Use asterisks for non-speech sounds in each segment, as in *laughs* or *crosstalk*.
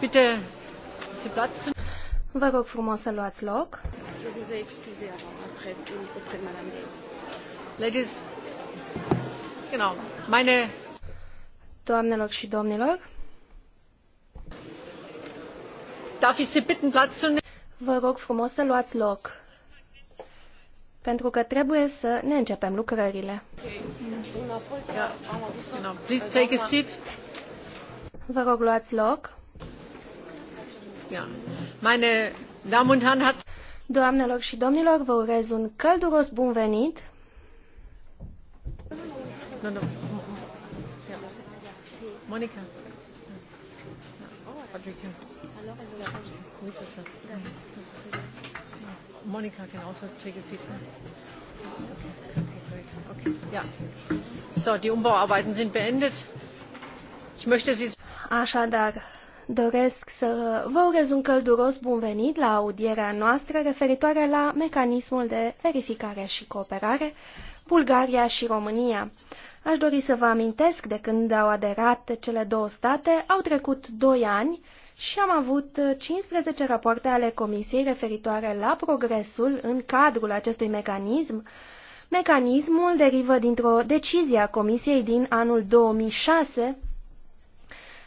Deci, bitte Sie Platz zu Vă rog frumos să luați loc. Ladies, genau, meine Doamnelor și domnilor, darf ich Sie bitten, Platz zu nehmen? Vă rog frumos să luați loc, pentru că trebuie să ne începem lucrările. Please take a seat. Vă rog luați loc. Doamnelor și domnilor, vă urez un călduros bun venit. Monica. Monica can also take a seat. Okay. Ja. So, die Umbauarbeiten sind beendet. Ich möchte Sie. Așadar, Doresc să vă urez un călduros bun venit la audierea noastră referitoare la mecanismul de verificare și cooperare Bulgaria și România. Aș dori să vă amintesc de când au aderat cele două state, au trecut doi ani și am avut 15 rapoarte ale Comisiei referitoare la progresul în cadrul acestui mecanism. Mecanismul derivă dintr-o decizie a Comisiei din anul 2006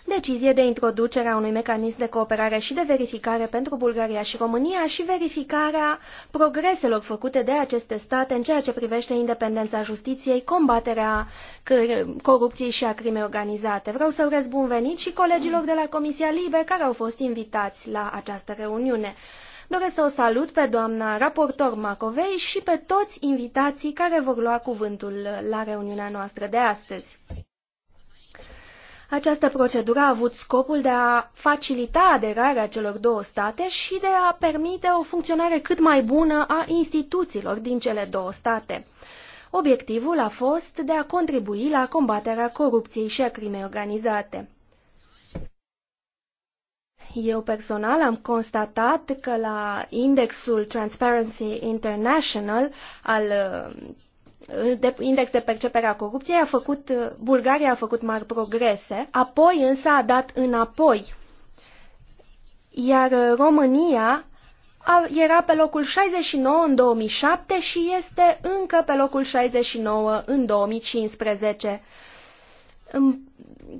decizie de introducere a unui mecanism de cooperare și de verificare pentru Bulgaria și România și verificarea progreselor făcute de aceste state în ceea ce privește independența justiției, combaterea corupției și a crimei organizate. Vreau să urez bun venit și colegilor de la Comisia Libe care au fost invitați la această reuniune. Doresc să o salut pe doamna raportor Macovei și pe toți invitații care vor lua cuvântul la reuniunea noastră de astăzi. Această procedură a avut scopul de a facilita aderarea celor două state și de a permite o funcționare cât mai bună a instituțiilor din cele două state. Obiectivul a fost de a contribui la combaterea corupției și a crimei organizate. Eu personal am constatat că la indexul Transparency International al de index de percepere a corupției, a făcut, Bulgaria a făcut mari progrese, apoi însă a dat înapoi. Iar uh, România a, era pe locul 69 în 2007 și este încă pe locul 69 în 2015.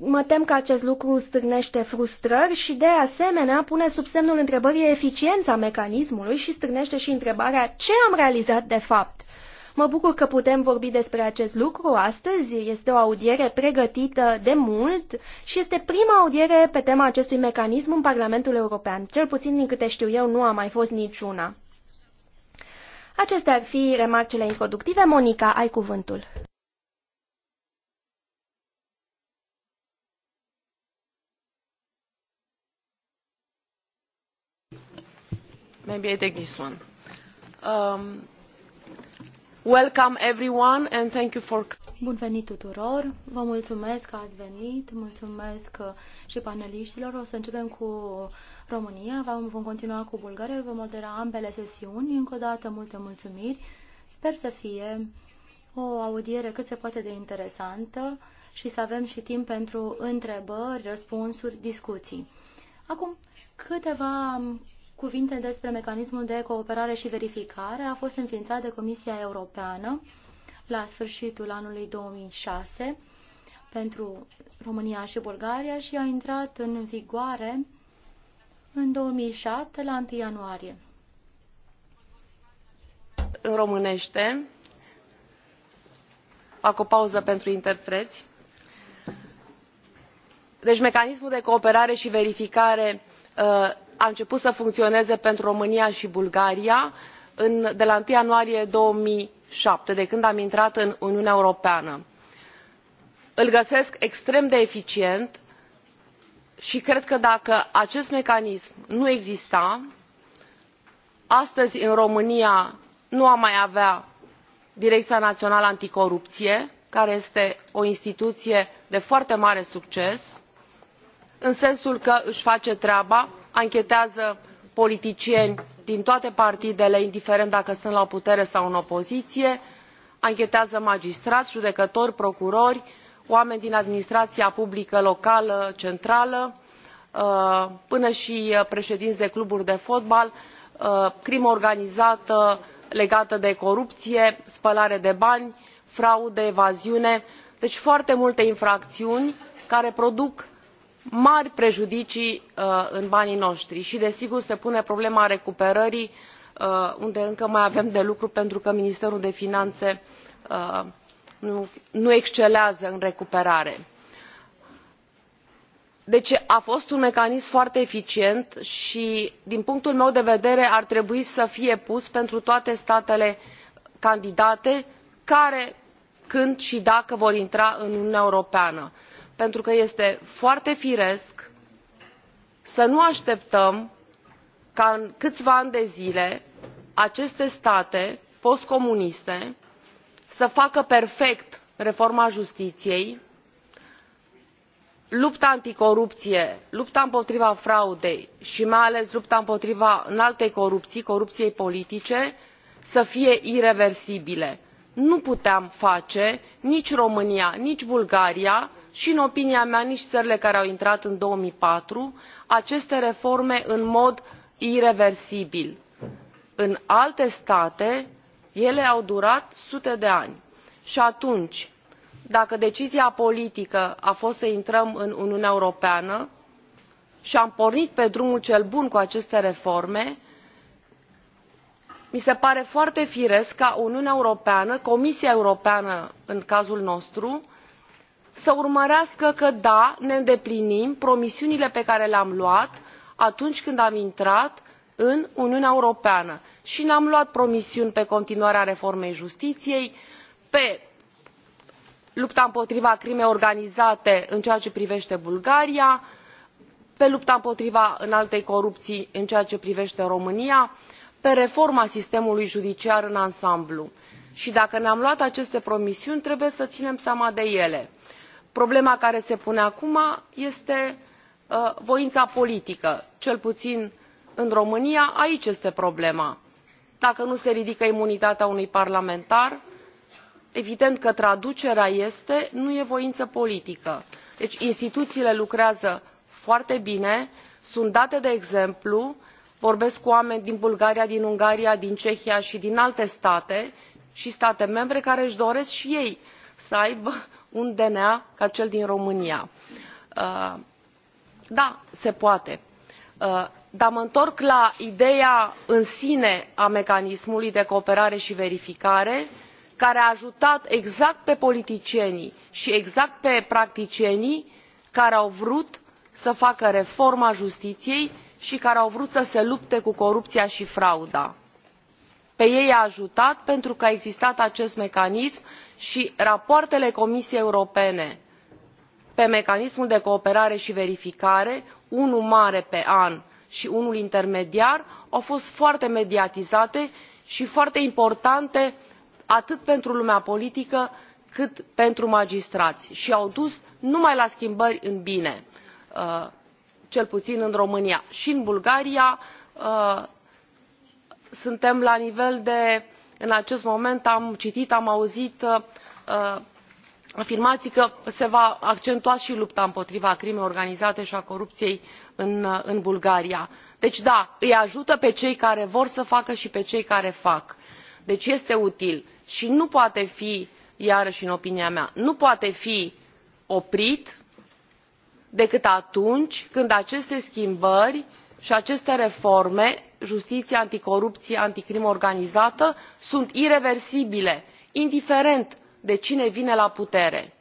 Mă tem că acest lucru strânește frustrări și, de asemenea, pune sub semnul întrebării eficiența mecanismului și strânește și întrebarea ce am realizat de fapt Mă bucur că putem vorbi despre acest lucru astăzi. Este o audiere pregătită de mult și este prima audiere pe tema acestui mecanism în Parlamentul European. Cel puțin din câte știu eu, nu a mai fost niciuna. Acestea ar fi remarcele introductive. Monica, ai cuvântul. Maybe I take this one. Um, Bun venit tuturor. Vă mulțumesc că ați venit. Mulțumesc uh, și paneliștilor. O să începem cu România, vom continua cu Bulgaria, vom modera ambele sesiuni. Încă o dată multe mulțumiri. Sper să fie o audiere cât se poate de interesantă și să avem și timp pentru întrebări, răspunsuri, discuții. Acum, câteva cuvinte despre mecanismul de cooperare și verificare a fost înființat de Comisia Europeană la sfârșitul anului 2006 pentru România și Bulgaria și a intrat în vigoare în 2007 la 1 ianuarie. În românește, fac o pauză pentru interpreți. Deci mecanismul de cooperare și verificare uh, a început să funcționeze pentru românia și bulgaria de la unu ianuarie două mii șapte de când am intrat în uniunea europeană. îl găsesc extrem de eficient și cred că dacă acest mecanism nu exista astăzi în românia nu am mai avea direcția națională anticorupție care este o instituție de foarte mare succes în sensul că își face treaba anchetează politicieni din toate partidele indiferent dacă sunt la putere sau în opoziție anchetează magistrați judecători procurori oameni din administrația publică locală centrală uh, până și președinți de cluburi de fotbal uh, crimă organizată legată de corupție spălare de bani fraudă evaziune deci foarte multe infracțiuni care produc mari prejudicii uh, în banii noștri și desigur se pune problema recuperării uh, unde încă mai avem de lucru pentru că ministerul de finanțe uh, nu, nu excelează în recuperare. deci a fost un mecanism foarte eficient și din punctul meu de vedere ar trebui să fie pus pentru toate statele candidate care când și dacă vor intra în uniunea europeană pentru că este foarte firesc să nu așteptăm ca în câțiva ani de zile aceste state post comuniste să facă perfect reforma justiției lupta anticorupție lupta împotriva fraudei și mai ales lupta împotriva înaltei corupții corupției politice să fie ireversibile. nu puteam face nici românia nici bulgaria și în opinia mea nici țările care au intrat în două mii patru aceste reforme în mod ireversibil. în alte state ele au durat sute de ani și atunci dacă decizia politică a fost să intrăm în uniunea europeană și am pornit pe drumul cel bun cu aceste reforme mi se pare foarte firesc ca uniunea europeană comisia europeană în cazul nostru să urmărească că da ne îndeplinim promisiunile pe care le am luat atunci când am intrat în uniunea europeană și ne am luat promisiuni pe continuarea reformei justiției pe lupta împotriva crimei organizate în ceea ce privește bulgaria pe lupta împotriva înaltei corupții în ceea ce privește românia pe reforma sistemului judiciar în ansamblu și dacă ne am luat aceste promisiuni trebuie să ținem seama de ele problema care se pune acum este uh, voința politică cel puțin în românia aici este problema dacă nu se ridică imunitatea unui parlamentar evident că traducerea este nu e voință politică. deci instituțiile lucrează foarte bine sunt date de exemplu vorbesc cu oameni din bulgaria din ungaria din cehia și din alte state și state membre care își doresc și ei să aibă un dna ca cel din românia. Uh, da se poate uh, dar mă întorc la ideea în sine a mecanismului de cooperare și verificare care a ajutat exact pe politicienii și exact pe practicienii care au vrut să facă reforma justiției și care au vrut să se lupte cu corupția și frauda pe ei i a ajutat pentru că a existat acest mecanism și rapoartele comisiei europene pe mecanismul de cooperare și verificare unul mare pe an și unul intermediar au fost foarte mediatizate și foarte importante atât pentru lumea politică cât pentru magistrați și au dus numai la schimbări în bine uh, cel puțin în românia și în bulgaria uh, suntem la nivel de în acest moment am citit am auzit uh, uh, afirmații că se va accentua și lupta împotriva crimei organizate și a corupției în, uh, în bulgaria. deci da îi ajută pe cei care vor să facă și pe cei care fac deci este util și nu poate fi iarăși în opinia mea nu poate fi oprit decât atunci când aceste schimbări și aceste reforme justiție anticorupție anticrimă organizată sunt ireversibile indiferent de cine vine la putere.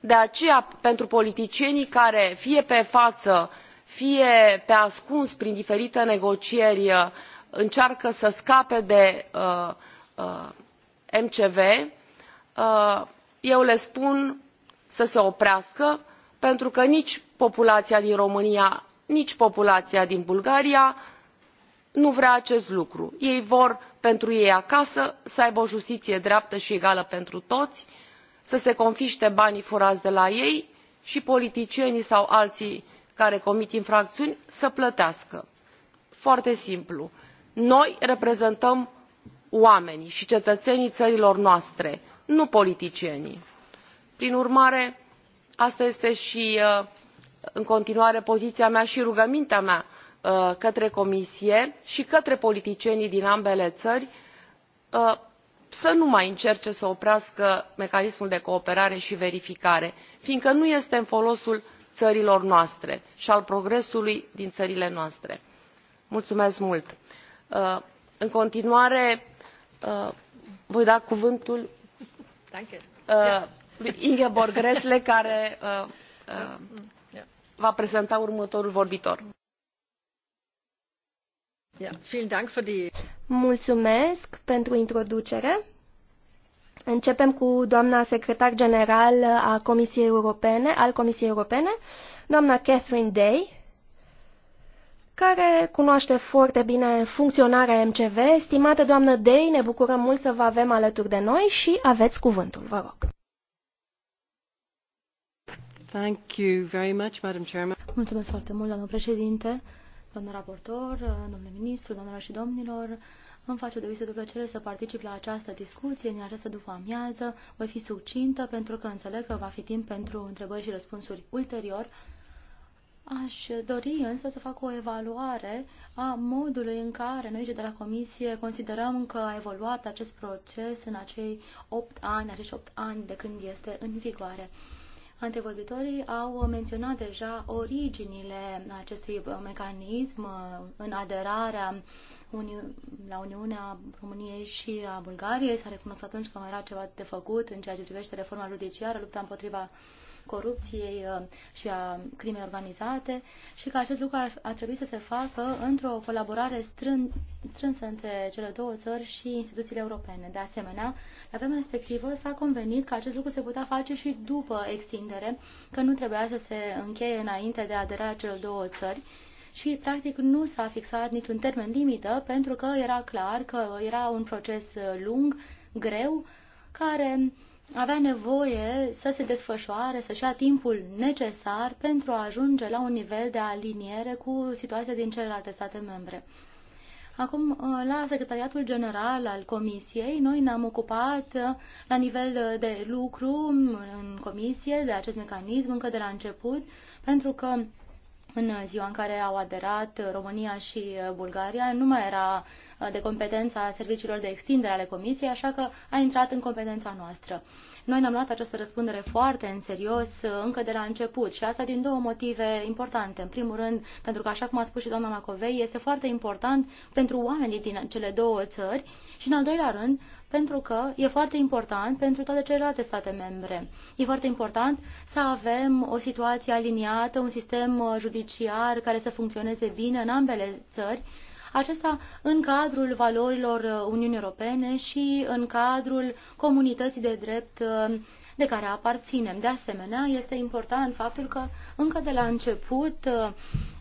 de aceea pentru politicienii care fie pe față fie pe ascuns prin diferite negocieri uh, încearcă să scape de uh, uh, mcv eu le spun să se oprească pentru că nici populația din românia nici populația din bulgaria nu vrea acest lucru ei vor pentru ei acasă să aibă o justiție dreaptă și egală pentru toți să se confiște banii furați de la ei și politicienii sau alții care comit infracțiuni să plătească. foarte simplu noi reprezentăm oamenii și cetățenii țărilor noastre nu politicienii. prin urmare asta este și uh, în continuare poziția mea și rugămintea mea uh, către comisie și către politicienii din ambele țări uh, să nu mai încerce să oprească mecanismul de cooperare și verificare fiindcă nu este în folosul țărilor noastre și al progresului din țările noastre. mulțumesc mult. Uh, în continuare voi da cuvântul lui ingeborg gräßle care va prezenta următorul vorbitor. Mulțumesc pentru introducere. Începem cu doamna secretar general a Comisiei Europene, al Comisiei Europene, doamna Catherine Day, care cunoaște foarte bine funcționarea MCV. Stimată doamnă Day, ne bucurăm mult să vă avem alături de noi și aveți cuvântul, vă rog. Mulțumesc foarte mult, doamnă președinte, doamnă raportor, domnule ministru, doamnelor și domnilor. Îmi face o deosebită plăcere să particip la această discuție în această după-amiază. Voi fi succintă pentru că înțeleg că va fi timp pentru întrebări și răspunsuri ulterior. Aș dori însă să fac o evaluare a modului în care noi de la Comisie considerăm că a evoluat acest proces în acei opt ani, acești opt ani de când este în vigoare. Antevorbitorii au menționat deja originile acestui mecanism în aderarea Uni- la Uniunea României și a Bulgariei. S-a recunoscut atunci că mai era ceva de făcut în ceea ce privește reforma judiciară, lupta împotriva corupției uh, și a crimei organizate și că acest lucru ar, ar trebui să se facă într-o colaborare strân, strânsă între cele două țări și instituțiile europene. De asemenea, la vremea respectivă s-a convenit că acest lucru se putea face și după extindere, că nu trebuia să se încheie înainte de aderarea celor două țări și practic nu s-a fixat niciun termen limită pentru că era clar că era un proces lung, greu, care avea nevoie să se desfășoare, să-și ia timpul necesar pentru a ajunge la un nivel de aliniere cu situația din celelalte state membre. Acum, la Secretariatul General al Comisiei, noi ne-am ocupat la nivel de lucru în comisie de acest mecanism încă de la început, pentru că în ziua în care au aderat România și Bulgaria, nu mai era uh, de competența serviciilor de extindere ale Comisiei, așa că a intrat în competența noastră. Noi ne-am luat această răspundere foarte în serios uh, încă de la început și asta din două motive importante. În primul rând, pentru că, așa cum a spus și doamna Macovei, este foarte important pentru oamenii din cele două țări și, în al doilea rând, pentru că e foarte important pentru toate celelalte state membre. E foarte important să avem o situație aliniată, un sistem uh, judiciar care să funcționeze bine în ambele țări, acesta în cadrul valorilor uh, Uniunii Europene și în cadrul comunității de drept uh, de care aparținem. De asemenea, este important faptul că încă de la început uh,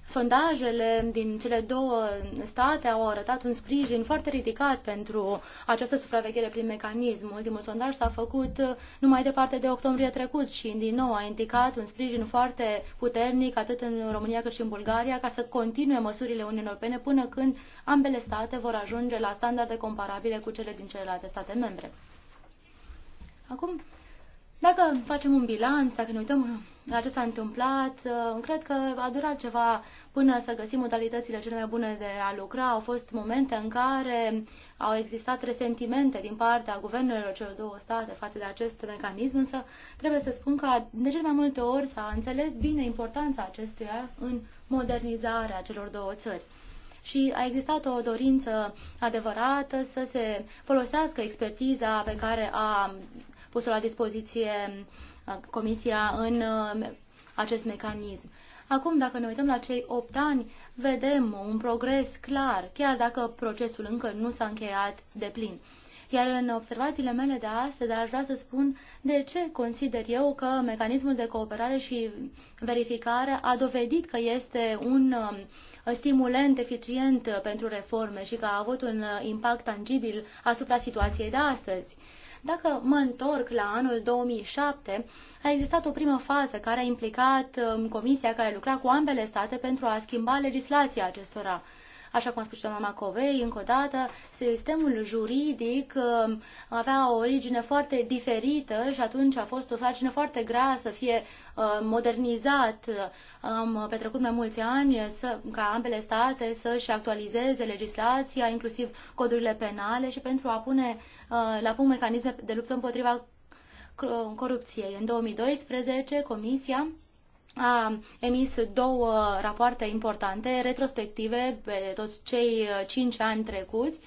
sondajele din cele două state au arătat un sprijin foarte ridicat pentru această supraveghere prin mecanism. Ultimul sondaj s-a făcut uh, numai departe de octombrie trecut și din nou a indicat un sprijin foarte puternic atât în România cât și în Bulgaria ca să continue măsurile Uniunii Europene până când ambele state vor ajunge la standarde comparabile cu cele din celelalte state membre. Acum, dacă facem un bilanț, dacă ne uităm la ce s-a întâmplat, uh, cred că a durat ceva până să găsim modalitățile cele mai bune de a lucra. Au fost momente în care au existat resentimente din partea guvernelor celor două state față de acest mecanism, însă trebuie să spun că de cele mai multe ori s-a înțeles bine importanța acestuia în modernizarea celor două țări și a existat o dorință adevărată să se folosească expertiza pe care a pusă la dispoziție uh, Comisia în uh, acest mecanism. Acum, dacă ne uităm la cei 8 ani, vedem un progres clar, chiar dacă procesul încă nu s-a încheiat de plin. Iar în observațiile mele de astăzi, dar aș vrea să spun de ce consider eu că mecanismul de cooperare și verificare a dovedit că este un uh, stimulent eficient pentru reforme și că a avut un impact tangibil asupra situației de astăzi. Dacă mă întorc la anul 2007, a existat o primă fază care a implicat um, comisia care lucra cu ambele state pentru a schimba legislația acestora. Așa cum a spus și doamna Macovei, încă o dată, sistemul juridic uh, avea o origine foarte diferită și atunci a fost o sarcină foarte grea să fie uh, modernizat. Am petrecut mai mulți ani să, ca ambele state să-și actualizeze legislația, inclusiv codurile penale și pentru a pune uh, la punct mecanisme de luptă împotriva corupției. În 2012, Comisia a emis două rapoarte importante, retrospective, pe toți cei uh, cinci ani trecuți,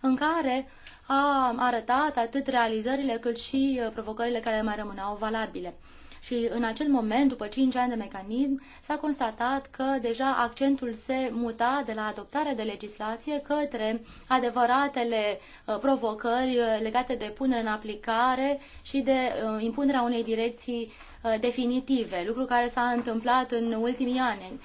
în care a arătat atât realizările cât și uh, provocările care mai rămâneau valabile. Și în acel moment, după 5 ani de mecanism, s-a constatat că deja accentul se muta de la adoptarea de legislație către adevăratele uh, provocări legate de punere în aplicare și de impunerea unei direcții Uh, definitive, lucru care s-a întâmplat în ultimii ani.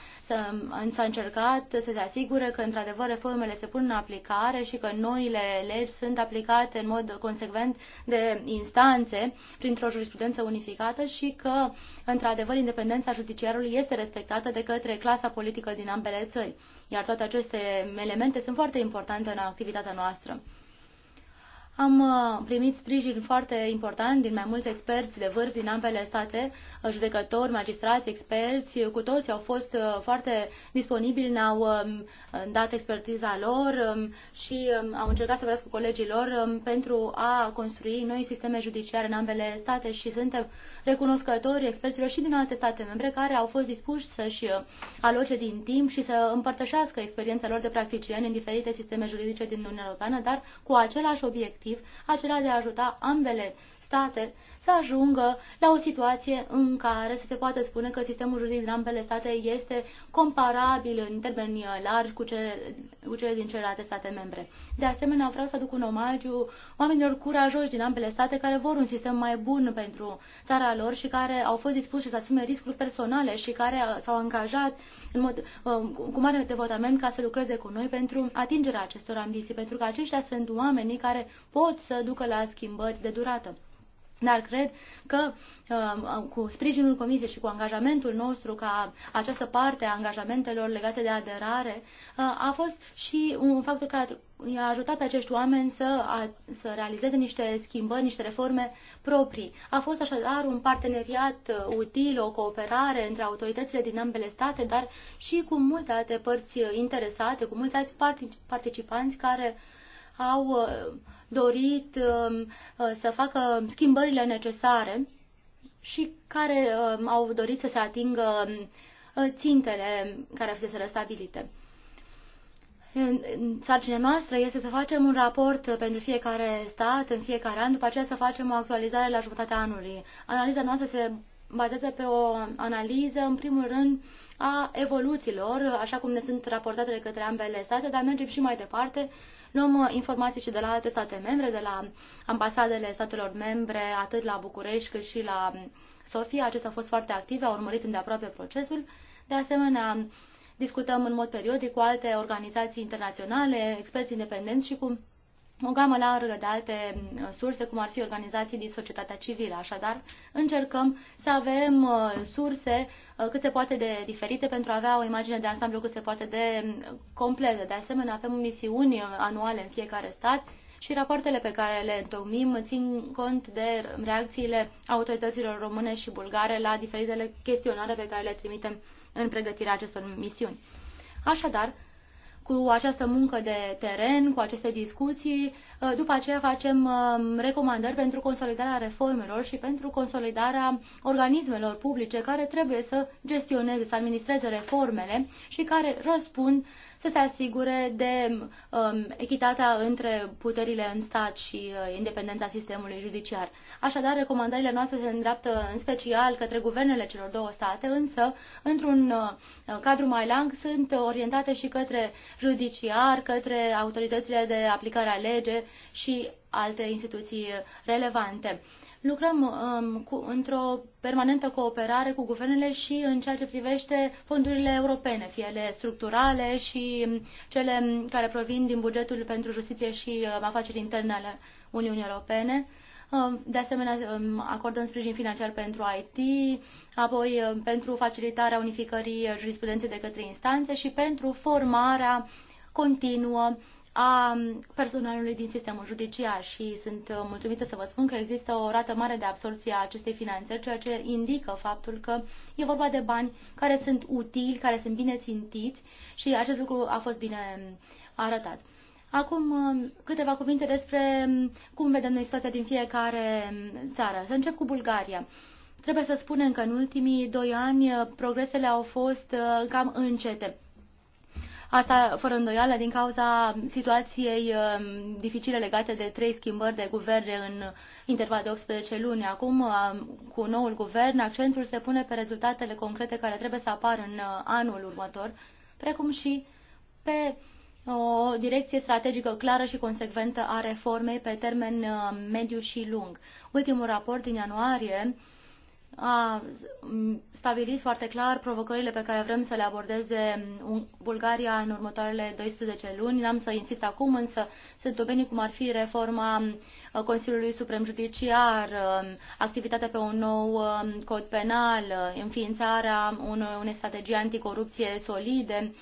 S-a încercat să se asigure că, într-adevăr, reformele se pun în aplicare și că noile legi sunt aplicate în mod consecvent de instanțe printr-o jurisprudență unificată și că, într-adevăr, independența judiciarului este respectată de către clasa politică din ambele țări. Iar toate aceste elemente sunt foarte importante în activitatea noastră. Am uh, primit sprijin foarte important din mai mulți experți de vârf din ambele state, uh, judecători, magistrați, experți, cu toți au fost uh, foarte disponibili, ne-au um, dat expertiza lor um, și um, au încercat să vorbească cu colegii lor pentru a construi noi sisteme judiciare în ambele state și suntem recunoscători experților și din alte state membre care au fost dispuși să-și uh, aloce din timp și să împărtășească experiența lor de practicieni în diferite sisteme juridice din Uniunea Europeană, dar cu același obiectiv, acela de a ajuta ambele state să ajungă la o situație în care să se poată spune că sistemul juridic din ambele state este comparabil în termeni largi cu cele, cu cele din celelalte state membre. De asemenea, vreau să aduc un omagiu oamenilor curajoși din ambele state care vor un sistem mai bun pentru țara lor și care au fost dispuși să asume riscuri personale și care s-au angajat în mod, um, cu mare devotament ca să lucreze cu noi pentru atingerea acestor ambiții, pentru că aceștia sunt oamenii care pot să ducă la schimbări de durată. Dar cred că uh, cu sprijinul Comisiei și cu angajamentul nostru ca această parte a angajamentelor legate de aderare uh, a fost și un factor care i-a ajutat pe acești oameni să, a, să realizeze niște schimbări, niște reforme proprii. A fost așadar un parteneriat uh, util, o cooperare între autoritățile din ambele state, dar și cu multe alte părți interesate, cu mulți alți participanți care au uh, dorit um, uh, să facă schimbările necesare și care um, au dorit să se atingă um, uh, țintele care fost stabilite. Sarcina noastră este să facem un raport pentru fiecare stat în fiecare an, după aceea să facem o actualizare la jumătatea anului. Analiza noastră se bazează pe o analiză, în primul rând, a evoluțiilor, așa cum ne sunt raportate de către ambele state, dar mergem și mai departe Luăm uh, informații și de la alte state membre, de la ambasadele statelor membre, atât la București cât și la um, Sofia. Acestea au fost foarte active, au urmărit îndeaproape procesul. De asemenea, discutăm în mod periodic cu alte organizații internaționale, experți independenți și cu o gamă largă de alte mm, surse, cum ar fi organizații din societatea civilă. Așadar, încercăm să avem uh, surse uh, cât se poate de diferite pentru a avea o imagine de ansamblu cât se poate de mm, completă. De asemenea, avem misiuni uh, anuale în fiecare stat și rapoartele pe care le întocmim țin cont de reacțiile autorităților române și bulgare la diferitele chestionare pe care le trimitem în pregătirea acestor misiuni. Așadar, cu această muncă de teren, cu aceste discuții. Uh, după aceea facem um, recomandări pentru consolidarea reformelor și pentru consolidarea organismelor publice care trebuie să gestioneze, să administreze reformele și care răspund uh, să se asigure de um, echitatea între puterile în stat și uh, independența sistemului judiciar. Așadar, recomandările noastre se îndreaptă în special către guvernele celor două state, însă, într-un uh, cadru mai larg, sunt orientate și către judiciar, către autoritățile de aplicare a lege și alte instituții relevante. Lucrăm um, într-o permanentă cooperare cu guvernele și în ceea ce privește fondurile europene, fie ele structurale și um, cele um, care provin din bugetul pentru justiție și um, afaceri interne ale Uniunii Europene. Um, de asemenea, acordăm sprijin financiar pentru IT, apoi pentru facilitarea unificării jurisprudenței de către instanțe și pentru formarea continuă a personalului din sistemul judiciar și sunt uh, mulțumită să vă spun că există o rată mare de absorție a acestei finanțări, ceea ce indică faptul că e vorba de bani care sunt utili, care sunt bine țintiți și acest lucru a fost bine um, arătat. Acum um, câteva cuvinte despre um, cum vedem noi situația din fiecare țară. Să încep cu Bulgaria. Trebuie să spunem că în ultimii doi ani uh, progresele au fost uh, cam încete. Asta, fără îndoială, din cauza situației um, dificile legate de trei schimbări de guvern în interval de 18 luni. Acum, um, cu noul guvern, accentul se pune pe rezultatele concrete care trebuie să apară în uh, anul următor, precum și pe o direcție strategică clară și consecventă a reformei pe termen uh, mediu și lung. Ultimul raport din ianuarie a stabilit foarte clar provocările pe care vrem să le abordeze um, Bulgaria în următoarele 12 luni. N-am să insist acum, însă sunt domenii cum ar fi reforma um, Consiliului Suprem Judiciar, um, activitatea pe un nou cod penal, uh, înființarea unei strategii anticorupție solide,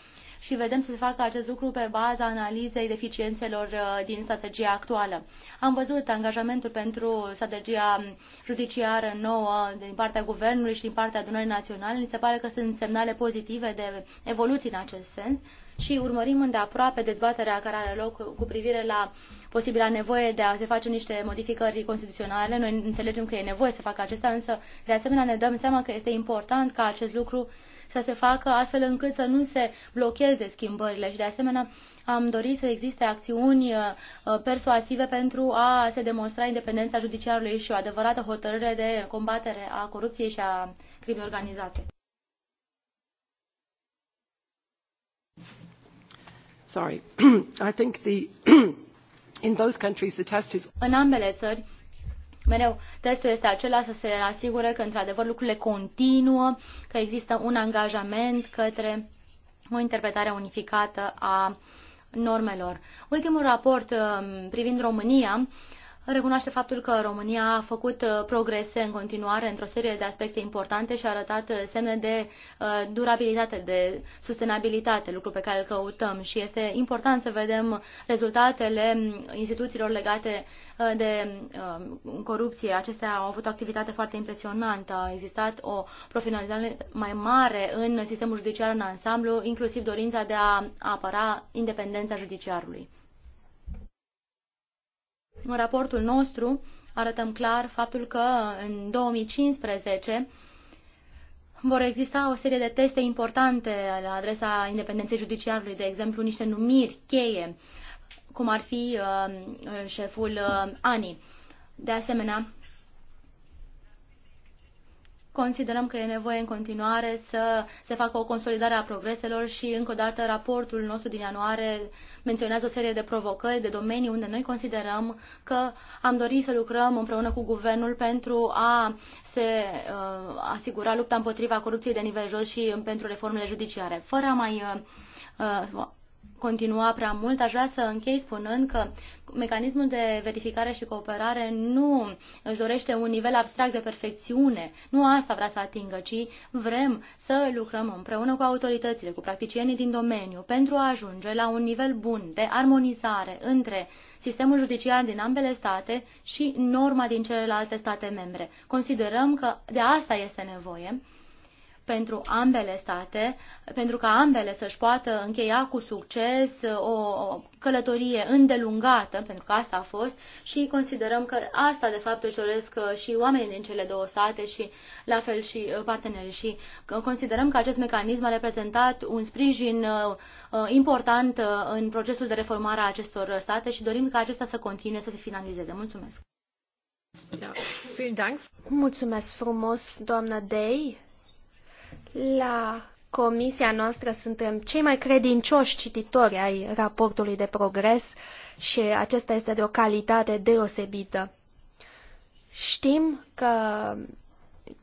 și vedem să se facă acest lucru pe baza analizei deficiențelor uh, din strategia actuală. Am văzut angajamentul pentru strategia judiciară nouă din partea Guvernului și din partea adunării naționale. Mi se pare că sunt semnale pozitive de evoluții în acest sens și urmărim îndeaproape dezbaterea care are loc cu privire la posibila nevoie de a se face niște modificări constituționale. Noi înțelegem că e nevoie să facă acesta, însă de asemenea ne dăm seama că este important ca acest lucru să se facă astfel încât să nu se blocheze schimbările și de asemenea am dorit să existe acțiuni uh, uh, persuasive pentru a se demonstra independența judiciarului și o adevărată hotărâre de combatere a corupției și a crimei organizate. Sorry. *clears throat* I think the *clears throat* in both countries the test is În ambele țări Mereu testul este acela să se asigure că într-adevăr lucrurile continuă, că există un angajament către o interpretare unificată a normelor. Ultimul raport um, privind România recunoaște faptul că România a făcut uh, progrese în continuare într-o serie de aspecte importante și a arătat uh, semne de uh, durabilitate, de sustenabilitate, lucru pe care îl căutăm și este important să vedem rezultatele mm, instituțiilor legate de corupție. Acestea au avut o activitate foarte impresionantă. A existat o profesionalizare mai mare în sistemul judiciar în ansamblu, inclusiv dorința de a apăra independența judiciarului. În raportul nostru arătăm clar faptul că în 2015 vor exista o serie de teste importante la adresa independenței judiciarului, de exemplu niște numiri cheie, cum ar fi uh, șeful uh, ANI. De asemenea, considerăm că e nevoie în continuare să se facă o consolidare a progreselor și, încă o dată, raportul nostru din ianuarie menționează o serie de provocări, de domenii unde noi considerăm că am dorit să lucrăm împreună cu guvernul pentru a se uh, asigura lupta împotriva corupției de nivel jos și um, pentru reformele judiciare. Fără a mai uh, uh continua prea mult, aș vrea să închei spunând că mecanismul de verificare și cooperare nu își dorește un nivel abstract de perfecțiune. Nu asta vrea să atingă, ci vrem să lucrăm împreună cu autoritățile, cu practicienii din domeniu, pentru a ajunge la un nivel bun de armonizare între sistemul judiciar din ambele state și norma din celelalte state membre. Considerăm că de asta este nevoie pentru ambele state, pentru ca ambele să-și poată încheia cu succes uh, o călătorie îndelungată, pentru că asta a fost, și considerăm că asta, de fapt, își doresc uh, și oamenii din cele două state și, la fel, și uh, partenerii. Și considerăm că acest mecanism a reprezentat un sprijin important în procesul de reformare a acestor state și dorim ca acesta să continue să se finalizeze. Mulțumesc! Mulțumesc frumos, doamna Day. La comisia noastră suntem cei mai credincioși cititori ai raportului de progres și acesta este de o calitate deosebită. Știm că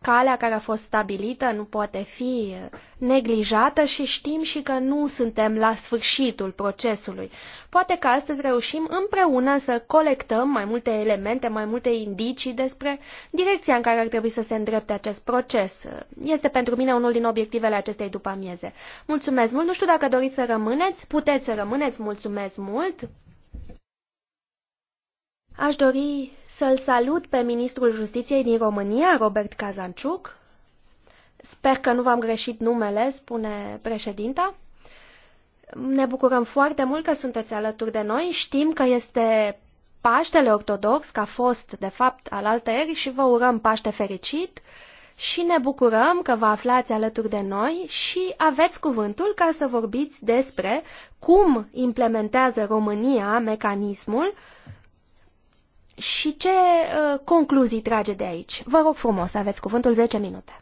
calea care a fost stabilită nu poate fi neglijată și știm și că nu suntem la sfârșitul procesului. Poate că astăzi reușim împreună să colectăm mai multe elemente, mai multe indicii despre direcția în care ar trebui să se îndrepte acest proces. Este pentru mine unul din obiectivele acestei după amieze. Mulțumesc mult, nu știu dacă doriți să rămâneți, puteți să rămâneți, mulțumesc mult. Aș dori să-l salut pe ministrul justiției din România, Robert Cazanciuc. Sper că nu v-am greșit numele, spune președinta. Ne bucurăm foarte mult că sunteți alături de noi. Știm că este Paștele Ortodox, că a fost, de fapt, al altăieri și vă urăm Paște fericit și ne bucurăm că vă aflați alături de noi și aveți cuvântul ca să vorbiți despre cum implementează România mecanismul și ce uh, concluzii trage de aici? Vă rog frumos, aveți cuvântul 10 minute.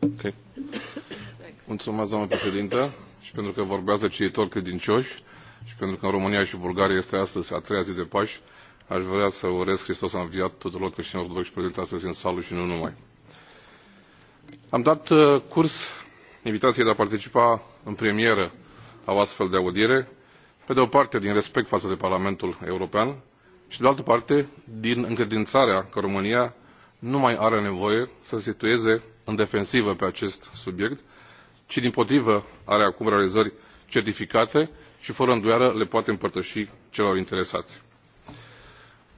Okay. Mulțumesc, doamnă președintă, și pentru că vorbează din credincioși și pentru că în România și Bulgaria este astăzi a treia zi de Paști, Aș vrea să urez Hristos a înviat tuturor creștinilor ortodoxi prezenți astăzi în sală și nu numai. Am dat uh, curs invitației de a participa în premieră la o astfel de audiere, pe de o parte din respect față de Parlamentul European și de altă parte din încredințarea că România nu mai are nevoie să se situeze în defensivă pe acest subiect, ci din potrivă are acum realizări certificate și fără îndoială le poate împărtăși celor interesați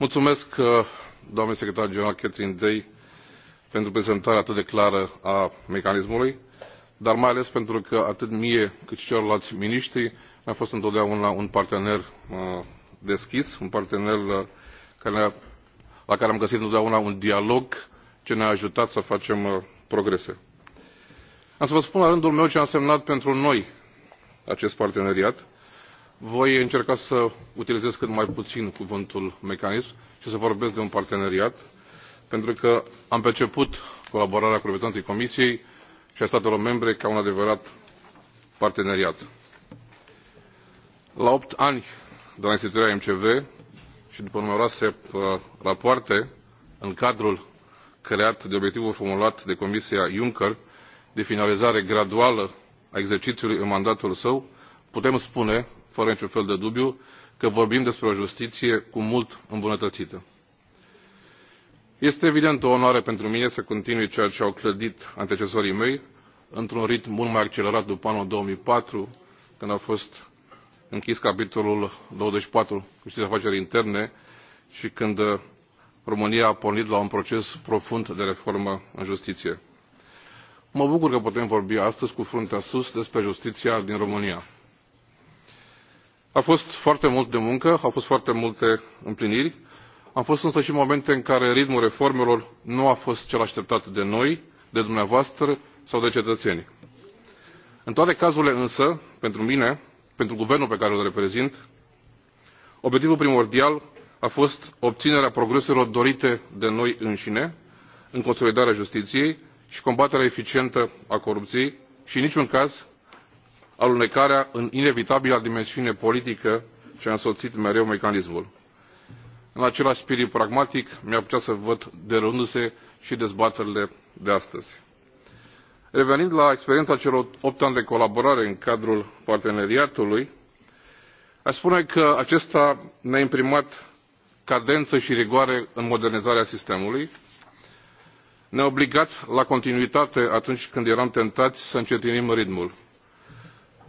mulțumesc uh, doamnei secretar general catherine day pentru prezentarea atât de clară a mecanismului dar mai ales pentru că atât mie cât și celorlalți miniștri a fost întotdeauna un partener uh, deschis un partener uh, la care am găsit întotdeauna un dialog ce ne a ajutat să facem progrese. am să vă spun la rândul meu ce a însemnat pentru noi acest parteneriat voi încerca să utilizez cât mai puțin cuvântul mecanism și să vorbesc de un parteneriat pentru că am perceput colaborarea cu reprezentanții comisiei și a statelor membre ca un adevărat parteneriat. la opt ani de la instituirea mcv și după numeroase uh, rapoarte în cadrul creat de obiectivul formulat de comisia juncker de finalizare graduală a exercițiului în mandatul său putem spune fără niciun fel de dubiu că vorbim despre o justiție cu mult îmbunătățită. este evident o onoare pentru mine să continui ceea ce au clădit antecesorii mei într un ritm mult mai accelerat după anul două mii patru când a fost închis capitolul douăzeci și patru justiție afaceri interne și când uh, românia a pornit la un proces profund de reformă în justiție. mă bucur că putem vorbi astăzi cu fruntea sus despre justiția din românia a fost foarte mult de muncă au fost foarte multe împliniri au fost însă și momente în care ritmul reformelor nu a fost cel așteptat de noi de dumneavoastră sau de cetățeni. în toate cazurile însă pentru mine pentru guvernul pe care îl reprezint obiectivul primordial a fost obținerea progreselor dorite de noi înșine în consolidarea justiției și combaterea eficientă a corupției și în niciun caz alunecarea în inevitabila dimensiune politică ce a însoțit mereu mecanismul. în același spirit pragmatic mi ar plăcea să văd derulându se și dezbaterile de astăzi. revenind la experiența celor opt ani de colaborare în cadrul parteneriatului aș spune că acesta ne a imprimat cadență și rigoare în modernizarea sistemului ne a obligat la continuitate atunci când eram tentați să încetinim ritmul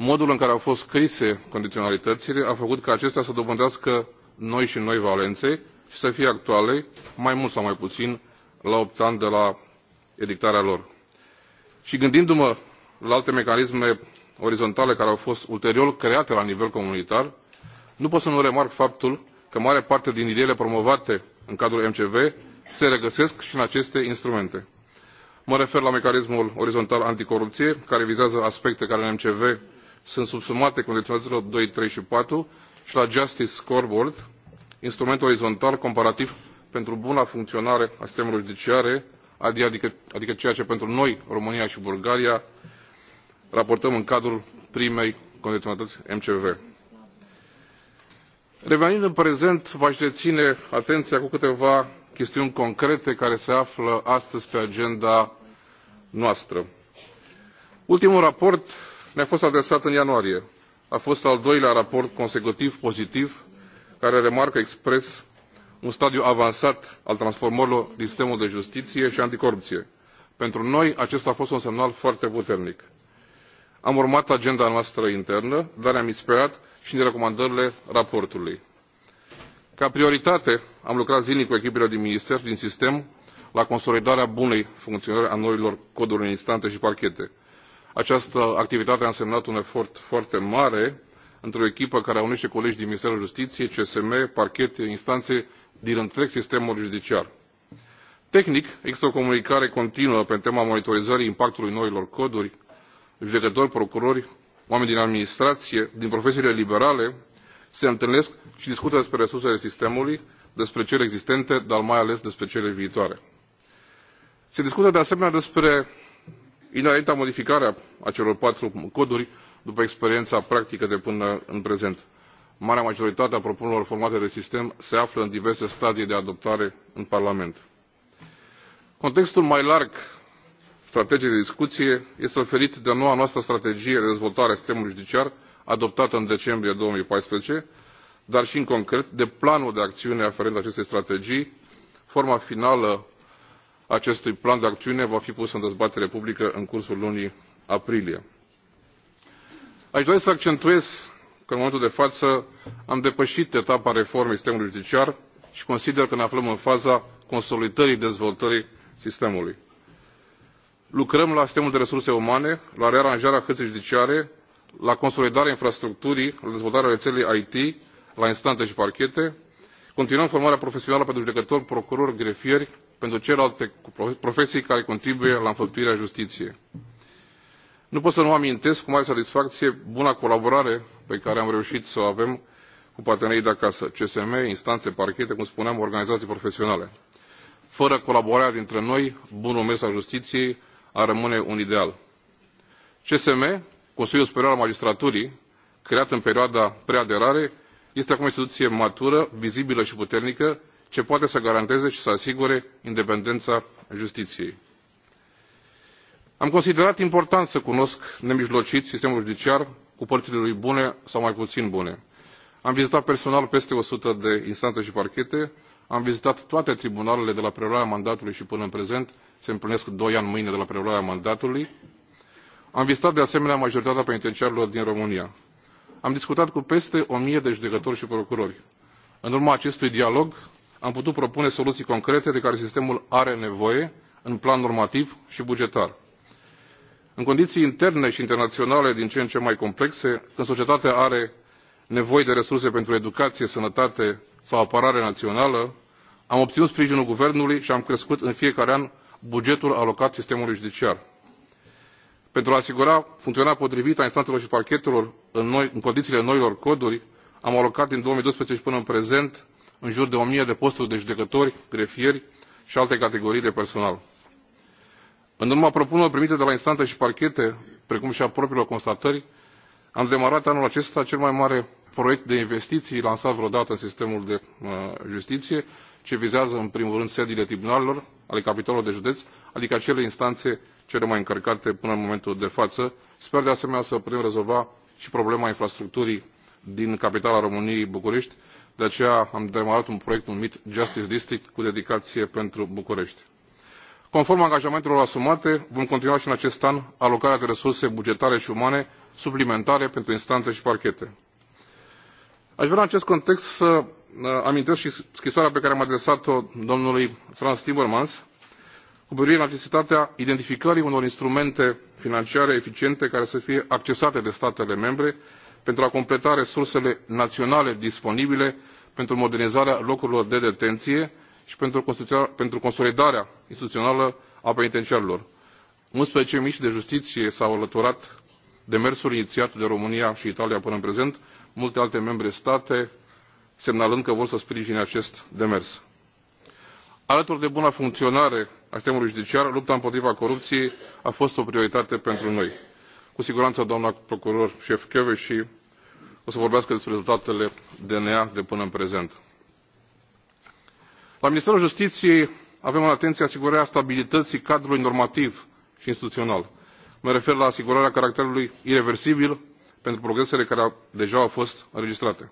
modul în care au fost scrise condiționalitățile a făcut ca acestea să dobândească noi și noi valențe și să fie actuale mai mult sau mai puțin la opt ani de la edictarea lor. și gândindu mă la alte mecanisme orizontale care au fost ulterior create la nivel comunitar nu pot să nu remarc faptul că mare parte din ideile promovate în cadrul mcv se regăsesc și în aceste instrumente. mă refer la mecanismul orizontal anticorupție care vizează aspecte care în mcv sunt subsumate condiționalităților 2, 3 și 4 și la Justice Scoreboard, instrument orizontal comparativ pentru buna funcționare a sistemelor judiciare, adică, adică ceea ce pentru noi, România și Bulgaria, raportăm în cadrul primei condiționalități MCV. Revenind în prezent, v-aș reține atenția cu câteva chestiuni concrete care se află astăzi pe agenda noastră. Ultimul raport ne a fost adresat în ianuarie a fost al doilea raport consecutiv pozitiv care remarcă expres un stadiu avansat al transformărilor din sistemul de justiție și anticorupție. pentru noi acesta a fost un semnal foarte puternic. am urmat agenda noastră internă dar ne am inspirat și din recomandările raportului. ca prioritate am lucrat zilnic cu echipele de ministeri din sistem la consolidarea bunei funcționări a noilor coduri în instanțe și parchete această activitate a însemnat un efort foarte mare într o echipă care unește colegi din ministerul justiției csm parchete instanțe din întreg sistemul judiciar. tehnic există o comunicare continuă pe tema monitorizării impactului noilor coduri judecători procurori oameni din administrație din profesiile liberale se întâlnesc și discută despre resursele sistemului despre cele existente dar mai ales despre cele viitoare. se discută de asemenea despre înaintea modificarea acelor patru coduri după experiența practică de până în prezent. marea majoritate a propunerilor formate de sistem se află în diverse stadii de adoptare în parlament. contextul mai larg strategiei de discuție este oferit de noua noastră strategie de dezvoltare a sistemului judiciar adoptată în decembrie două mii paisprezece dar și în concret de planul de acțiune aferent acestei strategii forma finală acestui plan de acțiune va fi pus în dezbatere publică în cursul lunii aprilie. aș dori să accentuez că în momentul de față am depășit etapa reformei sistemului judiciar și consider că ne aflăm în faza consolidării dezvoltării sistemului. lucrăm la sistemul de resurse umane la rearanjarea hărții judiciare la consolidarea infrastructurii la dezvoltarea rețelei it la instanțe și parchete continuăm formarea profesională pentru judecători procurori grefieri pentru celelalte profesii care contribuie la înfăptuirea justiției. Nu pot să nu amintesc cu mare satisfacție buna colaborare pe care am reușit să o avem cu partenerii de acasă, CSM, instanțe, parchete, cum spuneam, organizații profesionale. Fără colaborarea dintre noi, bunul mers al justiției ar rămâne un ideal. CSM, Consiliul Superior al Magistraturii, creat în perioada preaderare, este acum o instituție matură, vizibilă și puternică, ce poate să garanteze și să asigure independența justiției. Am considerat important să cunosc nemijlocit sistemul judiciar cu părțile lui bune sau mai puțin bune. Am vizitat personal peste 100 de instanțe și parchete, am vizitat toate tribunalele de la preluarea mandatului și până în prezent, se împlinesc 2 ani mâine de la preluarea mandatului. Am vizitat de asemenea majoritatea penitenciarilor din România. Am discutat cu peste 1000 de judecători și procurori. În urma acestui dialog am putut propune soluții concrete de care sistemul are nevoie în plan normativ și bugetar. în condiții interne și internaționale din ce în ce mai complexe când societatea are nevoie de resurse pentru educație sănătate sau apărare națională am obținut sprijinul guvernului și am crescut în fiecare an bugetul alocat sistemului judiciar. pentru a asigura funcționarea potrivită a instanțelor și parchetelor în, condițiile noilor coduri am alocat din două mii doisprezece și până în prezent în jur de o mie de posturi de judecători grefieri și alte categorii de personal. în urma propunerilor primite de la instanțe și parchete precum și a propriilor constatări am demarat anul acesta cel mai mare proiect de investiții lansat vreodată în sistemul de uh, justiție ce vizează în primul rând sediile tribunalelor ale capitalelor de județ adică acele instanțe cele mai încărcate până în momentul de față. sper de asemenea să putem rezolva și problema infrastructurii din capitala româniei bucurești de aceea am demarat un proiect numit Justice District cu dedicație pentru București. Conform angajamentelor asumate, vom continua și în acest an alocarea de resurse bugetare și umane suplimentare pentru instanțe și parchete. Aș vrea în acest context să uh, amintesc și scrisoarea pe care am adresat-o domnului Franz Timmermans cu privire la necesitatea identificării unor instrumente financiare eficiente care să fie accesate de statele membre pentru a completa resursele naționale disponibile pentru modernizarea locurilor de detenție și pentru consolidarea instituțională a penitenciarilor. unsprezece miniștri de justiție s au alăturat demersului inițiat de românia și italia până în prezent multe alte membre state semnalând că vor să sprijine acest demers. alături de buna funcționare a sistemului judiciar lupta împotriva corupției a fost o prioritate pentru noi. Cu siguranță doamna procuror șef și o să vorbească despre rezultatele DNA de până în prezent. La Ministerul Justiției avem în atenție asigurarea stabilității cadrului normativ și instituțional. Mă refer la asigurarea caracterului irreversibil pentru progresele care deja au fost înregistrate.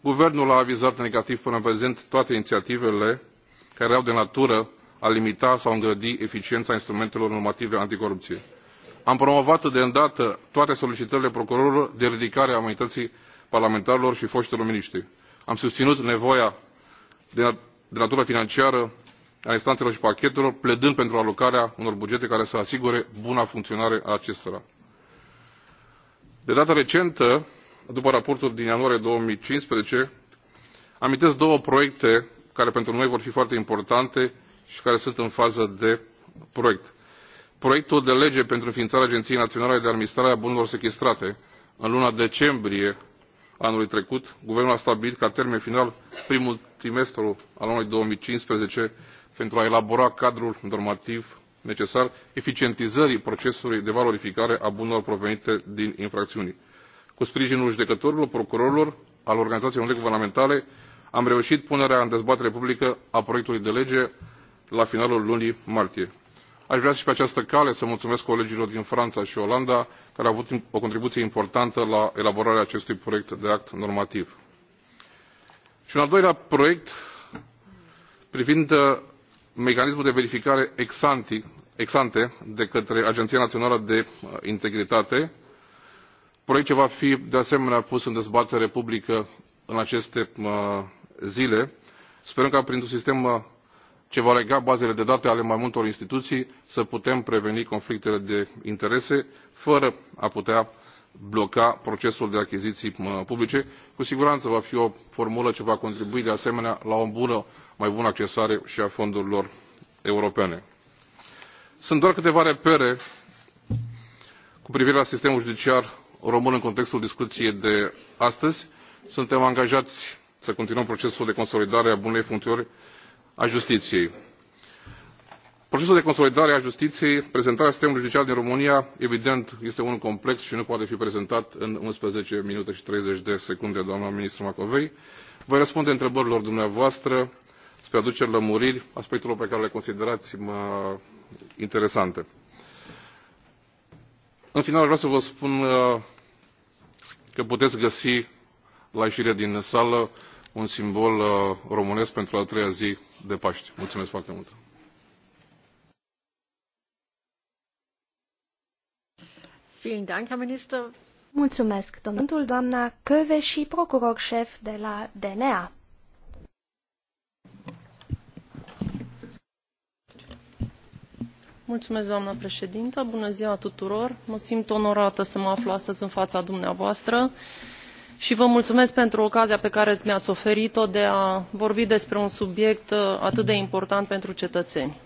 Guvernul a avizat negativ până în prezent toate inițiativele care au de natură a limita sau îngrădi eficiența instrumentelor normative anticorupție am promovat de îndată toate solicitările procurorilor de ridicare a imunității parlamentarilor și foștilor miniștri. am susținut nevoia de natură financiară a instanțelor și pachetelor pledând pentru alocarea unor bugete care să asigure buna funcționare a acestora. de data recentă după raportul din ianuarie două mii cincisprezece amintesc două proiecte care pentru noi vor fi foarte importante și care sunt în fază de proiect proiectul de lege pentru înființarea agenției naționale de administrare a bunurilor sechestrate în luna decembrie anului trecut guvernul a stabilit ca termen final primul trimestru al anului două mii cincisprezece pentru a elabora cadrul normativ necesar eficientizării procesului de valorificare a bunurilor provenite din infracțiuni. cu sprijinul judecătorilor procurorilor al organizațiilor neguvernamentale am reușit punerea în dezbatere publică a proiectului de lege la finalul lunii martie. Aș vrea și pe această cale să mulțumesc colegilor din Franța și Olanda, care au avut o contribuție importantă la elaborarea acestui proiect de act normativ. Și un al doilea proiect privind uh, mecanismul de verificare ex ante, ex ante de către Agenția Națională de uh, Integritate, proiect ce va fi de asemenea pus în dezbatere publică în aceste uh, zile. Sperăm ca printr-un sistem ce va lega bazele de date ale mai multor instituții să putem preveni conflictele de interese fără a putea bloca procesul de achiziții publice. cu siguranță va fi o formulă ce va contribui de asemenea la o bună, mai bună accesare și a fondurilor europene. Sunt doar câteva repere cu privire la sistemul judiciar român în contextul discuției de astăzi. Suntem angajați să continuăm procesul de consolidare a bunei funcționări a justiției. procesul de consolidare a justiției prezentarea sistemului judiciar din românia evident este unul complex și nu poate fi prezentat în unsprezece minute și treizeci de secunde doamnă ministru macovei. voi răspunde întrebărilor dumneavoastră spre aduceri lămuriri aspectelor pe care le considerați interesante. în final vreau să vă spun uh, că puteți găsi la ieșire din sală un simbol uh, românesc pentru a treia zi de Paște. Mulțumesc foarte mult! Mulțumesc, domnul doamna Căve și procuror șef de la DNA. Mulțumesc, doamna președintă. Bună ziua tuturor. Mă simt onorată să mă aflu astăzi în fața dumneavoastră și vă mulțumesc pentru ocazia pe care mi ați oferit o de a vorbi despre un subiect uh, atât de important pentru cetățeni.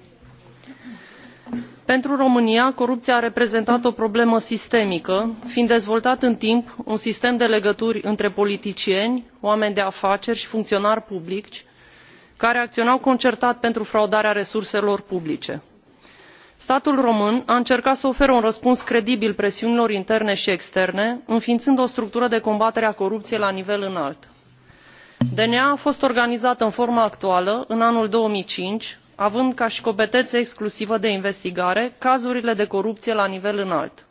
pentru românia corupția a reprezentat o problemă sistemică fiind dezvoltat în timp un sistem de legături între politicieni oameni de afaceri și funcționari publici care acționau concertat pentru fraudarea resurselor publice statul român a încercat să ofere un răspuns credibil presiunilor interne și externe înființând o structură de combatere a corupției la nivel înalt. dna a fost organizată în forma actuală în anul două mii cinci având ca și competență exclusivă de investigare cazurile de corupție la nivel înalt.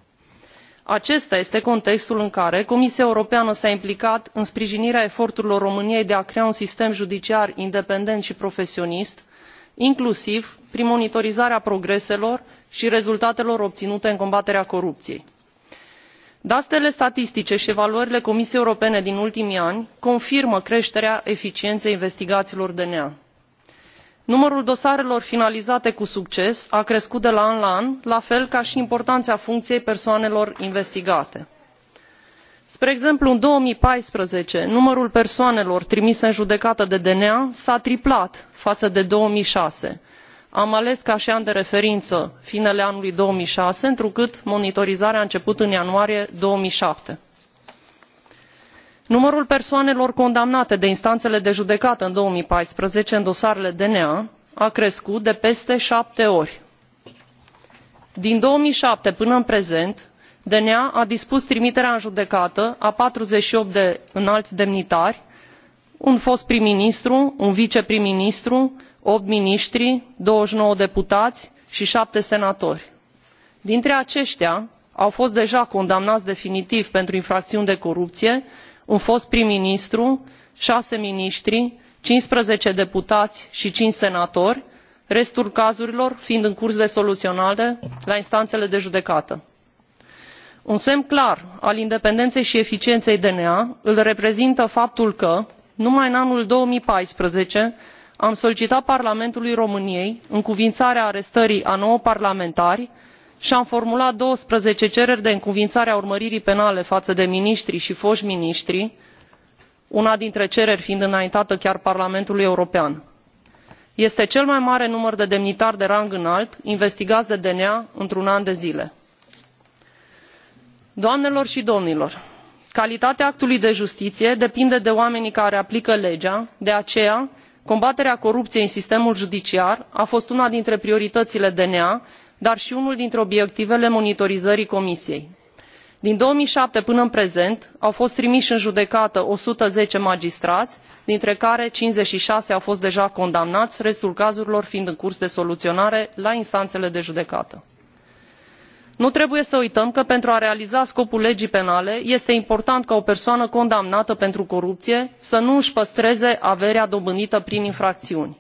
acesta este contextul în care comisia europeană s a implicat în sprijinirea eforturilor româniei de a crea un sistem judiciar independent și profesionist inclusiv prin monitorizarea progreselor și rezultatelor obținute în combaterea corupției. datele statistice și evaluările comisiei europene din ultimii ani confirmă creșterea eficienței investigațiilor dna. numărul dosarelor finalizate cu succes a crescut de la an la an la fel ca și importanța funcției persoanelor investigate spre exemplu în două mii paisprezece numărul persoanelor trimise în judecată de dna s a triplat față de două mii șase am ales ca și an de referință finele anului două mii șase întrucât monitorizarea a început în ianuarie. două mii șapte numărul persoanelor condamnate de instanțele de judecată în două mii paisprezece în dosarele dna a crescut de peste șapte ori. din două mii șapte până în prezent dna a dispus trimiterea în judecată a patruzeci și opt de înalți demnitari un fost prim ministru un prim ministru opt miniștri douăzeci și nouă de deputați și șapte senatori. dintre aceștia au fost deja condamnați definitiv pentru infracțiuni de corupție un fost prim ministru șase miniștri cincisprezece deputați și cinci senatori restul cazurilor fiind în curs de soluționare la instanțele de judecată un semn clar al independenței și eficienței dna îl reprezintă faptul că numai în anul două mii paisprezece am solicitat parlamentului româniei încuviințarea arestării a nouă parlamentari și am formulat douăsprezece cereri de încuviințare a urmăririi penale față de miniștri și foști miniștri una dintre cereri fiind înaintată chiar parlamentului european. este cel mai mare număr de demnitari de rang înalt investigați de dna într un an de zile doamnelor și domnilor calitatea actului de justiție depinde de oamenii care aplică legea de aceea combaterea corupției în sistemul judiciar a fost una dintre prioritățile dna dar și unul dintre obiectivele monitorizării comisiei. din două mii șapte până în prezent au fost trimiși în judecată o sută zece magistrați dintre care cincizeci și șase au fost deja condamnați restul cazurilor fiind în curs de soluționare la instanțele de judecată nu trebuie să uităm că pentru a realiza scopul legii penale este important ca o persoană condamnată pentru corupție să nu își păstreze averea dobândită prin infracțiuni.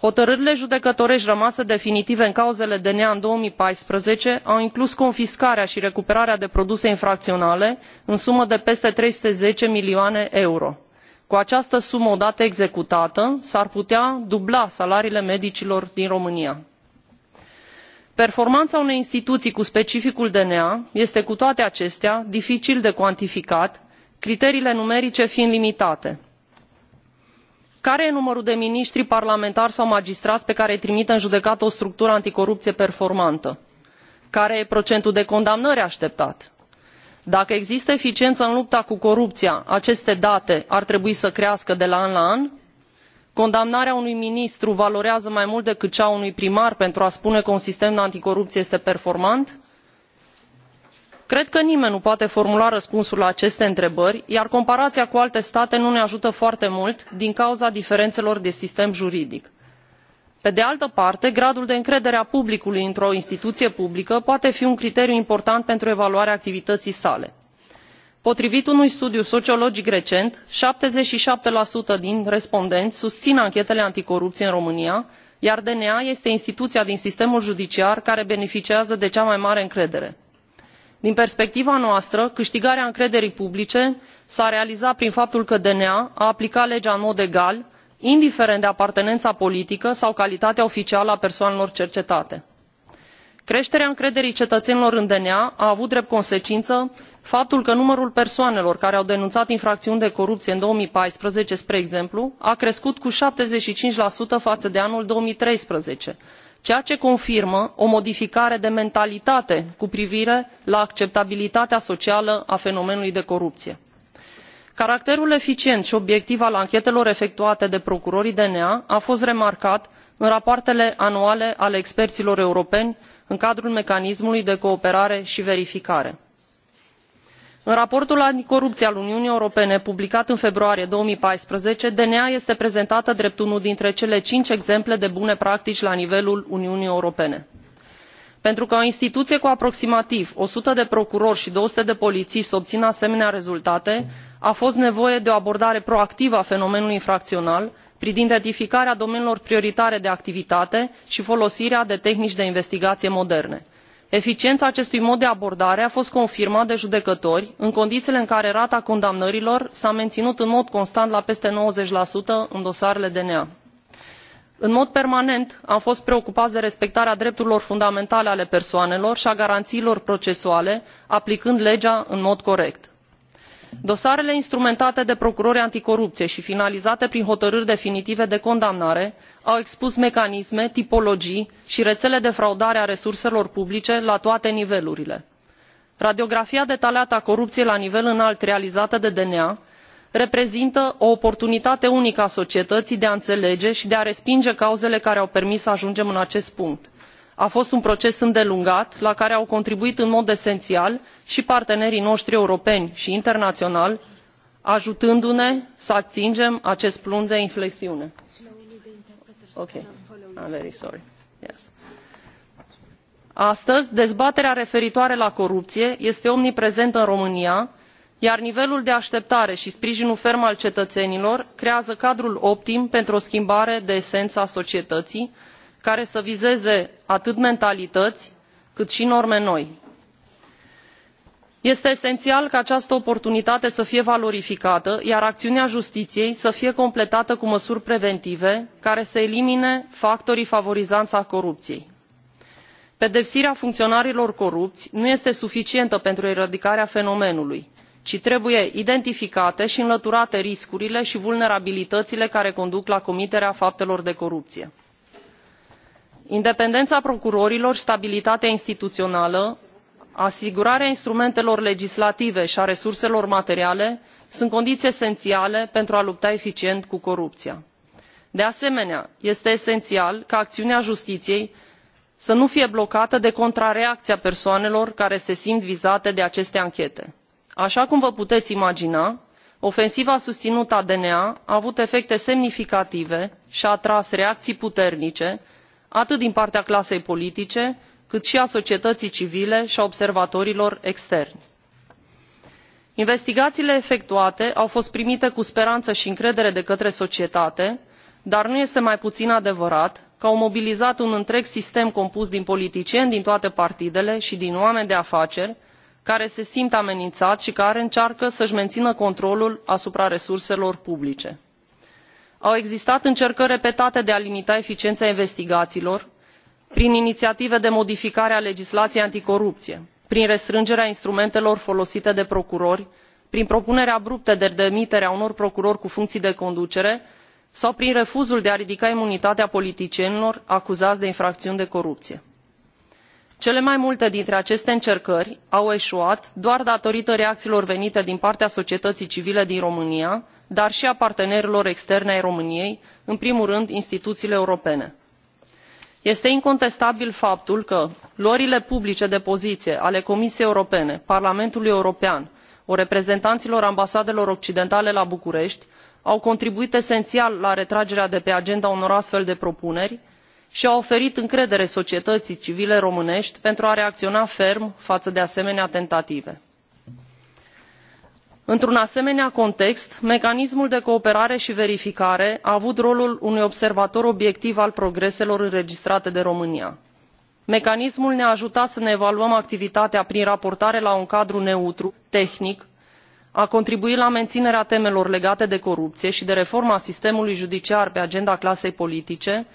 hotărârile judecătorești rămase definitive în cauzele dna în două mii paisprezece au inclus confiscarea și recuperarea de produse infracționale în sumă de peste trei sute zece milioane euro. cu această sumă odată executată s ar putea dubla salariile medicilor din românia performanța unei instituții cu specificul dna este cu toate acestea dificil de cuantificat criteriile numerice fiind limitate. care e numărul de miniștri parlamentari sau magistrați pe care îi trimite în judecată o structură anticorupție performantă? care e procentul de condamnări așteptat? dacă există eficiență în lupta cu corupția aceste date ar trebui să crească de la an la an? condamnarea unui ministru valorează mai mult decât cea a unui primar pentru a spune că un sistem anticorupție este performant? cred că nimeni nu poate formula răspunsuri la aceste întrebări iar comparația cu alte state nu ne ajută foarte mult din cauza diferențelor de sistem juridic. pe de altă parte gradul de încredere a publicului într o instituție publică poate fi un criteriu important pentru evaluarea activității sale potrivit unui studiu sociologic recent șaptezeci și șapte din respondenți susțin anchetele anticorupție în românia iar dna este instituția din sistemul judiciar care beneficiază de cea mai mare încredere. din perspectiva noastră câștigarea încrederii publice s a realizat prin faptul că dna a aplicat legea în mod egal indiferent de apartenența politică sau calitatea oficială a persoanelor cercetate. creșterea încrederii cetățenilor în dna a avut drept consecință faptul că numărul persoanelor care au denunțat infracțiuni de corupție în două mii paisprezece spre exemplu a crescut cu șaptezeci și cinci față de anul două mii treisprezece ceea ce confirmă o modificare de mentalitate cu privire la acceptabilitatea socială a fenomenului de corupție. caracterul eficient și obiectiv al anchetelor efectuate de procurorii dna a fost remarcat în rapoartele anuale ale experților europeni în cadrul mecanismului de cooperare și verificare în raportul anticorupție al uniunii europene publicat în februarie două mii paisprezece dna este prezentată drept unul dintre cele cinci exemple de bune practici la nivelul uniunii europene. pentru ca o instituție cu aproximativ o sută de procurori și două sute de polițiști să obțină asemenea rezultate a fost nevoie de o abordare proactivă a fenomenului infracțional prin identificarea domeniilor prioritare de activitate și folosirea de tehnici de investigație moderne eficiența acestui mod de abordare a fost confirmată de judecători în condițiile în care rata condamnărilor s a menținut în mod constant la peste nouăzeci în dosarele dna. în mod permanent am fost preocupați de respectarea drepturilor fundamentale ale persoanelor și a garanțiilor procesuale aplicând legea în mod corect. dosarele instrumentate de procurori anticorupție și finalizate prin hotărâri definitive de condamnare au expus mecanisme tipologii și rețele de fraudare a resurselor publice la toate nivelurile. radiografia detaliată a corupției la nivel înalt realizată de dna reprezintă o oportunitate unică a societății de a înțelege și de a respinge cauzele care au permis să ajungem în acest punct. a fost un proces îndelungat la care au contribuit în mod esențial și partenerii noștri europeni și internaționali ajutându ne să atingem acest punct de inflexiune. Okay. I'm very sorry. Yes. Astăzi, dezbaterea referitoare la corupție este omniprezentă în România, iar nivelul de așteptare și sprijinul ferm al cetățenilor creează cadrul optim pentru o schimbare de esență a societății, care să vizeze atât mentalități, cât și norme noi este esențial ca această oportunitate să fie valorificată iar acțiunea justiției să fie completată cu măsuri preventive care să elimine factorii favorizanți ai corupției. pedepsirea funcționarilor corupți nu este suficientă pentru eradicarea fenomenului ci trebuie identificate și înlăturate riscurile și vulnerabilitățile care conduc la comiterea faptelor de corupție. independența procurorilor și stabilitatea instituțională asigurarea instrumentelor legislative și a resurselor materiale sunt condiții esențiale pentru a lupta eficient cu corupția. de asemenea este esențial ca acțiunea justiției să nu fie blocată de contrareacția persoanelor care se simt vizate de aceste anchete. așa cum vă puteți imagina ofensiva susținută a dna a avut efecte semnificative și a atras reacții puternice atât din partea clasei politice cât și a societății civile și a observatorilor externi. investigațiile efectuate au fost primite cu speranță și încredere de către societate dar nu este mai puțin adevărat că au mobilizat un întreg sistem compus din politicieni din toate partidele și din oameni de afaceri care se simt amenințați și care încearcă să își mențină controlul asupra resurselor publice. au existat încercări repetate de a limita eficiența investigațiilor prin inițiative de modificare a legislației anticorupție prin restrângerea instrumentelor folosite de procurori prin propuneri abrupte de demitere a unor procurori cu funcții de conducere sau prin refuzul de a ridica imunitatea politicienilor acuzați de infracțiuni de corupție. cele mai multe dintre aceste încercări au eșuat doar datorită reacțiilor venite din partea societății civile din românia dar și a partenerilor externi ai româniei în primul rând instituțiile europene este incontestabil faptul că luările publice de poziție ale comisiei europene parlamentului european ori reprezentanților ambasadelor occidentale la bucurești au contribuit esențial la retragerea de pe agenda unor astfel de propuneri și au oferit încredere societății civile românești pentru a reacționa ferm față de asemenea tentative într un asemenea context mecanismul de cooperare și verificare a avut rolul unui observator obiectiv al progreselor înregistrate de românia. mecanismul ne a ajutat să ne evaluăm activitatea prin raportare la un cadru neutru tehnic a contribuit la menținerea temelor legate de corupție și de reforma sistemului judiciar pe agenda clasei politice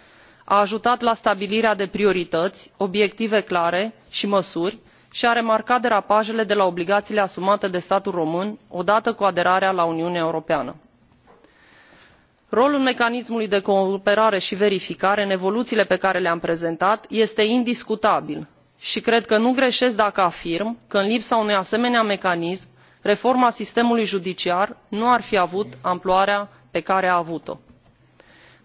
a ajutat la stabilirea de priorități obiective clare și măsuri și a remarcat derapajele de la obligațiile asumate de statul român odată cu aderarea la uniunea europeană. rolul mecanismului de cooperare și verificare în evoluțiile pe care le am prezentat este indiscutabil și cred că nu greșesc dacă afirm că în lipsa unui asemenea mecanism reforma sistemului judiciar nu ar fi avut amploarea pe care a avut o.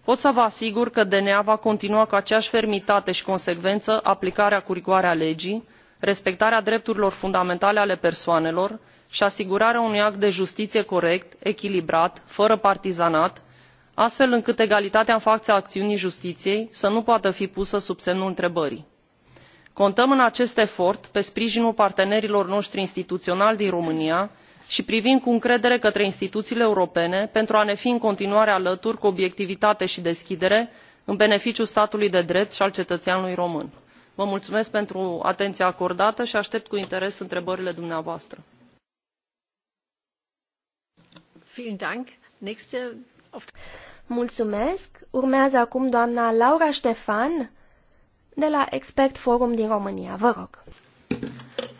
pot să vă asigur că dna va continua cu aceeași fermitate și consecvență aplicarea cu rigoare a legii respectarea drepturilor fundamentale ale persoanelor și asigurarea unui act de justiție corect echilibrat fără partizanat astfel încât egalitatea în fața acțiunii justiției să nu poată fi pusă sub semnul întrebării. contăm în acest efort pe sprijinul partenerilor noștri instituționali din românia și privim cu încredere către instituțiile europene pentru a ne fi în continuare alături cu obiectivitate și deschidere în beneficiul statului de drept și al cetățeanului român vă mulțumesc pentru atenția acordată și aștept cu interes întrebările dumneavoastră. Mulțumesc. Urmează acum doamna Laura Ștefan de la Expert Forum din România. Vă rog.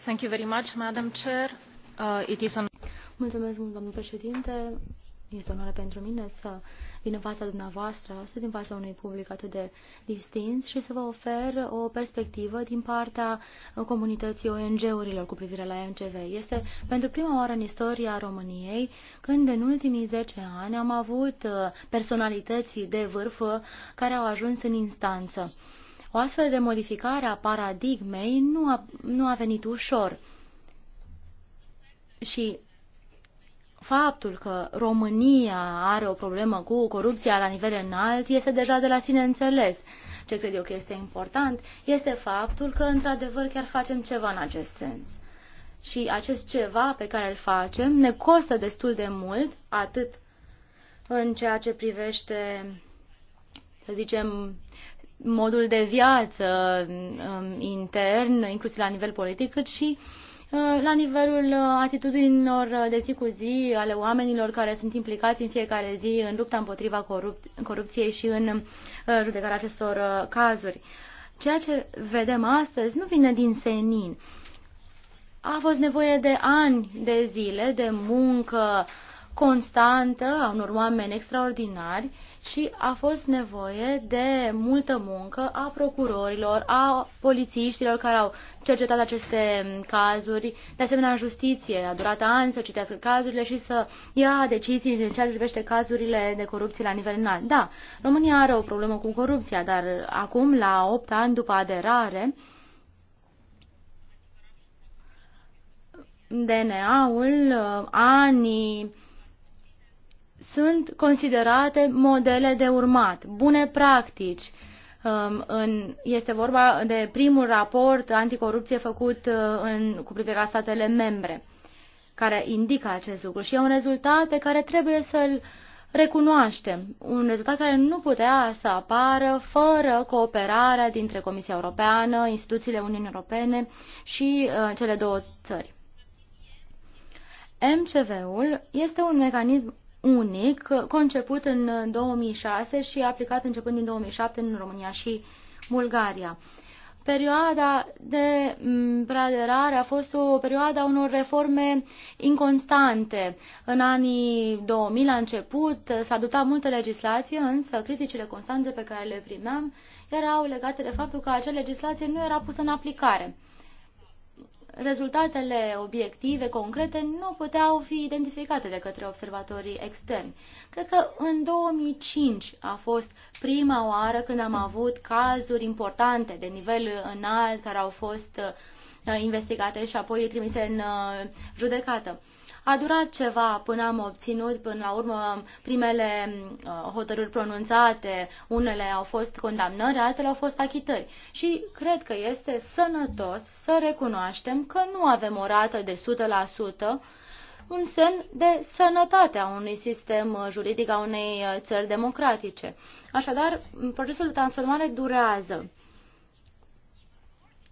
Thank you very much, Madam Chair. Uh, it is an... Mulțumesc domnule președinte. Este onoare pentru mine să vin în fața dumneavoastră, să din fața unui public atât de distins și să vă ofer o perspectivă din partea comunității ONG-urilor cu privire la MCV. Este pentru prima oară în istoria României când în ultimii 10 ani am avut uh, personalități de vârf uh, care au ajuns în instanță. O astfel de modificare a paradigmei nu a, nu a venit ușor. Și faptul că România are o problemă cu corupția la nivel înalt este deja de la sine înțeles. Ce cred eu că este important este faptul că, într-adevăr, chiar facem ceva în acest sens. Și acest ceva pe care îl facem ne costă destul de mult, atât în ceea ce privește, să zicem, modul de viață um, intern, inclusiv la nivel politic, cât și uh, Uh, la nivelul uh, atitudinilor uh, de zi cu zi ale oamenilor care sunt implicați în fiecare zi în lupta împotriva corup corupției și în judecarea acestor cazuri. Ceea ce vedem astăzi nu vine din senin. A fost nevoie de ani de zile de muncă constantă a unor oameni extraordinari și a fost nevoie de multă muncă a procurorilor, a polițiștilor care au cercetat aceste cazuri, de asemenea în justiție. A durat ani să citească cazurile și să ia decizii în ceea ce privește cazurile de corupție la nivel înalt. Da, România are o problemă cu corupția, dar acum, la 8 ani după aderare, DNA-ul, anii sunt considerate modele de urmat, bune practici. Um, în, este vorba de primul raport anticorupție făcut uh, în, cu privire la statele membre, care indică acest lucru și e un rezultat pe care trebuie să-l recunoaștem. Un rezultat care nu putea să apară fără cooperarea dintre Comisia Europeană, instituțiile Uniunii Europene și uh, cele două țări. MCV-ul este un mecanism unic, conceput în 2006 și aplicat începând din 2007 în România și Bulgaria. Perioada de preaderare a fost o perioadă a unor reforme inconstante. În anii 2000, la început, s-a dotat multă legislație, însă criticile constante pe care le primeam erau legate de faptul că acea legislație nu era pusă în aplicare rezultatele obiective, concrete, nu puteau fi identificate de către observatorii externi. Cred că în 2005 a fost prima oară când am avut cazuri importante de nivel înalt care au fost uh, investigate și apoi trimise în uh, judecată. A durat ceva până am obținut, până la urmă, primele uh, hotărâri pronunțate, unele au fost condamnări, altele au fost achitări. Și cred că este sănătos să recunoaștem că nu avem o rată de 100%, un semn de sănătate a unui sistem juridic a unei uh, țări democratice. Așadar, procesul de transformare durează.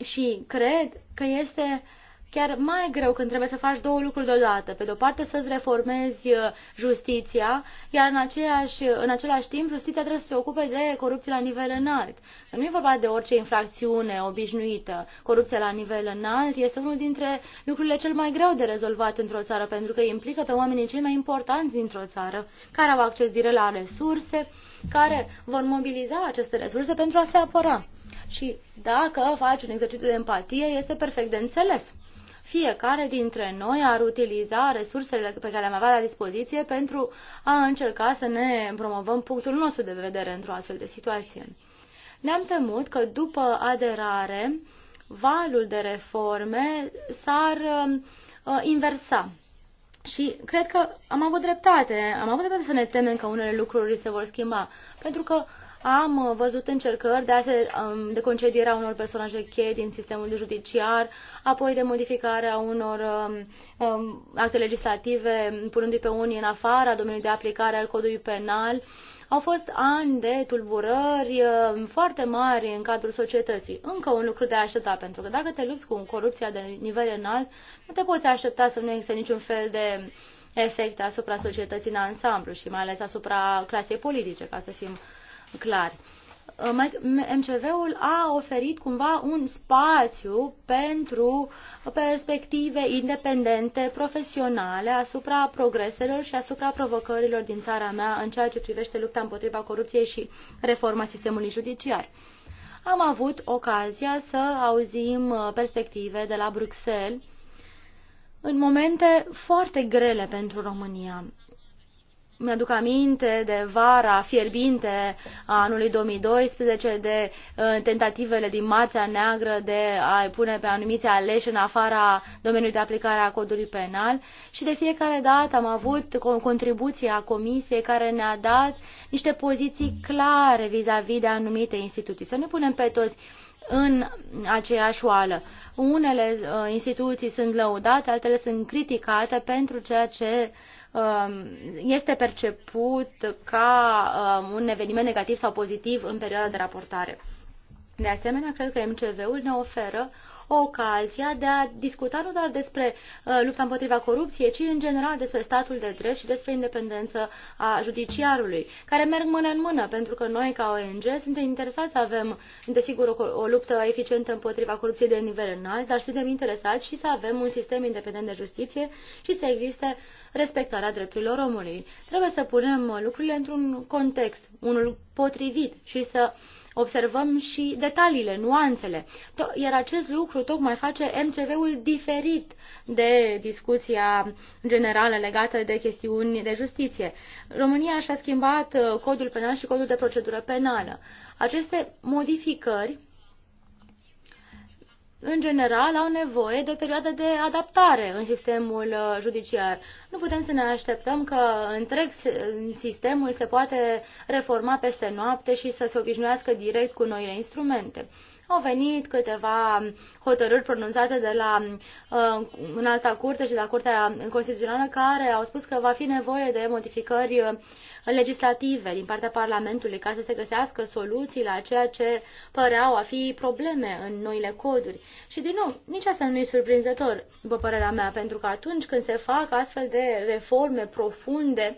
Și cred că este uh, chiar mai greu când trebuie să faci două lucruri deodată. Pe de-o parte să-ți reformezi uh, justiția, iar în, aceeași, în același timp justiția trebuie să se ocupe de corupție la nivel înalt. Că nu e vorba de orice infracțiune obișnuită. Corupția la nivel înalt este unul dintre lucrurile cel mai greu de rezolvat într-o țară, pentru că implică pe oamenii cei mai importanți dintr-o țară, care au acces direct la resurse, care vor mobiliza aceste resurse pentru a se apăra. Și dacă faci un exercițiu de empatie, este perfect de înțeles fiecare dintre noi ar utiliza resursele pe care le-am avea la dispoziție pentru a încerca să ne promovăm punctul nostru de vedere într-o astfel de situație. Ne-am temut că după aderare, valul de reforme s-ar uh, uh inversa. Și cred că am avut dreptate, am avut dreptate să ne temem că unele lucruri se vor schimba, pentru că am uh, văzut încercări de, a se, um, de concedierea unor personaje cheie din sistemul judiciar, apoi de modificarea unor um, um, acte legislative, punându-i pe unii în afara domeniului de aplicare al codului penal. Au fost ani de tulburări um, foarte mari în cadrul societății. Încă un lucru de așteptat, pentru că dacă te lupți cu corupția de nivel înalt, nu te poți aștepta să nu existe niciun fel de efect asupra societății în ansamblu și mai ales asupra clasei politice, ca să fim Clar. Uh, MCV-ul a oferit cumva un spațiu pentru perspective independente, profesionale, asupra progreselor și asupra provocărilor din țara mea în ceea ce privește lupta împotriva corupției și reforma sistemului judiciar. Am avut ocazia să auzim uh, perspective de la Bruxelles în momente foarte grele pentru România mi-aduc aminte de vara fierbinte a anului 2012, de uh, tentativele din Marțea Neagră de a pune pe anumiți aleși în afara domeniului de aplicare a codului penal și de fiecare dată am avut contribuția Comisiei care ne-a dat niște poziții clare vis-a-vis -vis de anumite instituții. Să nu punem pe toți în aceeași oală. Unele uh, instituții sunt lăudate, altele sunt criticate pentru ceea ce uh, Um, este perceput ca um, un eveniment negativ sau pozitiv în perioada de raportare. De asemenea, cred că MCV-ul ne oferă ocazia de a discuta nu doar despre uh, lupta împotriva corupției, ci în general despre statul de drept și despre independență a judiciarului, care merg mână în mână, pentru că noi ca ONG suntem interesați să avem, desigur, o, o luptă eficientă împotriva corupției de nivel înalt, dar suntem interesați și să avem un sistem independent de justiție și să existe respectarea drepturilor omului. Trebuie să punem lucrurile într-un context, unul potrivit și să uh, observăm și detaliile, nuanțele. Iar acest lucru tocmai face MCV-ul diferit de discuția generală legată de chestiuni de justiție. România și-a schimbat uh, codul penal și codul de procedură penală. Aceste modificări în general, au nevoie de o perioadă de adaptare în sistemul uh, judiciar. Nu putem să ne așteptăm că întreg sistemul se poate reforma peste noapte și să se obișnuiască direct cu noile instrumente. Au venit câteva hotărâri pronunțate de la uh, în alta curte și de la Curtea Constituțională care au spus că va fi nevoie de modificări uh, legislative din partea Parlamentului ca să se găsească soluții la ceea ce păreau a fi probleme în noile coduri. Și, din nou, nici asta nu e surprinzător, după părerea mea, pentru că atunci când se fac astfel de reforme profunde,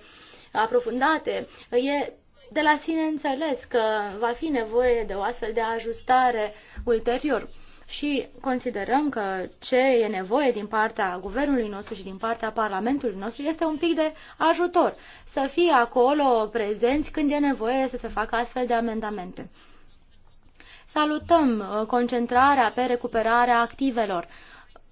aprofundate, e de la sine înțeles că va fi nevoie de o astfel de ajustare ulterior și considerăm că ce e nevoie din partea guvernului nostru și din partea parlamentului nostru este un pic de ajutor, să fie acolo prezenți când e nevoie să se facă astfel de amendamente. Salutăm uh, concentrarea pe recuperarea activelor.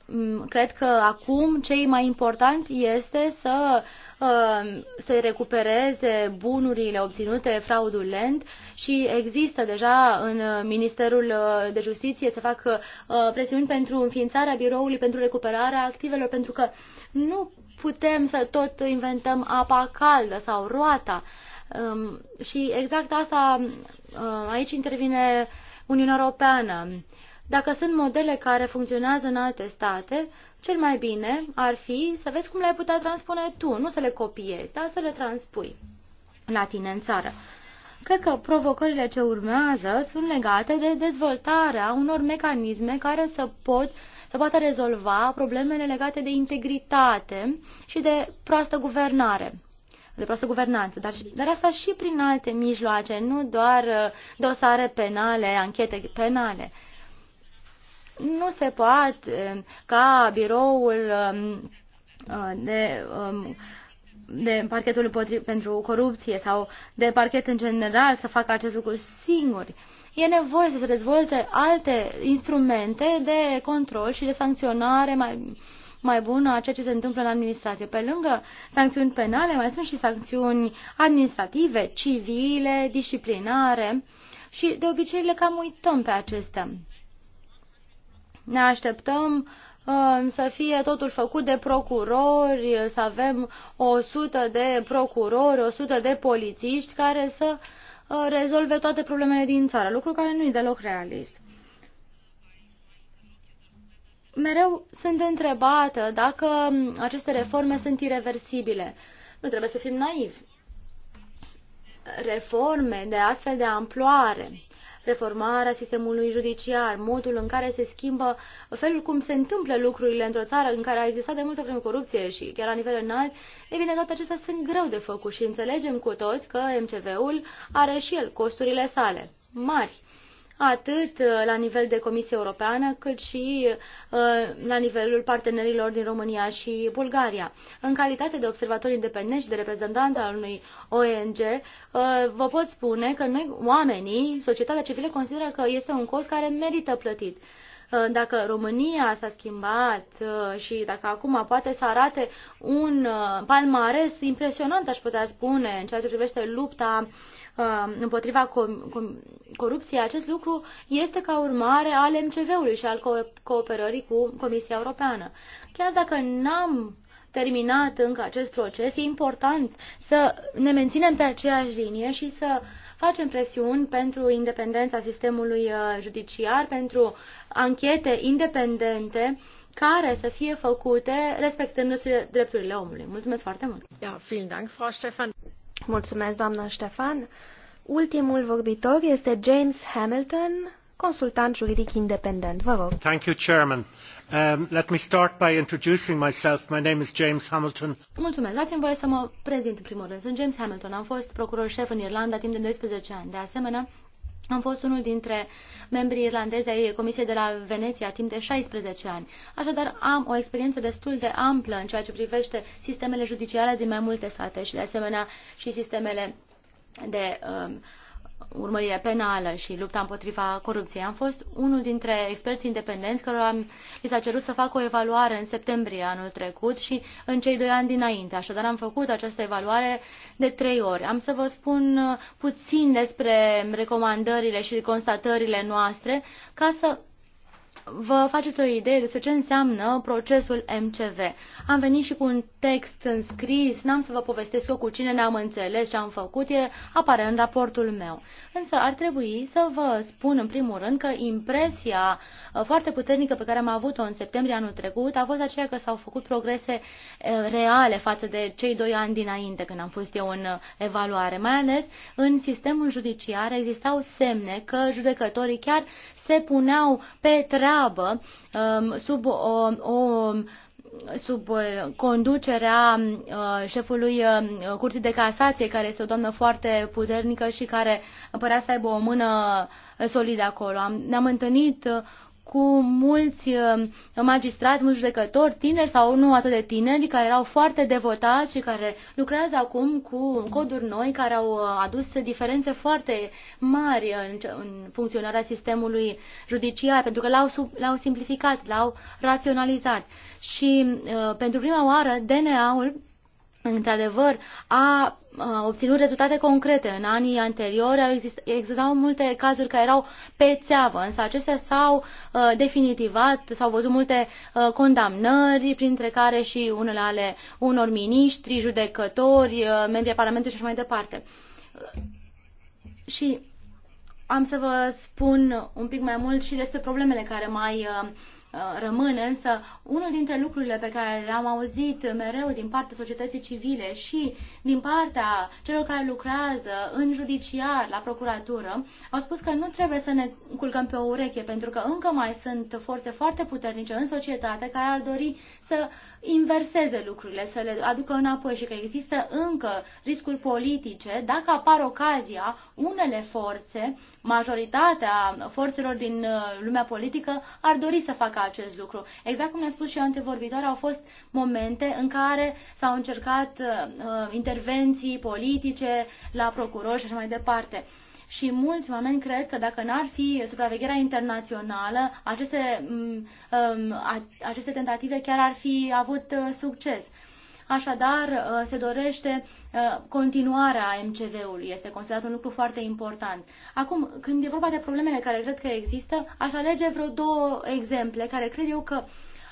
Mm, cred că acum cei mai important este să Um, să-i recupereze bunurile obținute fraudulent și există deja în Ministerul uh, de Justiție să facă uh, presiuni pentru înființarea biroului, pentru recuperarea activelor, pentru că nu putem să tot inventăm apa caldă sau roata. Um, și exact asta uh, aici intervine Uniunea Europeană dacă sunt modele care funcționează în alte state, cel mai bine ar fi să vezi cum le-ai putea transpune tu, nu să le copiezi, dar să le transpui la tine în țară. Cred că provocările ce urmează sunt legate de dezvoltarea unor mecanisme care să pot să poată rezolva problemele legate de integritate și de proastă guvernare de proastă guvernanță, dar, dar asta și prin alte mijloace, nu doar uh, dosare penale, anchete penale nu se poate um, ca biroul um, uh, de, um, de parchetul pentru corupție sau de parchet în general să facă acest lucru singuri. E nevoie să se dezvolte alte instrumente de control și de sancționare mai, mai bună a ceea ce se întâmplă în administrație. Pe lângă sancțiuni penale, mai sunt și sancțiuni administrative, civile, disciplinare și de obicei le cam uităm pe acestea. Ne așteptăm uh, să fie totul făcut de procurori, să avem 100 de procurori, 100 de polițiști care să uh, rezolve toate problemele din țară, lucru care nu e deloc realist. Mereu sunt întrebată dacă aceste reforme sunt irreversibile. Nu trebuie să fim naivi. Reforme de astfel de amploare reformarea sistemului judiciar, modul în care se schimbă, felul cum se întâmplă lucrurile într-o țară în care a existat de multă vreme corupție și chiar la nivel înalt, e bine, toate acestea sunt greu de făcut și înțelegem cu toți că MCV-ul are și el costurile sale mari atât uh, la nivel de Comisie Europeană, cât și uh, la nivelul partenerilor din România și Bulgaria. În calitate de observator independent și de reprezentant al unui ONG, uh, vă pot spune că noi, oamenii, societatea civilă, consideră că este un cost care merită plătit. Uh, dacă România s-a schimbat uh, și dacă acum poate să arate un uh, palmares impresionant, aș putea spune, în ceea ce privește lupta împotriva corupției, acest lucru este ca urmare al MCV-ului și al cooperării cu Comisia Europeană. Chiar dacă n-am terminat încă acest proces, e important să ne menținem pe aceeași linie și să uh, Facem presiuni pentru independența sistemului uh, judiciar, pentru anchete independente care să fie făcute respectând și drepturile omului. Mulțumesc foarte mult! Ja, vielen Dank, Frau Stefan. Mulțumesc, doamna Ștefan. Ultimul vorbitor este James Hamilton, consultant juridic independent. Vă rog. Thank you, Chairman. Um, let me start by introducing myself. My name is James Hamilton. Mulțumesc. Dați-mi voie să mă prezint în primul rând. Sunt James Hamilton. Am fost procuror șef în Irlanda timp de 12 ani. De asemenea, am fost unul dintre membrii irlandezi ai Comisiei de la Veneția timp de 16 ani. Așadar, am o experiență destul de amplă în ceea ce privește sistemele judiciare din mai multe state și, de asemenea, și sistemele de um, urmărirea penală și lupta împotriva corupției. Am fost unul dintre experți independenți cărora am, li s-a cerut să facă o evaluare în septembrie anul trecut și în cei doi ani dinainte. Așadar am făcut această evaluare de trei ori. Am să vă spun uh, puțin despre recomandările și constatările noastre ca să vă faceți o idee despre ce înseamnă procesul MCV. Am venit și cu un text înscris, n-am să vă povestesc eu cu cine ne-am înțeles ce am făcut, e, apare în raportul meu. Însă ar trebui să vă spun în primul rând că impresia uh, foarte puternică pe care am avut-o în septembrie anul trecut a fost aceea că s-au făcut progrese uh, reale față de cei doi ani dinainte când am fost eu în uh, evaluare, mai ales în sistemul judiciar existau semne că judecătorii chiar se puneau pe treabă degrabă um, sub o, o sub conducerea uh, șefului uh, Curții de Casație, care este o doamnă foarte puternică și care părea să aibă o mână solidă acolo. Ne-am întâlnit cu mulți uh, magistrați, mulți judecători tineri sau nu atât de tineri, care erau foarte devotați și care lucrează acum cu coduri noi care au uh, adus diferențe foarte mari în funcționarea sistemului judiciar, pentru că l-au, l-au simplificat, l-au raționalizat. Și uh, pentru prima oară DNA-ul într-adevăr, a, a obținut rezultate concrete. În anii anteriori exist, existau multe cazuri care erau pe țeavă, însă acestea s-au a, definitivat, s-au văzut multe a, condamnări, printre care și unele ale unor miniștri, judecători, membrii Parlamentului și așa mai departe. Și am să vă spun un pic mai mult și despre problemele care mai Uh, rămân, însă unul dintre lucrurile pe care le-am auzit mereu din partea societății civile și din partea celor care lucrează în judiciar, la procuratură, au spus că nu trebuie să ne culcăm pe o ureche, pentru că încă mai sunt forțe foarte puternice în societate care ar dori să inverseze lucrurile, să le aducă înapoi și că există încă riscuri politice, dacă apar ocazia, unele forțe, majoritatea forțelor din uh, lumea politică ar dori să facă acest lucru. Exact cum ne-a spus și antevorbitoare, au fost momente în care s-au încercat uh, uh, intervenții politice la procurori și așa mai departe și mulți oameni cred că dacă n-ar fi supravegherea internațională, aceste, mm, mm, aceste tentative chiar ar fi avut uh, succes. Așadar, uh, se dorește uh, continuarea MCV-ului. Este considerat un lucru foarte important. Acum, când e vorba de problemele care cred că există, aș alege vreo două exemple care cred eu că uh,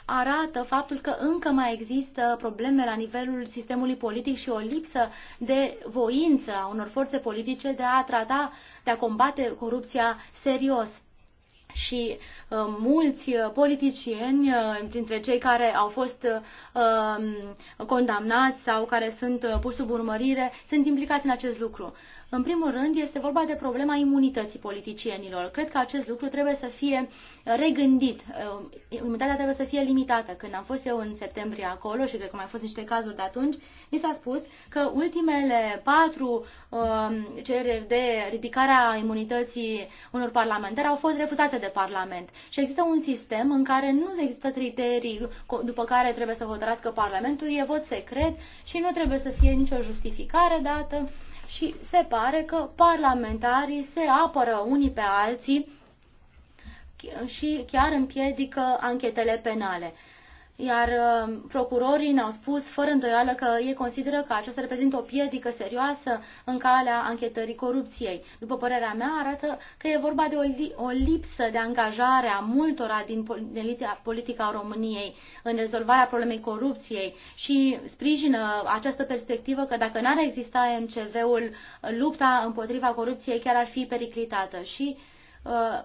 arată faptul că încă mai există probleme la nivelul sistemului politic și o lipsă de voință a unor forțe politice de a trata, de a combate corupția serios și uh, mulți uh, politicieni, uh, dintre cei care au fost uh, condamnați sau care sunt uh, puși sub urmărire, sunt implicați în acest lucru. În primul rând, este vorba de problema imunității politicienilor. Cred că acest lucru trebuie să fie uh, regândit. Uh, imunitatea trebuie să fie limitată. Când am fost eu în septembrie acolo și cred că mai fost niște cazuri de atunci, mi s-a spus că ultimele patru um, cereri de ridicare a imunității unor parlamentari au fost refuzate de Parlament. Și există un sistem în care nu există criterii după care trebuie să hotărască Parlamentul, e vot secret și nu trebuie să fie nicio justificare dată și se pare că parlamentarii se apără unii pe alții și chiar împiedică anchetele penale iar uh, procurorii ne-au spus fără îndoială că ei consideră că aceasta reprezintă o piedică serioasă în calea anchetării corupției. După părerea mea, arată că e vorba de o, li- o lipsă de angajare a multora din politica României în rezolvarea problemei corupției și sprijină această perspectivă că dacă n-ar exista MCV-ul, lupta împotriva corupției chiar ar fi periclitată. Și uh,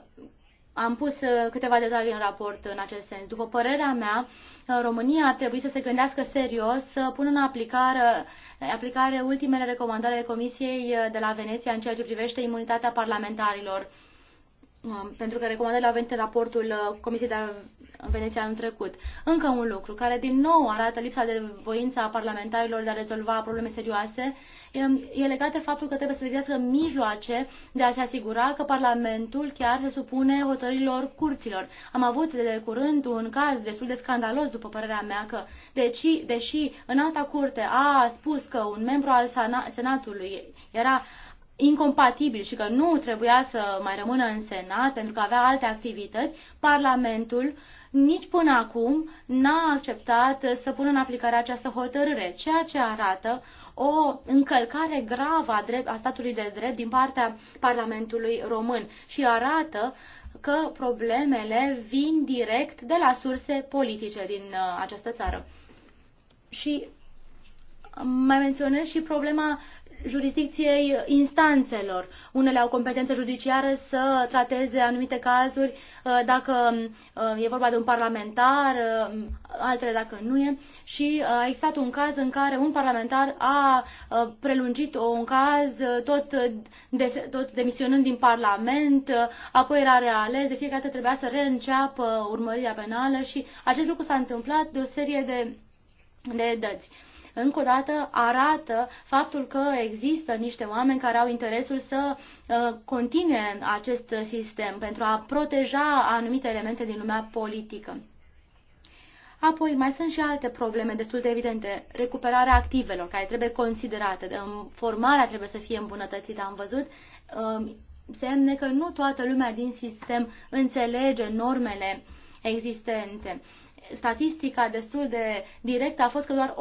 am pus uh, câteva detalii în raport în acest sens. După părerea mea, uh, România ar trebui să se gândească serios să pună în aplicare, aplicare ultimele recomandări ale Comisiei uh, de la Veneția în ceea ce privește imunitatea parlamentarilor Um, pentru că recomandările au venit în raportul uh, Comisiei de Veneția anul trecut. Încă un lucru care din nou arată lipsa de voință a parlamentarilor de a rezolva probleme serioase um, e legat de faptul că trebuie să se găsească mijloace de a se asigura că Parlamentul chiar se supune hotărârilor curților. Am avut de curând un caz destul de scandalos, după părerea mea, că deși, deși în alta curte a spus că un membru al Senatului era incompatibil și că nu trebuia să mai rămână în Senat pentru că avea alte activități, Parlamentul nici până acum n-a acceptat să pună în aplicare această hotărâre, ceea ce arată o încălcare gravă a, drept, a statului de drept din partea Parlamentului român și arată că problemele vin direct de la surse politice din uh, această țară. Și mai menționez și problema jurisdicției instanțelor. Unele au competență judiciară să trateze anumite cazuri uh, dacă uh, e vorba de un parlamentar, uh, altele dacă nu e. Și a existat un caz în care un parlamentar a prelungit un caz tot, de, tot demisionând din parlament, apoi era reales, de fiecare dată trebuia să reînceapă urmărirea penală și acest lucru s-a întâmplat de o serie de, de dăți. Uh, încă o dată arată faptul că există niște oameni care au interesul să uh, continue acest sistem pentru a proteja anumite elemente din lumea politică. Apoi mai sunt și alte probleme destul de evidente. Recuperarea activelor, care trebuie considerate, um, formarea trebuie să fie îmbunătățită. Am văzut um, semne că nu toată lumea din sistem înțelege normele existente statistica destul de directă a fost că doar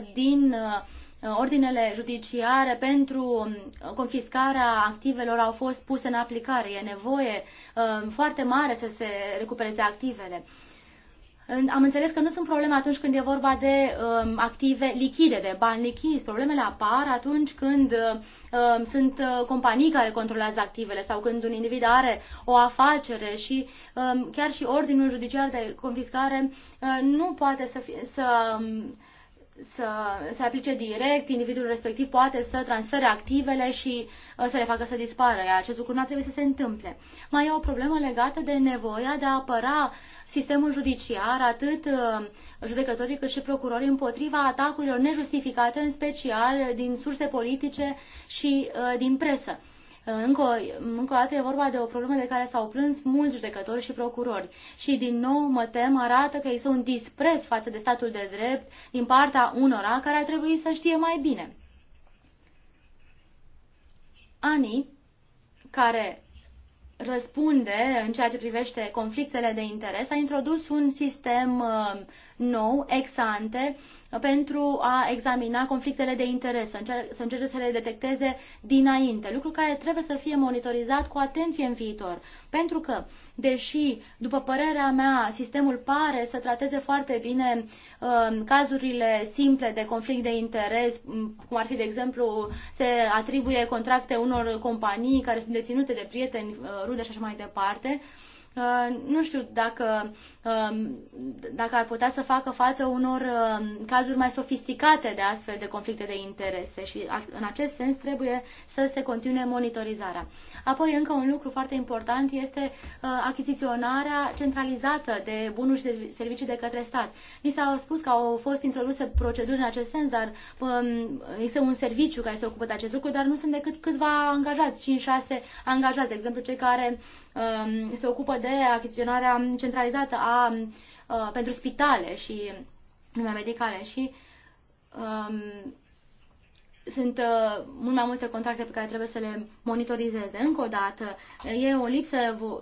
8% din uh, ordinele judiciare pentru um, confiscarea activelor au fost puse în aplicare. E nevoie uh, foarte mare să se recupereze activele. Am înțeles că nu sunt probleme atunci când e vorba de um, active lichide, de bani lichizi. Problemele apar atunci când um, sunt uh, companii care controlează activele sau când un individ are o afacere și um, chiar și ordinul judiciar de confiscare uh, nu poate să, fi, să um, să se aplice direct, individul respectiv poate să transfere activele și uh, să le facă să dispară, iar acest lucru nu ar trebui să se întâmple. Mai e o problemă legată de nevoia de a apăra sistemul judiciar, atât uh, judecătorii cât și procurorii, împotriva atacurilor nejustificate, în special din surse politice și uh, din presă. Uh, încă, încă o dată e vorba de o problemă de care s-au plâns mulți judecători și procurori. Și din nou mă tem, arată că este un dispreț față de statul de drept din partea unora care ar trebui să știe mai bine. Ani, care răspunde în ceea ce privește conflictele de interes, a introdus un sistem uh, nou, ex ante, pentru a examina conflictele de interes, să, să încerce să le detecteze dinainte, lucru care trebuie să fie monitorizat cu atenție în viitor. Pentru că, deși, după părerea mea, sistemul pare să trateze foarte bine uh, cazurile simple de conflict de interes, um, cum ar fi, de exemplu, se atribuie contracte unor companii care sunt deținute de prieteni, uh, rude și așa mai departe, uh, Uh, nu știu dacă, um, dacă ar putea să facă față unor um, cazuri mai sofisticate de astfel de conflicte de interese și în acest sens trebuie să se continue monitorizarea. Apoi încă un lucru foarte important este uh, achiziționarea centralizată de bunuri și de servicii de către stat. Ni s au spus că au fost introduse proceduri în acest sens, dar um, este un serviciu care se ocupă de acest lucru, dar nu sunt decât câțiva angajați, 5-6 angajați, de exemplu cei care Um, se ocupă de achiziționarea centralizată a, uh, pentru spitale și nume medicale și um, sunt uh, mult mai multe contracte pe care trebuie să le monitorizeze. Încă o dată, e o lipsă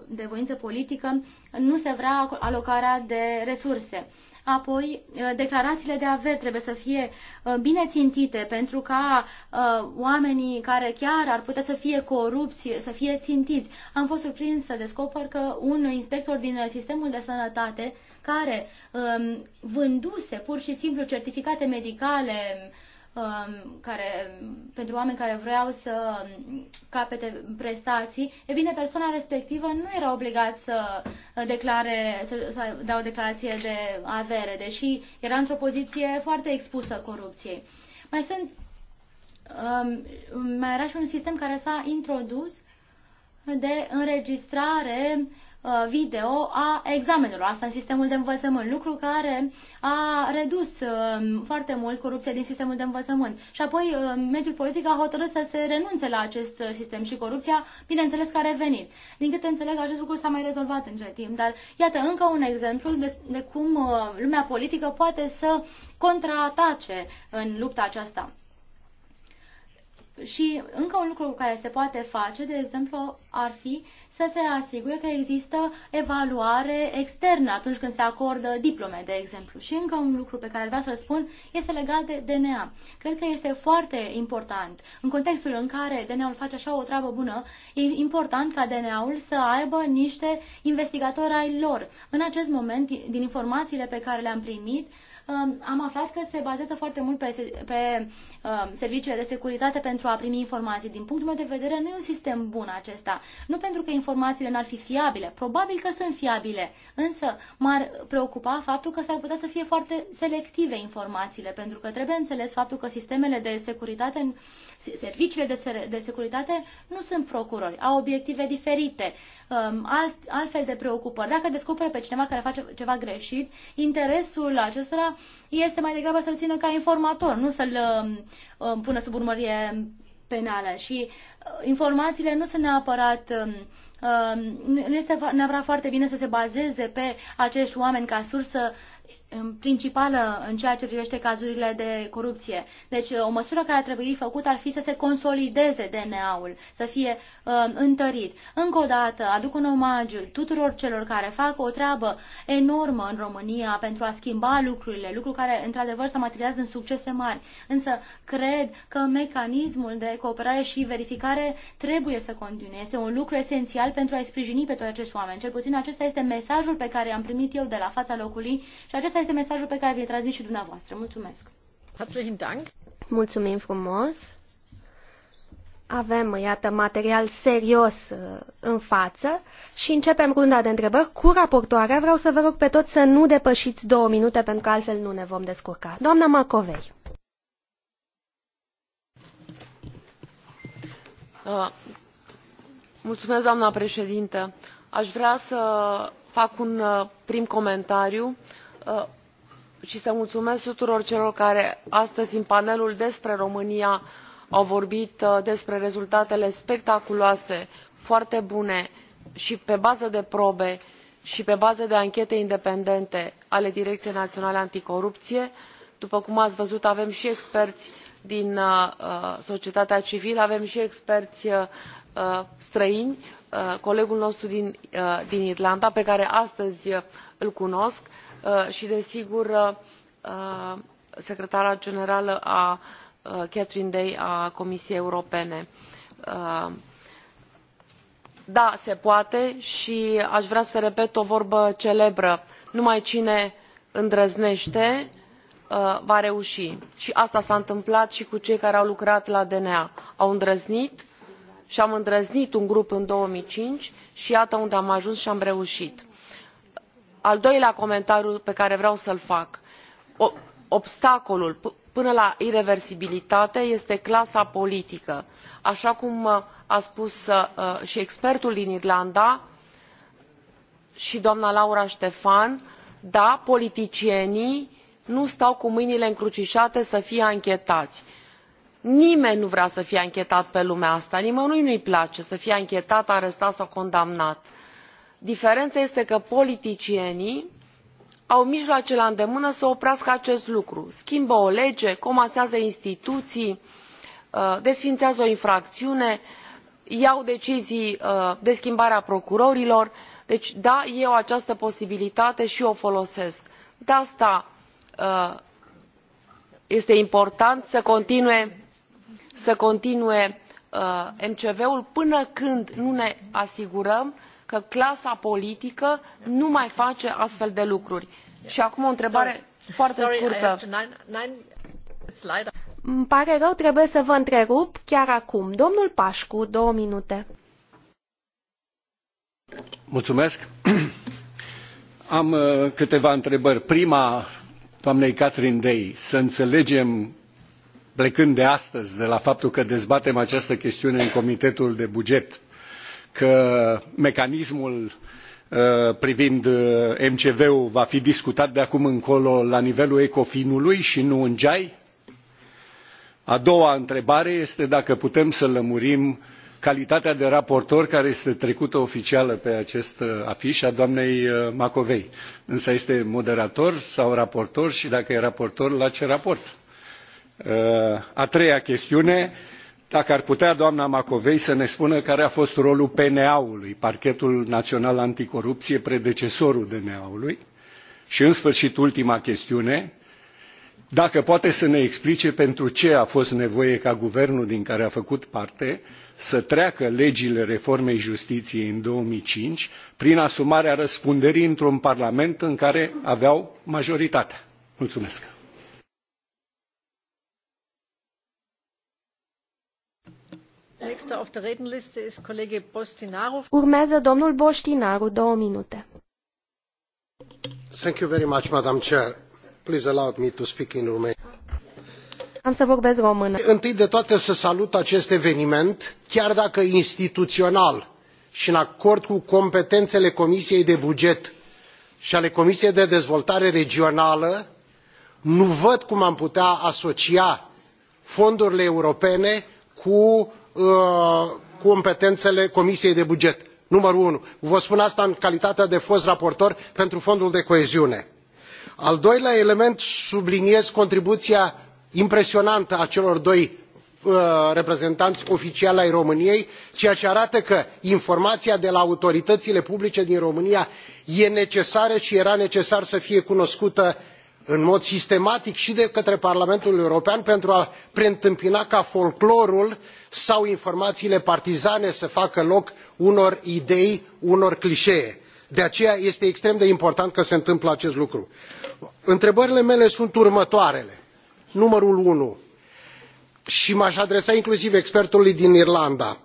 de voință politică, nu se vrea alocarea de resurse. Apoi, uh, declarațiile de averi trebuie să fie uh, bine țintite pentru ca uh, oamenii care chiar ar putea să fie corupți, să fie țintiți. Am fost surprins să descoper că un inspector din sistemul de sănătate care um, vânduse pur și simplu certificate medicale Um, care, pentru oameni care vreau să um, capete prestații, e bine, persoana respectivă nu era obligat să, uh, declare, să, să dea o declarație de avere, deși era într-o poziție foarte expusă corupției. Mai sunt um, mai era și un sistem care s-a introdus de înregistrare Uh, video a examenului Asta în sistemul de învățământ, lucru care a redus uh, foarte mult corupția din sistemul de învățământ. Și apoi uh, mediul politic a hotărât să se renunțe la acest sistem și corupția, bineînțeles, că a revenit. Din câte înțeleg, acest lucru s-a mai rezolvat între timp, dar iată încă un exemplu de, de cum lumea politică poate să contraatace în lupta aceasta. Și încă un lucru care se poate face, de exemplu, ar fi să se asigure că există evaluare externă atunci când se acordă diplome, de exemplu. Și încă un lucru pe care vreau să-l spun este legat de DNA. Cred că este foarte important, în contextul în care DNA-ul face așa o treabă bună, e important ca DNA-ul să aibă niște investigatori ai lor. În acest moment, din informațiile pe care le-am primit, Um, am aflat că se bazează foarte mult pe, pe um, serviciile de securitate pentru a primi informații. Din punctul meu de vedere, nu e un sistem bun acesta. Nu pentru că informațiile n-ar fi fiabile, probabil că sunt fiabile, însă m-ar preocupa faptul că s-ar putea să fie foarte selective informațiile, pentru că trebuie înțeles faptul că sistemele de securitate serviciile de, de securitate nu sunt procurori, au obiective diferite, um, alt, altfel de preocupări. Dacă descoperă pe cineva care face ceva greșit, interesul acestora este mai degrabă să-l țină ca informator, nu să-l um, um, pună sub urmărie penală și uh, informațiile nu sunt neapărat nu este neapărat foarte bine să se bazeze pe acești oameni ca sursă principală în ceea ce privește cazurile de corupție. Deci o măsură care ar trebui făcută ar fi să se consolideze DNA-ul, să fie uh, întărit. Încă o dată aduc un omagiu tuturor celor care fac o treabă enormă în România pentru a schimba lucrurile, lucru care într-adevăr s-a materializat în succese mari. Însă cred că mecanismul de cooperare și verificare trebuie să continue. Este un lucru esențial pentru a-i sprijini pe toți acești oameni. Cel puțin acesta este mesajul pe care am primit eu de la fața locului și acesta este mesajul pe care vi-l transmit și dumneavoastră. Mulțumesc! Herzlichen Dank! Mulțumim frumos! Avem, iată, material serios uh, în față și începem runda de întrebări cu raportoarea. Vreau să vă rog pe toți să nu depășiți două minute, pentru că altfel nu ne vom descurca. Doamna Macovei. Uh, mulțumesc, doamna președintă. Aș vrea să fac un uh, prim comentariu Uh, și să mulțumesc tuturor celor care astăzi în panelul despre românia au vorbit uh, despre rezultatele spectaculoase foarte bune și pe bază de probe și pe bază de anchete independente ale direcției naționale anticorupție. după cum ați văzut avem și experți din uh, societatea civilă avem și experți străini colegul nostru din, din irlanda pe care astăzi îl cunosc Uh, și desigur uh, secretara generală a uh, catherine day a comisiei europene. da se poate și aș vrea să repet o vorbă celebră numai cine îndrăznește va reuși și asta s a întâmplat și cu cei care au lucrat la dna au îndrăznit și am îndrăznit un grup în două mii cinci și iată unde am ajuns și am reușit al doilea comentariu pe care vreau să l fac obstacolul până la ireversibilitate este clasa politică așa cum uh, a spus uh, uh, și expertul din irlanda și doamna laura stefan da politicienii nu stau cu mâinile încrucișate să fie anchetați. nimeni nu vrea să fie anchetat pe lumea asta nimănui nu i place să fie anchetat arestat sau condamnat diferența este că politicienii au mijloace la îndemână să oprească acest lucru schimbă o lege comasează instituții uh, desființează o infracțiune iau decizii uh, de schimbare a procurorilor deci da eu această posibilitate și o folosesc de asta uh, este important să continue, să continue mcv ul până când nu ne asigurăm că clasa politică nu mai face astfel de lucruri. și acum o întrebare foarte scurtă îmi pare rău, trebuie să vă întrerup chiar acum. Domnul Pașcu, două minute. Mulțumesc. *clears throat* Am uh, câteva întrebări. Prima, doamnei Catherine Day, să înțelegem, plecând de astăzi, de la faptul că dezbatem această chestiune în Comitetul de Buget, că mecanismul uh, privind uh, mcv ul va fi discutat de acum încolo la nivelul ecofin ului și nu în jai? a doua întrebare este dacă putem să lămurim calitatea de raportor care este trecută oficială pe acest uh, afiș a doamnei macovei însă este moderator sau raportor și dacă e raportor la ce raport? a treia chestiune dacă ar putea doamna macovei să ne spună care a fost rolul pna ului parchetul național anticorupție predecesorul dna ului și în sfârșit ultima chestiune dacă poate să ne explice pentru ce a fost nevoie ca guvernul din care a făcut parte să treacă legile reformei justiției în două mii cinci prin asumarea răspunderii într un parlament în care aveau majoritatea. mulțumesc. Urmează domnul Boștinaru, două minute. Thank you very much, Madam Chair. Please allow me to speak in Romania. Am să vorbesc română. Întâi de toate să salut acest eveniment, chiar dacă instituțional și în acord cu competențele Comisiei de Buget și ale Comisiei de Dezvoltare Regională, nu văd cum am putea asocia fondurile europene cu Uh, competențele comisiei pentru buget numărul unu vă spun asta în calitate de fost raportor pentru fondul de coeziune. al doilea element subliniez contribuția impresionantă a celor doi uh, reprezentanți oficiali ai româniei ceea ce arată că informația de la autoritățile publice din românia este necesară și era necesar să fie cunoscută în mod sistematic și de către parlamentul european pentru a preîntâmpina ca folclorul sau informațiile partizane să facă loc unor idei unor clișee. de aceea este extrem de important că se întâmplă acest lucru. întrebările mele sunt următoarele numărul unu și m aș adresa inclusiv expertului din irlanda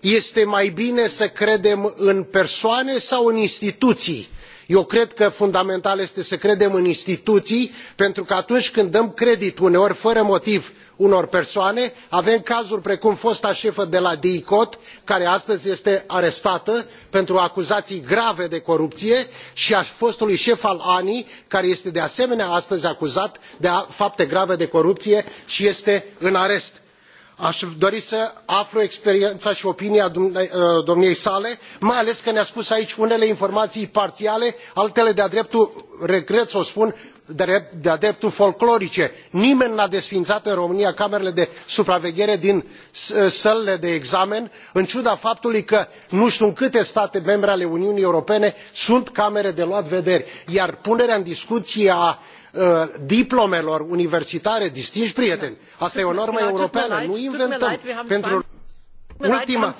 este mai bine să credem în persoane sau în instituții? eu cred că fundamental este să credem în instituții pentru că atunci când dăm credit uneori fără motiv unor persoane avem cazuri precum fosta șefă de la dicot care astăzi este arestată pentru acuzații grave de corupție și a fostului șef al ani care este de asemenea astăzi acuzat de fapte grave de corupție și este în arest aș dori să aflu experiența și opinia uh, domniei sale mai ales că ne a spus aici unele informații parțiale altele de a dreptul regret să o spun de a dreptul folclorice nimeni nu a desființat în românia camerele de supraveghere din uh, sălile de examen în ciuda faptului că nu știu în câte state membre ale uniunii europene sunt camere de luat vederi iar punerea în discuție a Uh, diplomelor universitare distinși prieteni asta e o normă europeană nu inventăm pentru ultima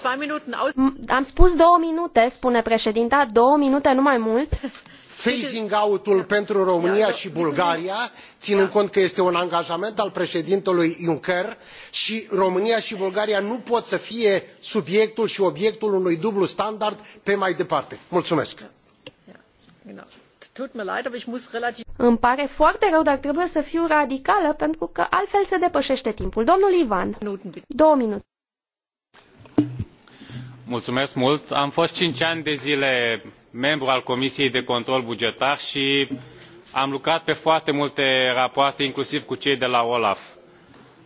mm, am spus două minute spune președinta două minute nu mai mult *laughs* phasing out ul da. pentru românia da. și bulgaria ținând da. cont că este un angajament al președintelui juncker și românia și bulgaria nu pot să fie subiectul și obiectul unui dublu standard pe mai departe. mulțumesc. Îmi pare foarte rău, dar trebuie să fiu radicală, pentru că altfel se depășește timpul. Domnul Ivan, două minute. Mulțumesc mult. Am fost cinci ani de zile membru al Comisiei de Control Bugetar și am lucrat pe foarte multe rapoarte, inclusiv cu cei de la OLAF.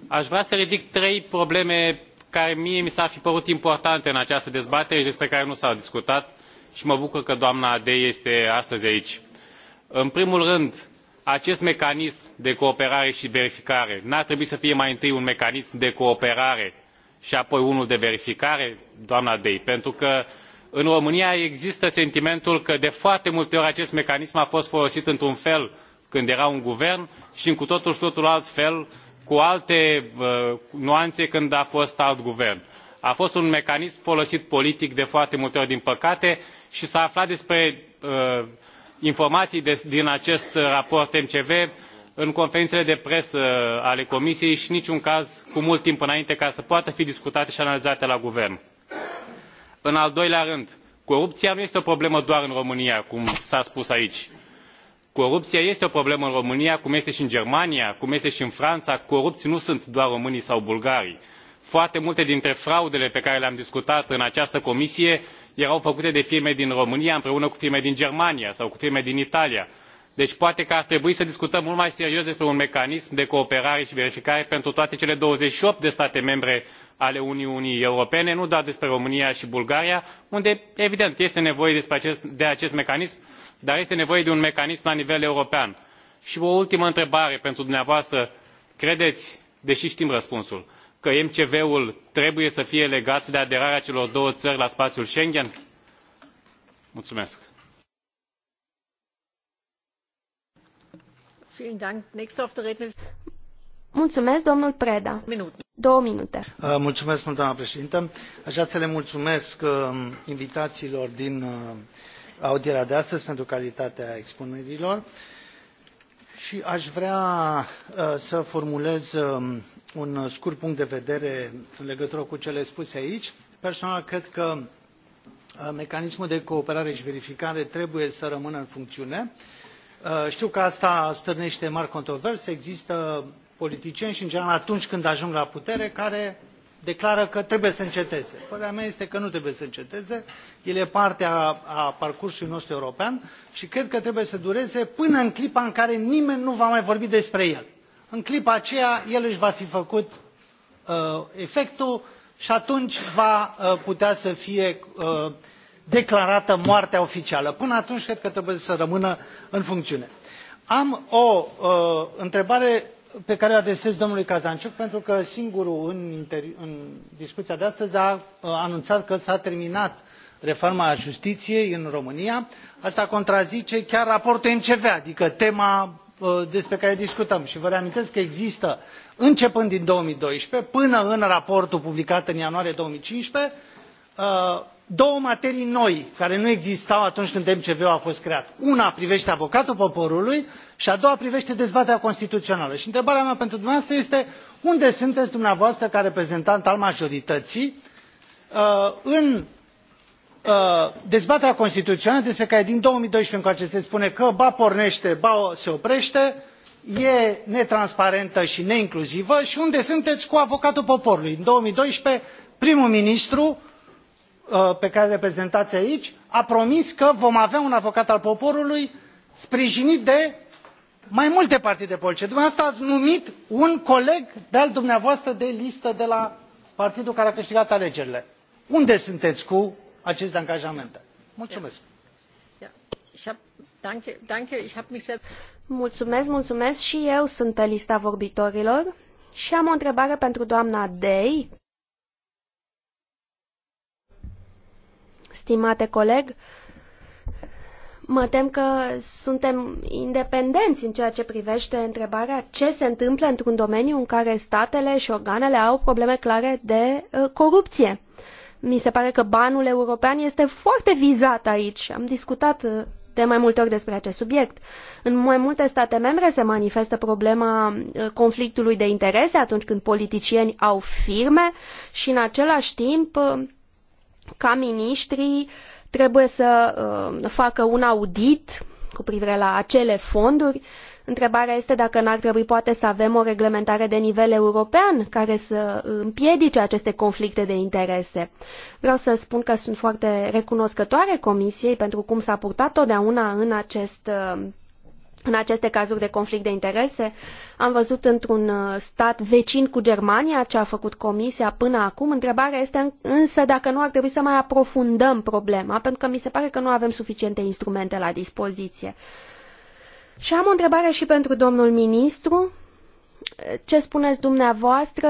Aș vrea să ridic trei probleme care mie mi s-ar fi părut importante în această dezbatere și despre care nu s-a discutat și mă bucur că doamna Adei este astăzi aici în primul rând acest mecanism de cooperare și verificare nu ar trebui să fie mai întâi un mecanism de cooperare și apoi unul de verificare doamnă dei pentru că în românia există sentimentul că de foarte multe ori acest mecanism a fost folosit într un fel când era un guvern și în cu totul și totul alt fel cu alte uh, nuanțe când a fost alt guvern. a fost un mecanism folosit politic de foarte multe ori din păcate și s a aflat despre uh, informații din acest raport mcv în conferințele de presă uh, ale comisiei și în niciun caz cu mult timp înainte ca să poată fi discutate și analizate la guvern. în al doilea rând corupția nu este o problemă doar în românia cum s a spus aici. corupția este o problemă în românia cum este și în germania cum este și în franța corupți nu sunt doar românii sau bulgarii. foarte multe dintre fraudele pe care le am discutat în această comisie erau făcute de firme din românia împreună cu firme din germania sau cu firme din italia deci poate că ar trebui să discutăm mult mai serios despre un mecanism de cooperare și verificare pentru toate cele douăzeci și opt de state membre ale uniunii europene nu doar despre românia și bulgaria unde evident este nevoie de acest mecanism dar este nevoie de un mecanism la nivel european. și o ultimă întrebare pentru dumneavoastră credeți deși știm răspunsul că mcv ul trebuie să fie legat de aderarea celor două țări la spațiul schengen? mulțumesc. Mulțumesc, domnul Preda. Două minute. Uh, mulțumesc mult, doamna președintă. Aș vrea să le mulțumesc uh, invitațiilor din uh, audierea de astăzi pentru calitatea expunerilor și aș vrea uh, să formulez um, un scurt punct de vedere în legătură cu cele spuse aici. Personal, cred că uh, mecanismul de cooperare și verificare trebuie să rămână în funcțiune. Uh, știu că asta stârnește mari controverse. Există politicieni și, în general, atunci când ajung la putere, care declară că trebuie să înceteze. Părerea mea este că nu trebuie să înceteze. El e parte a, a parcursului nostru european și cred că trebuie să dureze până în clipa în care nimeni nu va mai vorbi despre el. În clipa aceea, el își va fi făcut uh, efectul și atunci va uh, putea să fie uh, declarată moartea oficială. Până atunci, cred că trebuie să rămână în funcțiune. Am o uh, întrebare pe care o adresez domnului kazanciuc pentru că singurul în discuția de astăzi a anunțat că s a terminat reforma justiției în românia asta contrazice chiar raportul mcv adică tema ă, despre care discutăm și vă reamintesc că există începând din două mii doisprezece până în raportul publicat în ianuarie două mii cincisprezece ă, două materii noi care nu existau atunci când mcv ul a fost creat una privește avocatul poporului și a doua privește dezbaterea constituțională și întrebarea mea pentru dumneavoastră este unde sunteți dumneavoastră ca reprezentant al majorității uh, în uh, dezbaterea constituțională despre care din două mii doisprezece încoace se spune că ba pornește ba se oprește e netransparentă și neincluzivă și unde sunteți cu avocatul poporului? în două mii doisprezece prim ministrul Uh, pe care îl reprezentați aici a promis că vom avea un avocat al poporului sprijinit de mai multe partide politice. dumneavoastră ați numit un coleg de al dumneavoastră de listă de la partidul care a câștigat alegerile. unde sunteți cu aceste angajamente? mulțumesc. Mulțumesc, mulțumesc și eu sunt pe lista vorbitorilor și am o întrebare pentru doamna Dei stimate coleg, mă tem că suntem independenți în ceea ce privește întrebarea ce se întâmplă într-un domeniu în care statele și organele au probleme clare de ă, corupție. Mi se pare că banul european este foarte vizat aici. Am discutat ă, de mai multe ori despre acest subiect. În mai multe state membre se manifestă problema ă, conflictului de interese atunci când politicieni au firme și în același timp ca miniștrii trebuie să uh, facă un audit cu privire la acele fonduri. Întrebarea este dacă n-ar trebui poate să avem o reglementare de nivel european care să împiedice aceste conflicte de interese. Vreau să spun că sunt foarte recunoscătoare Comisiei pentru cum s-a purtat totdeauna în acest uh, în aceste cazuri de conflict de interese. Am văzut într-un uh, stat vecin cu Germania ce a făcut Comisia până acum. Întrebarea este însă dacă nu ar trebui să mai aprofundăm problema, pentru că mi se pare că nu avem suficiente instrumente la dispoziție. Și am o întrebare și pentru domnul ministru ce spuneți dumneavoastră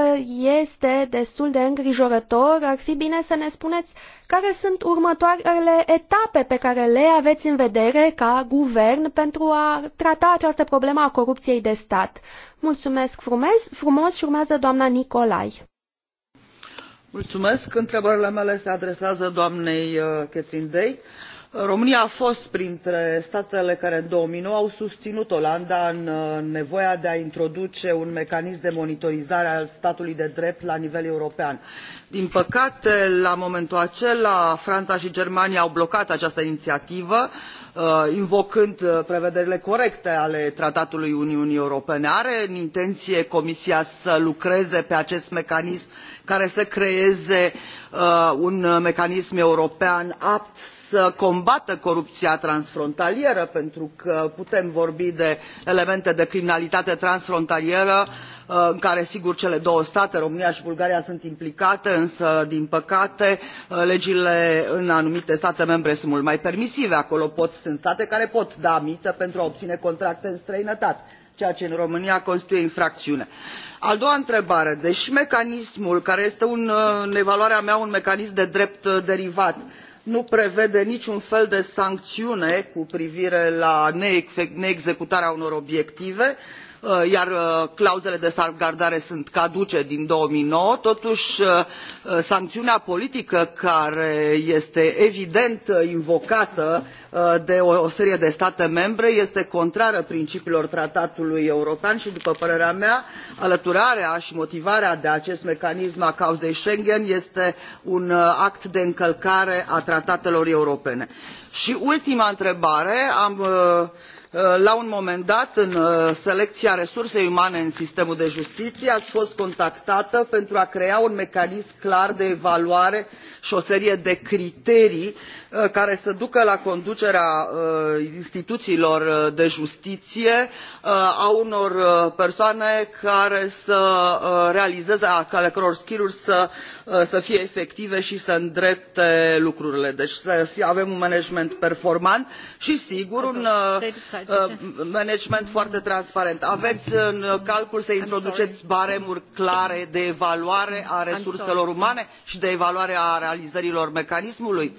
este destul de îngrijorător. Ar fi bine să ne spuneți care sunt următoarele etape pe care le aveți în vedere ca guvern pentru a trata această problemă a corupției de stat. Mulțumesc frumos, frumos și urmează doamna Nicolai. Mulțumesc. Întrebările mele se adresează doamnei uh, Catherine Day românia a fost printre statele care în două mii nouă au susținut olanda în nevoia de a introduce un mecanism de monitorizare a statului de drept la nivel european. din păcate la momentul acela franța și germania au blocat această inițiativă uh, invocând uh, prevederile corecte ale tratatului uniunii europene. are în intenție comisia să lucreze pe acest mecanism care să creeze uh, un mecanism european apt să combată corupția transfrontalieră pentru că putem vorbi de elemente de criminalitate transfrontalieră uh, în care sigur cele două state românia și bulgaria sunt implicate însă din păcate uh, legile în anumite state membre sunt mult mai permisive acolo pot, sunt state care pot da mită pentru a obține contracte în străinătate ceea ce în românia constituie infracțiune. a doua întrebare deși mecanismul care este un, uh, în evaluarea mea un mecanism de drept derivat nu prevede niciun fel de sancțiune cu privire la neexecutarea unor obiective și Uh, iar uh, clauzele de salvgardare sunt caduce din două mii nouă totuși uh, sancțiunea politică care este evident invocată de o serie de state membre este contrară principiilor tratatului european și după părerea mea alăturarea și motivarea de acest mecanism a cauzei schengen este un act de încălcare a tratatelor europene. și ultima întrebare am Uh, la un moment dat în uh, selecția resursei umane în sistemul de justiție ați fost contactată pentru a crea un mecanism clar de evaluare și o serie de criterii Uh, care să ducă la conducerea uh, instituțiilor uh, de justiție a unor persoane care să realizeze ale căror skill uri să, fie efective și să îndrepte lucrurile deci să avem un management performant și sigur un management foarte transparent. aveți în calcul să introduceți baremuri clare de evaluare a resurselor umane și de evaluare a realizărilor mecanismului?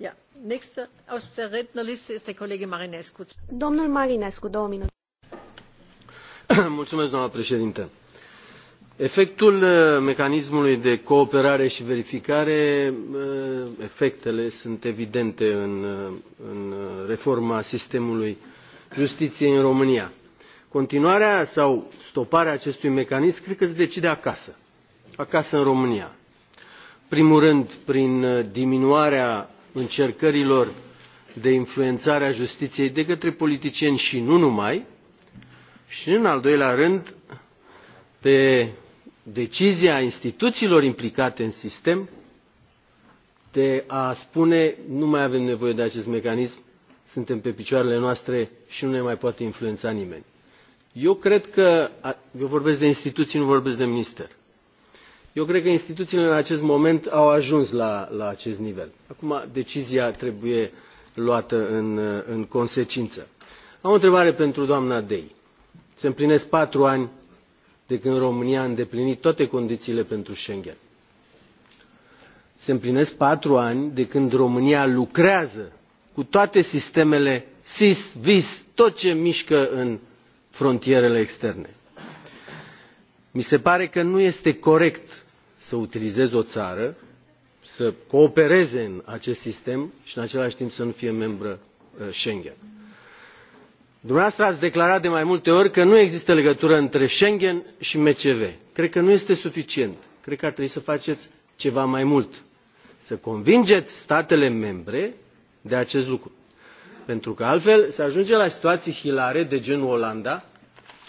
*coughs* doamnă președintă. Efectul uh, mecanismului de cooperare și verificare, uh, efectele sunt evidente în, uh, reforma sistemului justiției în România. Continuarea sau stoparea acestui mecanism cred că se decide acasă, acasă în România. Primul rând, prin diminuarea încercărilor de influențare a justiției de către politicieni și nu numai, și în al doilea rând pe decizia instituțiilor implicate în sistem de a spune nu mai avem nevoie de acest mecanism, suntem pe picioarele noastre și nu ne mai poate influența nimeni. Eu cred că, eu vorbesc de instituții, nu vorbesc de minister, eu cred că instituțiile în acest moment au ajuns la, la acest nivel. Acum decizia trebuie luată în, în consecință. Am o întrebare pentru doamna Dei. Se împlinesc patru ani de când România a îndeplinit toate condițiile pentru Schengen. Se împlinesc patru ani de când România lucrează cu toate sistemele SIS, VIS, tot ce mișcă în frontierele externe mi se pare că nu este corect să utilizezi o țară să coopereze în acest sistem și în același timp să nu fie membră uh, schengen. dumneavoastră ați declarat de mai multe ori că nu există legătură între schengen și mcv. cred că nu este suficient cred că ar trebui să faceți ceva mai mult să convingeți statele membre de acest lucru pentru că altfel se ajunge la situații hilare de genul olanda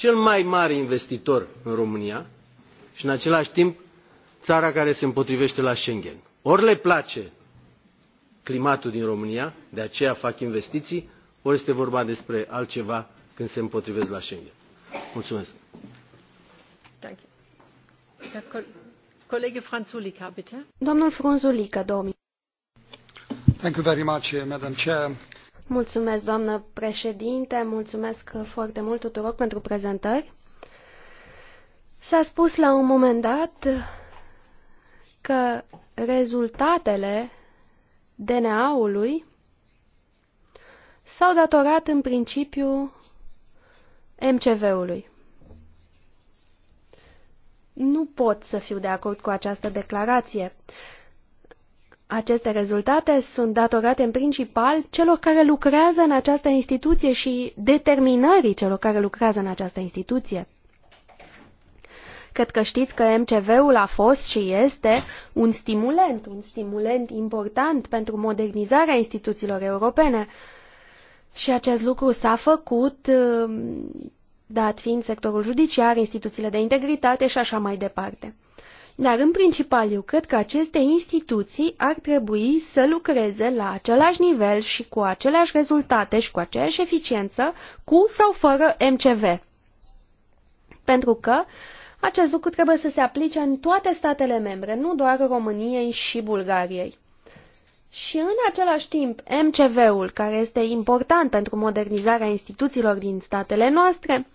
cel mai mare investitor în România și în același timp țara care se împotrivește la Schengen. Ori le place climatul din România, de aceea fac investiții, ori este vorba despre altceva când se împotrivesc la Schengen. Mulțumesc. Domnul Frunzulică, două Thank you very much, uh, Madam Chair. Mulțumesc, doamnă președinte, mulțumesc foarte mult tuturor pentru prezentări. S-a spus la un moment dat că rezultatele DNA-ului s-au datorat în principiu MCV-ului. Nu pot să fiu de acord cu această declarație. Aceste rezultate sunt datorate în principal celor care lucrează în această instituție și determinării celor care lucrează în această instituție. Cred că știți că MCV-ul a fost și este un stimulent, un stimulent important pentru modernizarea instituțiilor europene. Și acest lucru s-a făcut, um, dat fiind sectorul judiciar, instituțiile de integritate și așa mai departe. Dar, în principal, eu cred că aceste instituții ar trebui să lucreze la același nivel și cu aceleași rezultate și cu aceeași eficiență, cu sau fără MCV. Pentru că acest lucru trebuie să se aplice în toate statele membre, nu doar României și Bulgariei. Și în același timp, MCV-ul, care este important pentru modernizarea instituțiilor din statele noastre,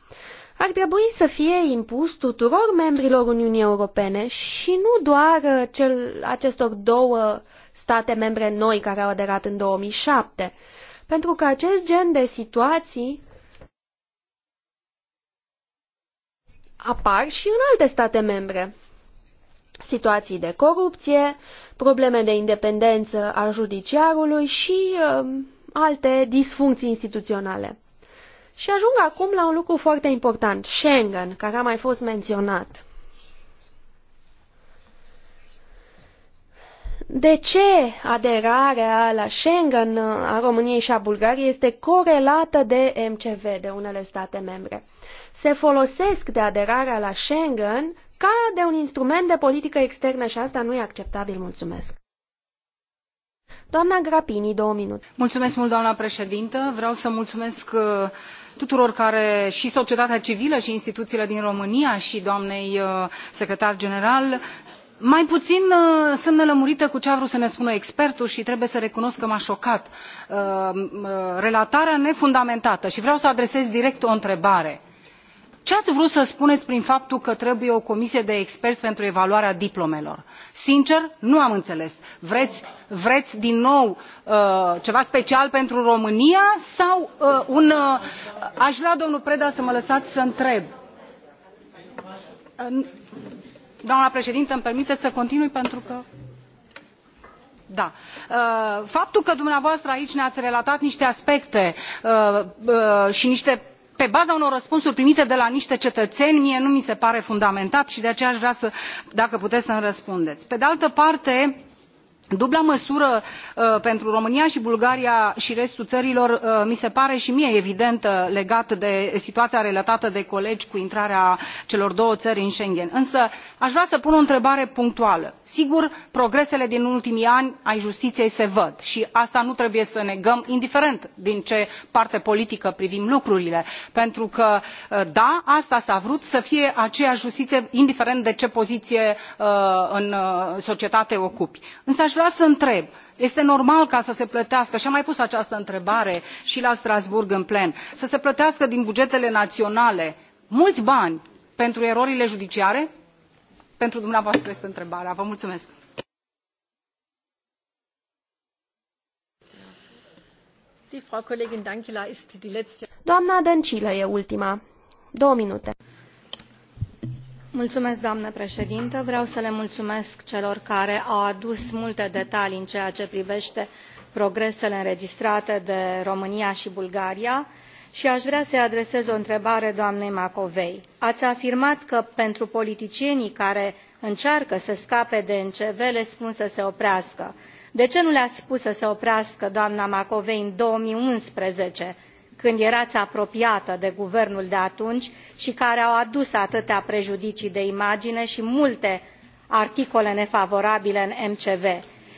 ar trebui să fie impus tuturor membrilor Uniunii Europene și nu doar uh, cel, acestor două state membre noi care au aderat în 2007, pentru că acest gen de situații apar și în alte state membre. Situații de corupție, probleme de independență a judiciarului și uh, alte disfuncții instituționale. Și ajung acum la un lucru foarte important, Schengen, care a mai fost menționat. De ce aderarea la Schengen a României și a Bulgariei este corelată de MCV, de unele state membre? Se folosesc de aderarea la Schengen ca de un instrument de politică externă și asta nu e acceptabil. Mulțumesc. Doamna Grapini, două minute. Mulțumesc mult, doamna președintă. Vreau să mulțumesc uh, tuturor care și societatea civilă și instituțiile din românia și doamnei uh, secretar general mai puțin uh, sunt nelămurită cu ce a vrut să ne spună expertul și trebuie să recunosc că m a șocat uh, relatarea nefundamentată și vreau să adresez direct o întrebare ce ați vrut să spuneți prin faptul că trebuie o comisie de experți pentru evaluarea diplomelor? sincer nu am înțeles. vreți, vreți din nou uh, ceva special pentru românia sau uh, un. Uh, aș vrea domnule preda să mă lăsați să întreb. doamnă președintă îmi permiteți să continui pentru că. Da. faptul că dumneavoastră aici ne ați relatat niște aspecte și niște pe baza unor răspunsuri primite de la niște cetățeni mie nu mi se pare fundamentat și de aceea aș vrea să, dacă puteți să mi răspundeți. pe de altă parte dubla măsură uh, pentru românia și bulgaria și restul țărilor uh, mi se pare și mie evidentă uh, legat de situația relatată de colegi cu intrarea celor două țări în schengen însă aș vrea să pun o întrebare punctuală sigur progresele din ultimii ani ai justiției se văd și asta nu trebuie să negăm indiferent din ce parte politică privim lucrurile pentru că da asta s a vrut să fie aceeași justiție indiferent de ce poziție în societate ocupi însă vrea să întreb este normal ca să se plătească și am mai pus această întrebare și la strasbourg în plen să se plătească din bugetele naționale mulți bani pentru erorile judiciare? pentru dumneavoastră este întrebarea. vă mulțumesc. doamna dăncilă e ultima. două minute. Mulțumesc, doamnă președintă. Vreau să le mulțumesc celor care au adus multe detalii în ceea ce privește progresele înregistrate de România și Bulgaria și aș vrea să-i adresez o întrebare doamnei Macovei. Ați afirmat că pentru politicienii care încearcă să scape de MCV le spun să se oprească. De ce nu le-ați spus să se oprească, doamna Macovei, în când când erați apropiată de guvernul de atunci și care au adus atâtea prejudicii de imagine și multe articole nefavorabile în mcv.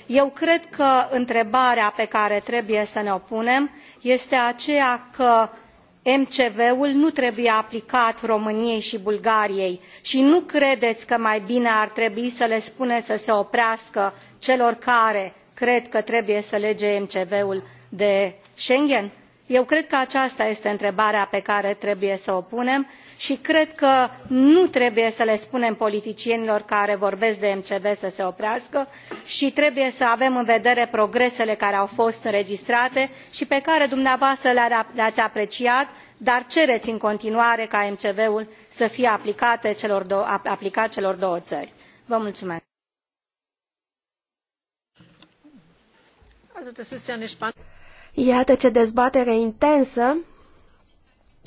eu cred că întrebarea pe care trebuie să ne o punem este aceea că mcv ul nu trebuie aplicat româniei și bulgariei și nu credeți că mai bine ar trebui să le spunem să se oprească celor care cred că trebuie să lege mcv ul de schengen? eu cred că aceasta este întrebarea pe care trebuie să o punem și cred că nu trebuie să le spunem politicienilor care vorbesc de mcv să se oprească și trebuie să avem în vedere progresele care au fost înregistrate și pe care dumneavoastră le ați apreciat dar cereți în continuare ca mcv ul să fie aplicat celor, două țări. vă mulțumesc. Iată ce dezbatere intensă.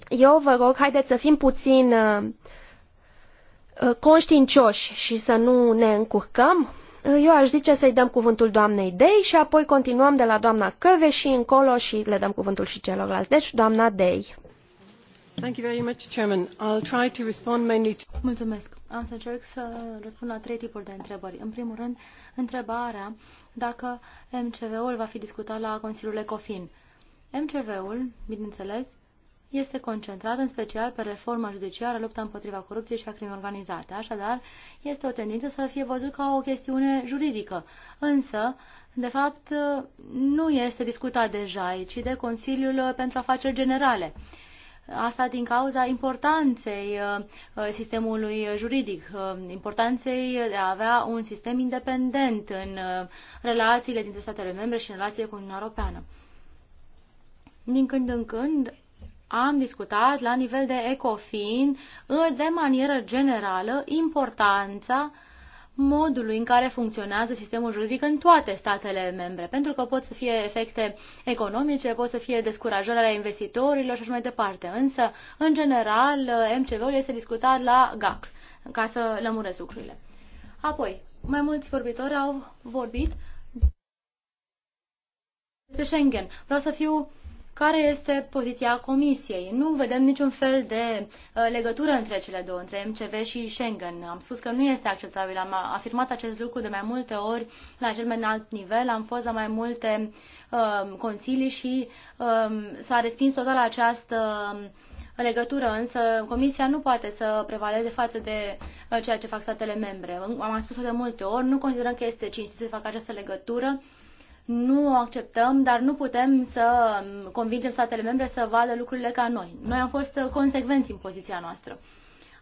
Eu vă rog, haideți să fim puțin uh, uh, conștiincioși și să nu ne încurcăm. Uh, eu aș zice să-i dăm cuvântul doamnei Dei și apoi continuăm de la doamna Căve și încolo și le dăm cuvântul și celorlalți. Deci, doamna Dei. Mulțumesc. Am să încerc să răspund la trei tipuri de întrebări. În primul rând, întrebarea dacă MCV-ul va fi discutat la Consiliul ECOFIN. MCV-ul, bineînțeles, este concentrat în special pe reforma judiciară, lupta împotriva corupției și a crimei organizate. Așadar, este o tendință să fie văzut ca o chestiune juridică. Însă, de fapt, nu este discutat deja, ci de Consiliul pentru Afaceri Generale. Asta din cauza importanței uh, sistemului juridic, uh, importanței de a avea un sistem independent în uh, relațiile dintre statele membre și în relațiile cu Uniunea Europeană. Din când în când am discutat la nivel de ECOFIN de manieră generală importanța uh, modului în care funcționează sistemul juridic în toate statele membre, pentru că pot să fie efecte economice, pot să fie descurajări ale investitorilor și așa mai departe. Însă, în general, MCV-ul este discutat la GAC, ca să lămuresc lucrurile. Apoi, mai mulți vorbitori au vorbit despre Schengen. Vreau să fiu care este poziția Comisiei? Nu vedem niciun fel de uh, legătură între cele două, între MCV și Schengen. Am spus că nu este acceptabil. Am afirmat acest lucru de mai multe ori la cel mai înalt nivel. Am fost la mai multe um, consilii și um, s-a respins total această um, legătură, însă Comisia nu poate să prevaleze față de uh, ceea ce fac statele membre. Am spus-o de multe ori, nu considerăm că este cinstit să facă această legătură nu o acceptăm, dar nu putem să um, convingem statele membre să vadă lucrurile ca noi. Noi am fost uh, consecvenți în poziția noastră.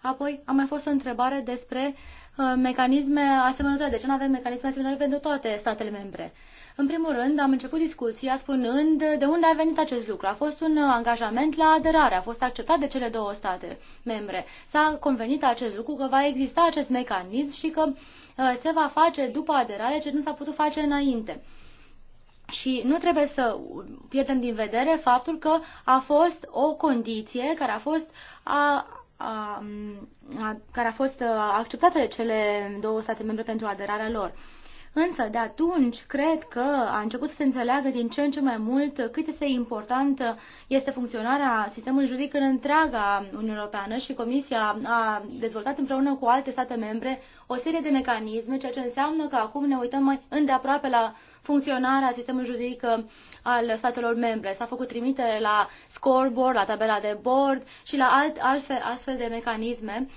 Apoi a mai fost o întrebare despre uh, mecanisme asemănătoare. De ce nu avem mecanisme asemănătoare pentru toate statele membre? În primul rând, am început discuția spunând de unde a venit acest lucru. A fost un uh, angajament la aderare, a fost acceptat de cele două state membre. S-a convenit acest lucru că va exista acest mecanism și că uh, se va face după aderare ce nu s-a putut face înainte. Și nu trebuie să pierdem din vedere faptul că a fost o condiție care a fost, a, a, a, care a fost acceptată de cele două state membre pentru aderarea lor. Însă, de atunci, cred că a început să se înțeleagă din ce în ce mai mult cât este important este funcționarea sistemului juridic în întreaga Uniunea Europeană și Comisia a dezvoltat împreună cu alte state membre o serie de mecanisme, ceea ce înseamnă că acum ne uităm mai îndeaproape la funcționarea sistemului juridic uh, al statelor membre. S-a făcut trimitere la scoreboard, la tabela de bord și la alt, altfel, astfel de mecanisme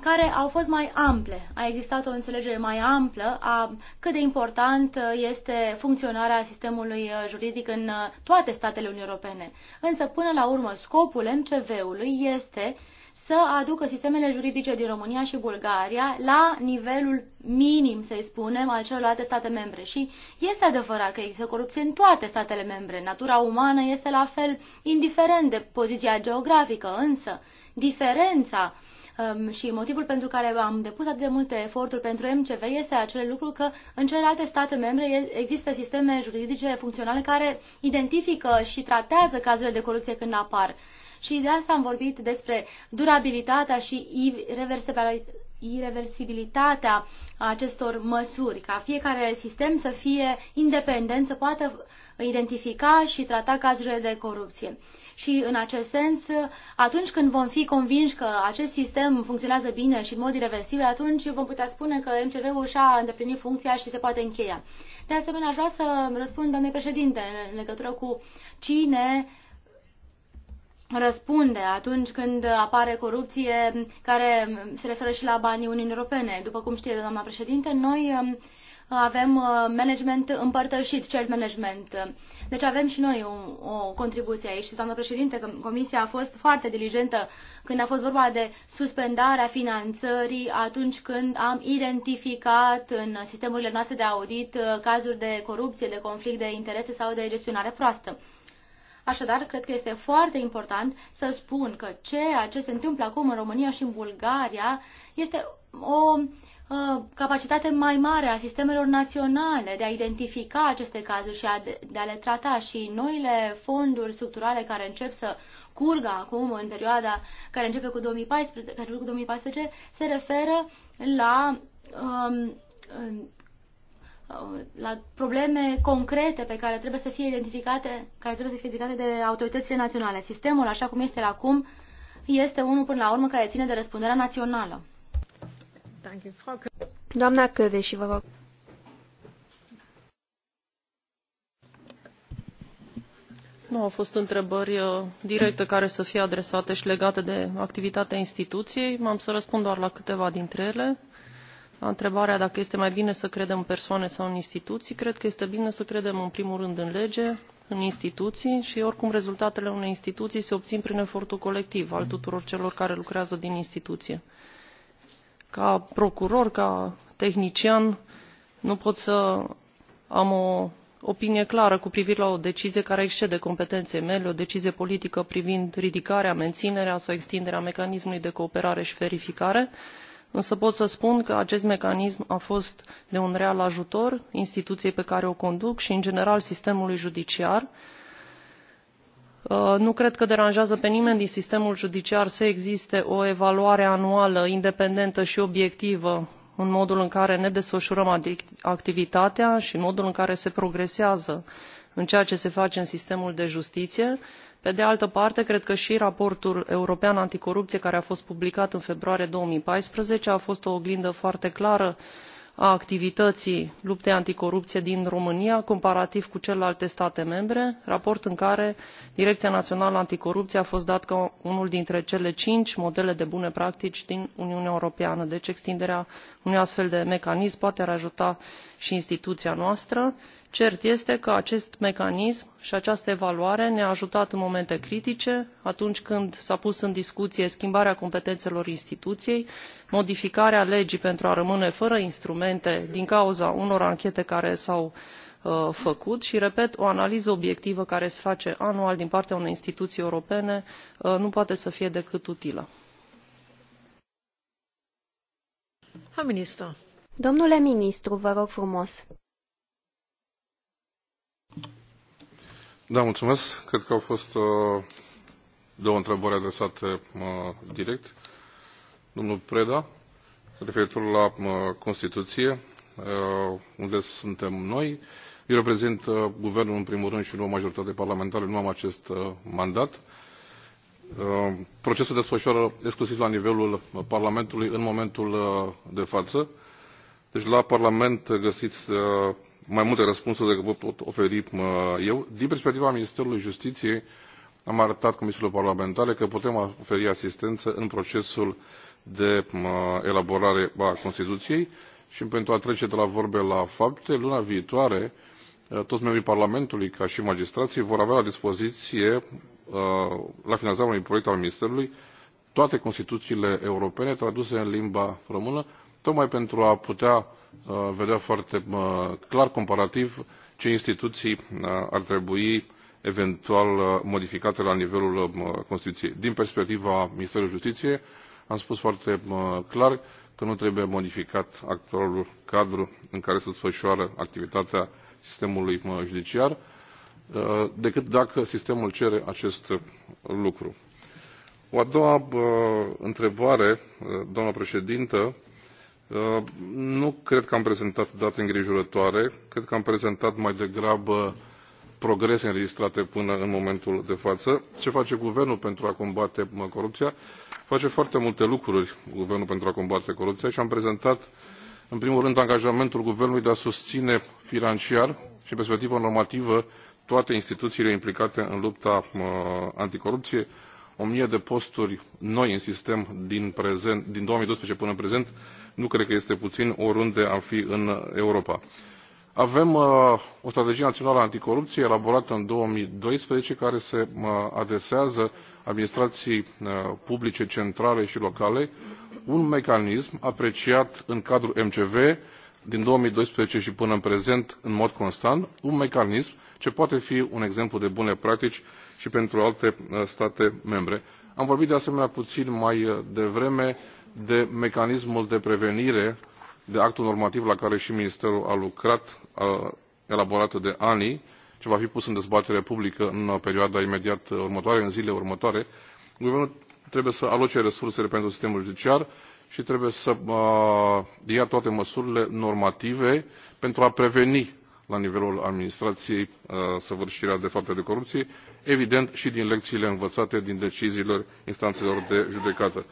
care au fost mai ample. A existat o înțelegere mai amplă a cât de important uh, este funcționarea sistemului uh, juridic în uh, toate statele Uniunii Europene. Însă, până la urmă, scopul MCV-ului este să aducă sistemele juridice din România și Bulgaria la nivelul minim, să-i spunem, al celorlalte state membre. Și este adevărat că există corupție în toate statele membre. Natura umană este la fel indiferent de poziția geografică, însă diferența uh, Um, și motivul pentru care am depus atât de multe eforturi pentru MCV este acel lucru că în celelalte state membre există sisteme juridice funcționale care identifică și tratează cazurile de corupție când apar. Și de asta am vorbit despre durabilitatea și irreversibilitatea acestor măsuri, ca fiecare sistem să fie independent, să poată identifica și trata cazurile de corupție. Și în acest sens, atunci când vom fi convinși că acest sistem funcționează bine și în mod irreversibil, atunci vom putea spune că MCV-ul și-a îndeplinit funcția și se poate încheia. De asemenea, aș vrea să răspund, doamne președinte, în legătură cu cine răspunde atunci când apare corupție care se referă și la banii Uniunii Europene. După cum știe doamna președinte, noi um, avem uh, management împărtășit, cel management. Deci avem și noi o, o contribuție aici. Și, doamnă președinte, Comisia a fost foarte diligentă când a fost vorba de suspendarea finanțării atunci când am identificat în sistemurile noastre de audit uh, cazuri de corupție, de conflict de interese sau de gestionare proastă. Așadar, cred că este foarte important să spun că ceea ce se întâmplă acum în România și în Bulgaria este o Uh, capacitate mai mare a sistemelor naționale de a identifica aceste cazuri și a de a le trata și noile fonduri structurale care încep să curgă acum în perioada care începe cu 2014, care cu 2014 se referă la um, uh, la probleme concrete pe care trebuie să fie identificate, care trebuie să fie identificate de autoritățile naționale. Sistemul, așa cum este acum, este unul până la urmă care ține de răspunderea națională. Doamna și vă rog. Nu au fost întrebări uh, directe care să fie adresate și legate de activitatea instituției. M-am să răspund doar la câteva dintre ele. La întrebarea dacă este mai bine să credem în persoane sau în instituții, cred că este bine să credem în primul rând în lege, în instituții și oricum rezultatele unei instituții se obțin prin efortul colectiv al tuturor celor care lucrează din instituție ca procuror ca tehnician nu pot să am o opinie clară cu privire la o decizie care excede competențele mele o decizie politică privind ridicarea menținerea sau extinderea mecanismului de cooperare și verificare însă pot să spun că acest mecanism a fost de un real ajutor instituției pe care o conduc și în general sistemului judiciar Uh, nu cred că deranjează pe nimeni din sistemul judiciar să existe o evaluare anuală independentă și obiectivă în modul în care ne desfășurăm activitatea și în modul în care se progresează în ceea ce se face în sistemul de justiție pe de altă parte cred că și raportul european anticorupție care a fost publicat în februarie două mii paisprezece a fost o oglindă foarte clară a activității luptei anticorupție din românia comparativ cu celelalte state membre raport în care direcția națională anticorupție a fost dat ca unul dintre cele cinci modele de bune practici din uniunea europeană deci extinderea unui astfel de mecanism poate ar ajuta și instituția noastră și cert este că acest mecanism și această evaluare ne a ajutat în momente critice atunci când s a pus în discuție schimbarea competențelor instituției modificarea legii pentru a rămâne fără instrumente din cauza unor anchete care s au uh, făcut și repet o analiză obiectivă care se face anual din partea unei instituții europene uh, nu poate să fie decât utilă. Domnule ministru, vă rog frumos. Da, mulțumesc. Cred că au fost uh, două întrebări adresate uh, direct. Domnul Preda, referitor la uh, Constituție, uh, unde suntem noi. Eu reprezint uh, guvernul în primul rând și nu o majoritate parlamentară, nu am acest uh, mandat. Procesul desfășoară exclusiv la nivelul Parlamentului în momentul de față. Deci la Parlament găsiți mai multe răspunsuri decât vă pot oferi eu. Din perspectiva Ministerului Justiției, am arătat comisiilor parlamentare că putem oferi asistență în procesul de elaborare a Constituției și pentru a trece de la vorbe la fapte, luna viitoare, eh, toți membrii Parlamentului, ca și magistrații, vor avea la dispoziție, eh, la finalizarea unui proiect al Ministerului, toate Constituțiile europene traduse în limba română, tocmai pentru a putea Uh, vedea foarte uh, clar comparativ ce instituții uh, ar trebui eventual modificate la nivelul Constituției. Din perspectiva Ministerului Justiției, am spus foarte clar că nu trebuie modificat actualul cadru în care se desfășoară activitatea sistemului judiciar, decât dacă sistemul cere acest lucru. O a doua întrebare, doamnă președintă, Uh, nu cred că am prezentat date îngrijorătoare, cred că am prezentat mai degrabă progrese înregistrate până în momentul de față. Ce face guvernul pentru a combate uh, corupția? Face foarte multe lucruri guvernul pentru a combate corupția și am prezentat în primul rând angajamentul guvernului de a susține financiar și în perspectivă normativă toate instituțiile implicate în lupta uh, anticorupție o mie de posturi noi în sistem din, două mii 2012 până în prezent nu cred că este puțin oriunde am fi în Europa. Avem uh, o strategie națională anticorupție elaborată în 2012 care se uh, adresează administrației uh, publice centrale și locale un mecanism apreciat în cadrul MCV din 2012 și până în prezent în mod constant, un mecanism ce poate fi un exemplu de bune practici și pentru alte uh, state membre. Am vorbit de asemenea puțin mai uh, devreme de mecanismul de prevenire de actul normativ la care și Ministerul a lucrat, uh, elaborat de ANI, ce va fi pus în dezbatere publică în perioada imediat următoare, în zilele următoare. Guvernul trebuie să aloce resursele pentru sistemul judiciar și trebuie să ia toate măsurile normative pentru a preveni la nivelul administrației uh, săvârșirea de fapte de corupție, evident și din lecțiile învățate din deciziile instanțelor de judecată.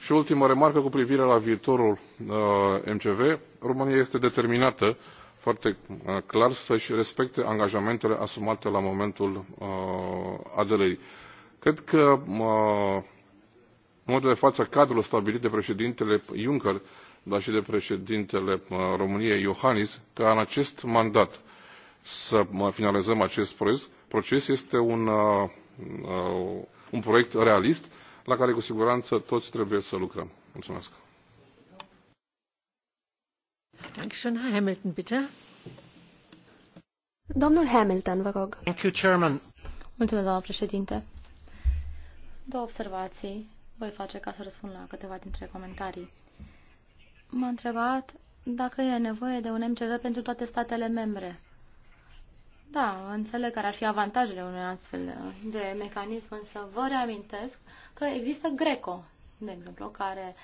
Și ultima remarcă cu privire la viitorul uh, MCV, România este determinată foarte uh, clar să-și respecte angajamentele asumate la momentul aderării. Cred că în momentul de față cadrul stabilit de președintele Juncker dar și de președintele României, Iohannis, ca în acest mandat să finalizăm acest proiect. Proces este un, uh, uh, un proiect realist la care cu siguranță toți trebuie să lucrăm. Mulțumesc. Dankeschön, Herr Hamilton, bitte. Domnul Hamilton, vă rog. Thank you, Chairman. Mulțumesc, doamna președinte. Două observații voi face ca să răspund la câteva dintre comentarii m-a întrebat dacă e nevoie de un MCV pentru toate statele membre. Da, înțeleg care ar fi avantajele unui astfel de mecanism, însă vă reamintesc că există Greco, de exemplu, care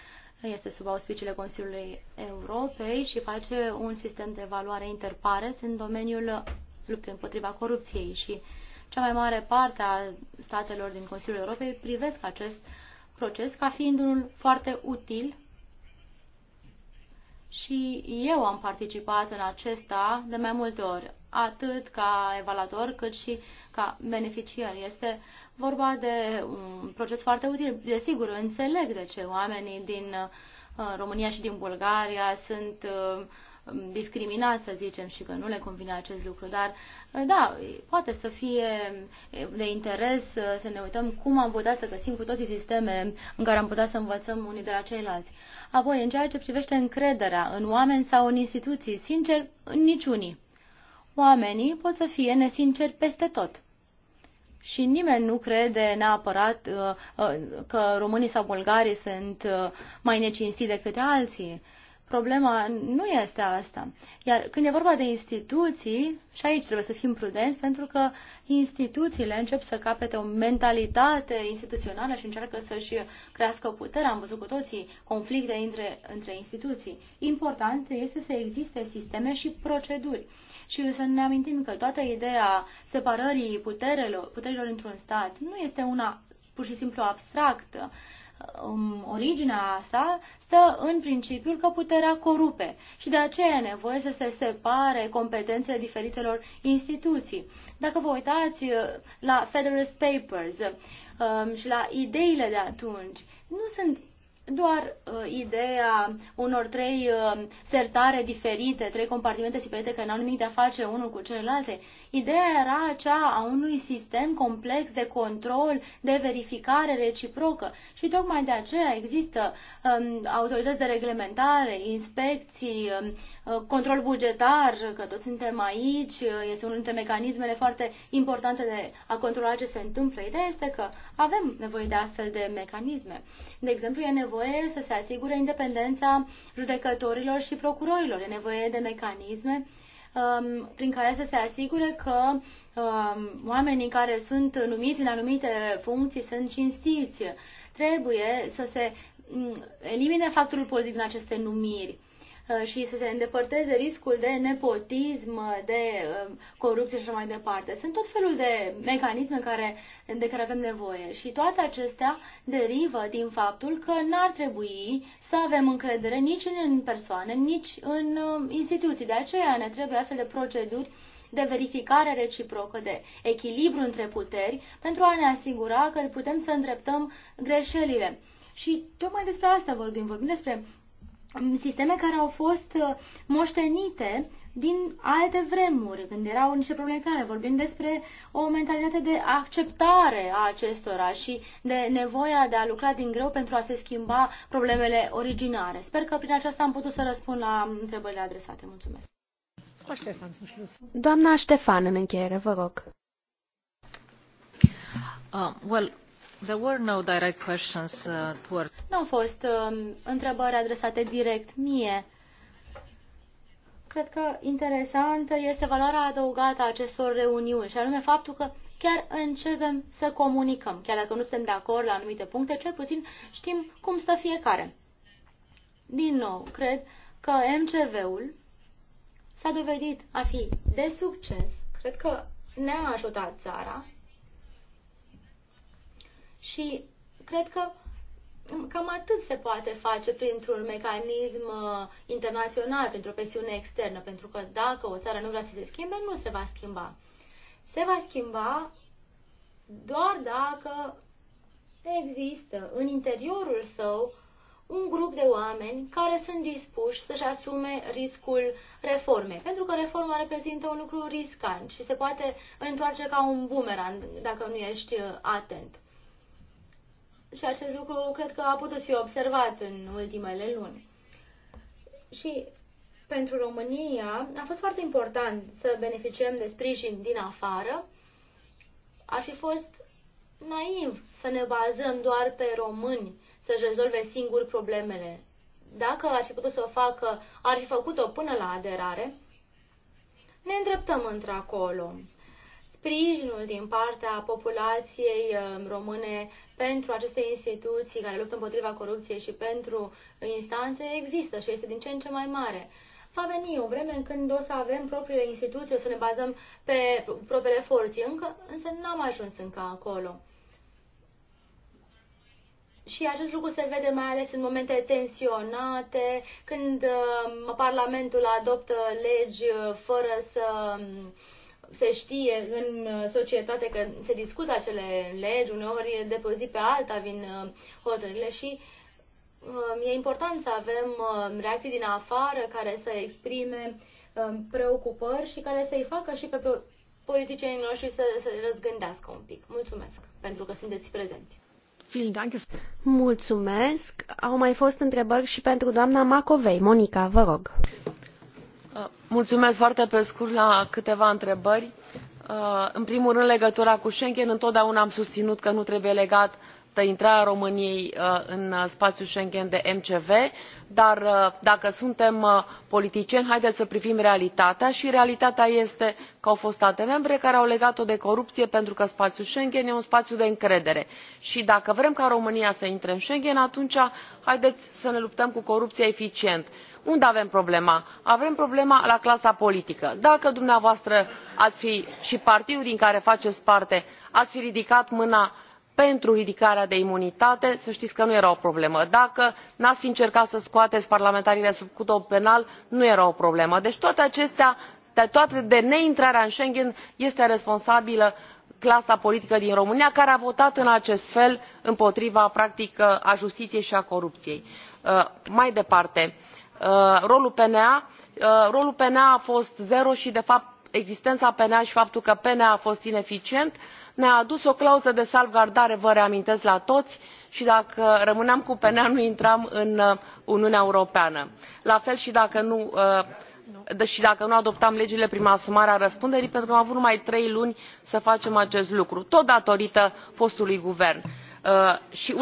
este sub auspiciile Consiliului Europei și face un sistem de evaluare interpares în domeniul luptei împotriva corupției și cea mai mare parte a statelor din Consiliul Europei privesc acest proces ca fiind unul foarte util și eu am participat în acesta de mai multe ori, atât ca evaluator cât și ca beneficiar. Este vorba de un proces foarte util. Desigur, înțeleg de ce oamenii din uh, România și din Bulgaria sunt uh, discriminat, să zicem, și că nu le convine acest lucru, dar eh, da, poate să fie eh, de interes eh, să ne uităm cum am putea să găsim cu toții sisteme în care am putea să învățăm unii de la ceilalți. Apoi, în ceea ce privește încrederea în oameni sau în instituții, sincer, în niciunii. Oamenii pot să fie nesinceri peste tot. Și nimeni nu crede neapărat că românii sau bulgarii sunt mai necinstiți decât alții Problema nu este asta. Iar când e vorba de instituții, și aici trebuie să fim prudenți, pentru că instituțiile încep să capete o mentalitate instituțională și încearcă să-și crească puterea. Am văzut cu toții conflicte între, între instituții. Important este să existe sisteme și proceduri. Și să ne amintim că toată ideea separării puterilor, puterilor într-un stat nu este una pur și simplu abstractă, Um, originea asta stă în principiul că puterea corupe și de aceea e nevoie să se separe competențele diferitelor instituții. Dacă vă uitați uh, la Federalist Papers um, și la ideile de atunci, nu sunt doar uh, ideea unor trei uh, sertare diferite, trei compartimente diferite care n-au nimic de a face unul cu celelalte. Ideea era aceea a unui sistem complex de control, de verificare reciprocă și tocmai de aceea există um, autorități de reglementare, inspecții, um, Uh, control bugetar, că toți suntem aici, uh, este unul dintre mecanismele foarte importante de a controla ce se întâmplă. Ideea este că avem nevoie de astfel de mecanisme. De exemplu, e nevoie să se asigure independența judecătorilor și procurorilor. E nevoie de mecanisme um, prin care să se asigure că um, oamenii care sunt numiți în anumite funcții sunt cinstiți. Trebuie să se mm, elimine factorul politic din aceste numiri Uh, și să se îndepărteze riscul de nepotism, de uh, corupție și așa mai departe. Sunt tot felul de mecanisme care, de care avem nevoie și toate acestea derivă din faptul că n-ar trebui să avem încredere nici în persoane, nici în uh, instituții. De aceea ne trebuie astfel de proceduri de verificare reciprocă, de echilibru între puteri, pentru a ne asigura că putem să îndreptăm greșelile. Și tocmai despre asta vorbim. Vorbim despre sisteme care au fost uh, moștenite din alte vremuri, când erau niște probleme clare. Vorbim despre o mentalitate de acceptare a acestora și de nevoia de a lucra din greu pentru a se schimba problemele originare. Sper că prin aceasta am putut să răspund la întrebările adresate. Mulțumesc. Doamna Ștefan, în încheiere, vă rog. Uh, well, Uh, nu au fost uh, întrebări adresate direct mie. Cred că interesantă este valoarea adăugată a acestor reuniuni și anume faptul că chiar începem să comunicăm. Chiar dacă nu suntem de acord la anumite puncte, cel puțin știm cum stă fiecare. Din nou, cred că MCV-ul s-a dovedit a fi de succes. Cred că ne-a ajutat țara și cred că cam atât se poate face printr-un mecanism uh, internațional, printr-o presiune externă, pentru că dacă o țară nu vrea să se schimbe, nu se va schimba. Se va schimba doar dacă există în interiorul său un grup de oameni care sunt dispuși să-și asume riscul reformei. Pentru că reforma reprezintă un lucru riscant și se poate întoarce ca un bumerang dacă nu ești atent și acest lucru cred că a putut fi observat în ultimele luni. Și pentru România a fost foarte important să beneficiem de sprijin din afară. Ar fi fost naiv să ne bazăm doar pe români să-și rezolve singuri problemele. Dacă ar fi putut să o facă, ar fi făcut-o până la aderare. Ne îndreptăm într-acolo sprijinul din partea populației um, române pentru aceste instituții care luptă împotriva corupției și pentru instanțe există și este din ce în ce mai mare. Va veni o vreme în când o să avem propriile instituții, o să ne bazăm pe propriile forții, încă, însă n-am ajuns încă acolo. Și acest lucru se vede mai ales în momente tensionate, când uh, Parlamentul adoptă legi uh, fără să uh, se știe în uh, societate că se discută acele legi, uneori de pe o zi pe alta vin uh, hotărârile și um, e important să avem um, reacții din afară care să exprime um, preocupări și care să-i facă și pe politicienii noștri să se răzgândească un pic. Mulțumesc pentru că sunteți prezenți. Mulțumesc. Au mai fost întrebări și pentru doamna Macovei. Monica, vă rog mulțumesc foarte pe scurt la câteva întrebări uh, în primul rând legătura cu schengen întotdeauna am susținut că nu trebuie legat intrarea româniei uh, în uh, spațiul schengen de mcv dar uh, dacă suntem politicieni haideți să privim realitatea și realitatea este că au fost state membre care au legat o de corupție pentru că spațiul schengen e un spațiu de încredere și dacă vrem ca românia să intre în schengen atunci haideți să ne luptăm cu corupția eficient. unde avem problema? avem problema la clasa politică. dacă dumneavoastră și partidul din care faceți parte ați fi ridicat mâna pentru ridicarea de imunitate să știți că nu era o problemă dacă nu ați fi încercat să scoateți parlamentarii de sub codul penal nu era o problemă. deci toate de neintrarea în schengen este responsabilă clasa politică din românia care a votat în acest fel împotriva practic a justiției și a corupției. Uh, mai departe uh, rolul pna uh, rolul pna a fost zero și de fapt existența pna și faptul că pna a fost ineficient ne a adus o clauză de salvgardare vă reamintesc la toți și dacă rămâneam cu pnl nu intram în uh, uniunea europeană la fel și dacă nu uh, și dacă nu adoptam legile prin asumarea răspunderii pentru că am avut numai trei luni să facem acest lucru tot datorită fostului guvern. Uh, și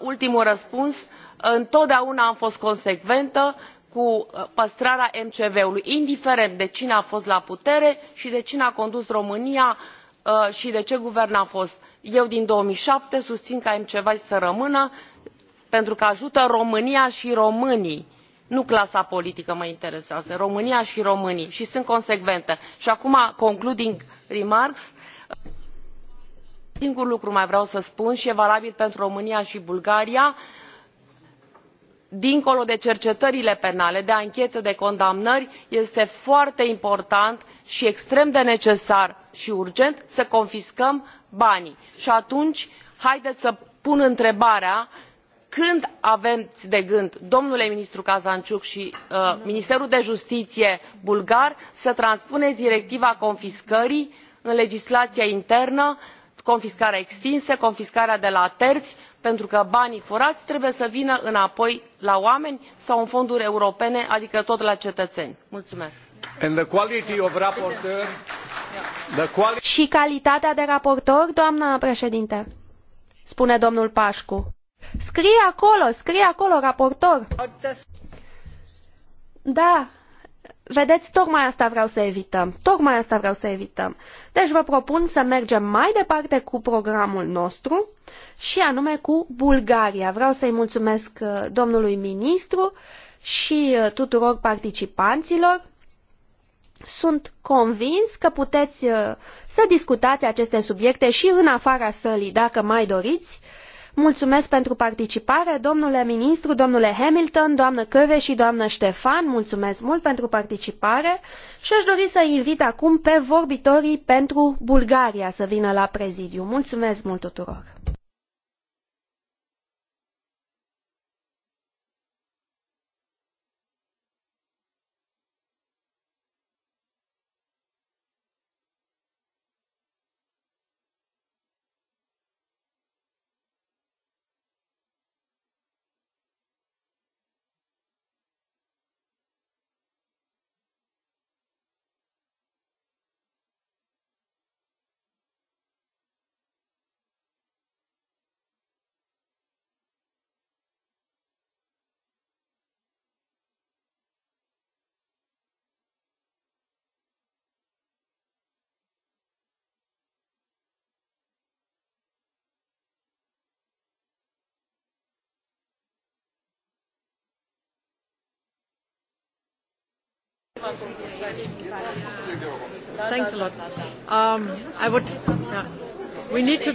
ultimul răspuns întotdeauna am fost consecventă cu păstrarea mcv ului indiferent de cine a fost la putere și de cine a condus românia Uh, și de ce guvern a fost. eu din două mii șapte susțin ca mcv să rămână pentru că ajută românia și românii nu clasa politică mă interesează românia și românii și sunt consecventă. și acum concluding remarks un singur lucru mai vreau să spun și e valabil pentru românia și bulgaria dincolo de cercetările penale de anchete de condamnări este foarte important și extrem de necesar și urgent să confiscăm banii și atunci haideți să pun întrebarea când aveți de gând domnule ministru kazanciuc și uh, ministerul de justiție bulgar să transpuneți directiva confiscării în legislația internă confiscarea extinsă confiscarea de la terți? pentru că banii furați trebuie să vină înapoi la oameni sau în fonduri europene adică tot la cetățeni. mulțumesc. și calitatea de raportor doamnă președinte spune domnul pașcu. Scrie acolo, scrie acolo, raportor. Da, Vedeți, tocmai asta vreau să evităm. Tocmai asta vreau să evităm. Deci vă propun să mergem mai departe cu programul nostru și anume cu Bulgaria. Vreau să-i mulțumesc uh, domnului ministru și uh, tuturor participanților. Sunt convins că puteți uh, să discutați aceste subiecte și în afara sălii, dacă mai doriți, Mulțumesc pentru participare, domnule ministru, domnule Hamilton, doamnă kvesi și doamnă tefan mulțumesc mult pentru participare și aș dori să invit acum pe vorbitorii pentru Bulgaria să vină la prezidiu. Mulțumesc mult tuturor! Thanks a lot. Um, I would. Yeah. We need to.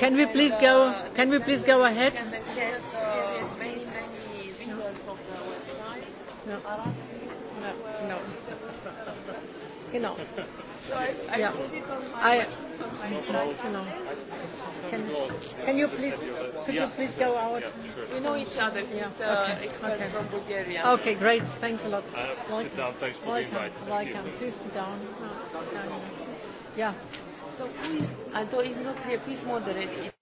Can we please go? Can we please go ahead? Yes, yes, many, Genau. Yeah. I, genau. Can, can you please, could you please go out? We know each other. Yeah. Okay. Okay. From Bulgaria. Okay, great. Thanks a lot. I have to sit down. Thanks for the invite. Welcome. Please sit down. Yeah. So who I don't even know clear, please moderate it.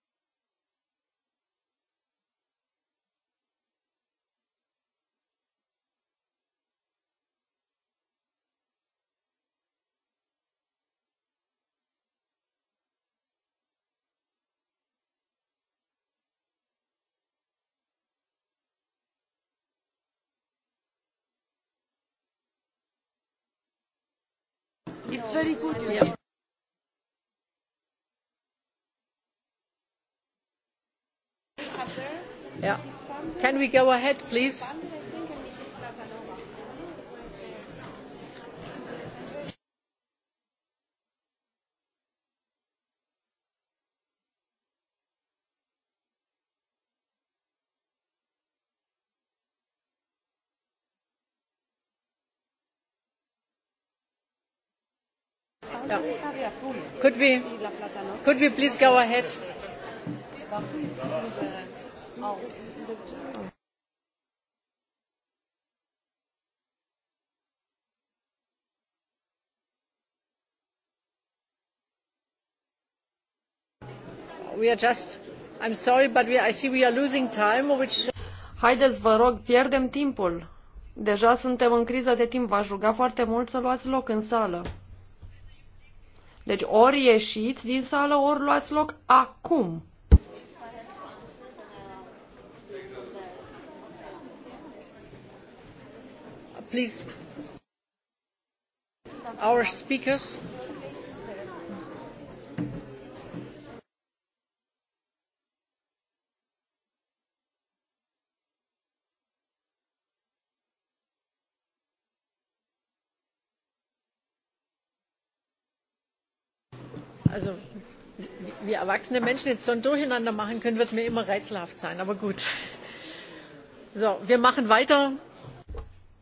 It's very good yeah. Can we go ahead, please? Could we, could we please go ahead? We are just, I'm sorry, but we, I see we are losing time, which... Haideți, vă rog, pierdem timpul. Deja suntem în criză de timp. V-aș ruga foarte mult să luați loc în sală. Deci ori ieșiți din sală, ori luați loc acum. please our speakers also wie erwachsene menschen jetzt so ein durcheinander machen können wird mir immer rätselhaft sein aber gut. So, wir machen weiter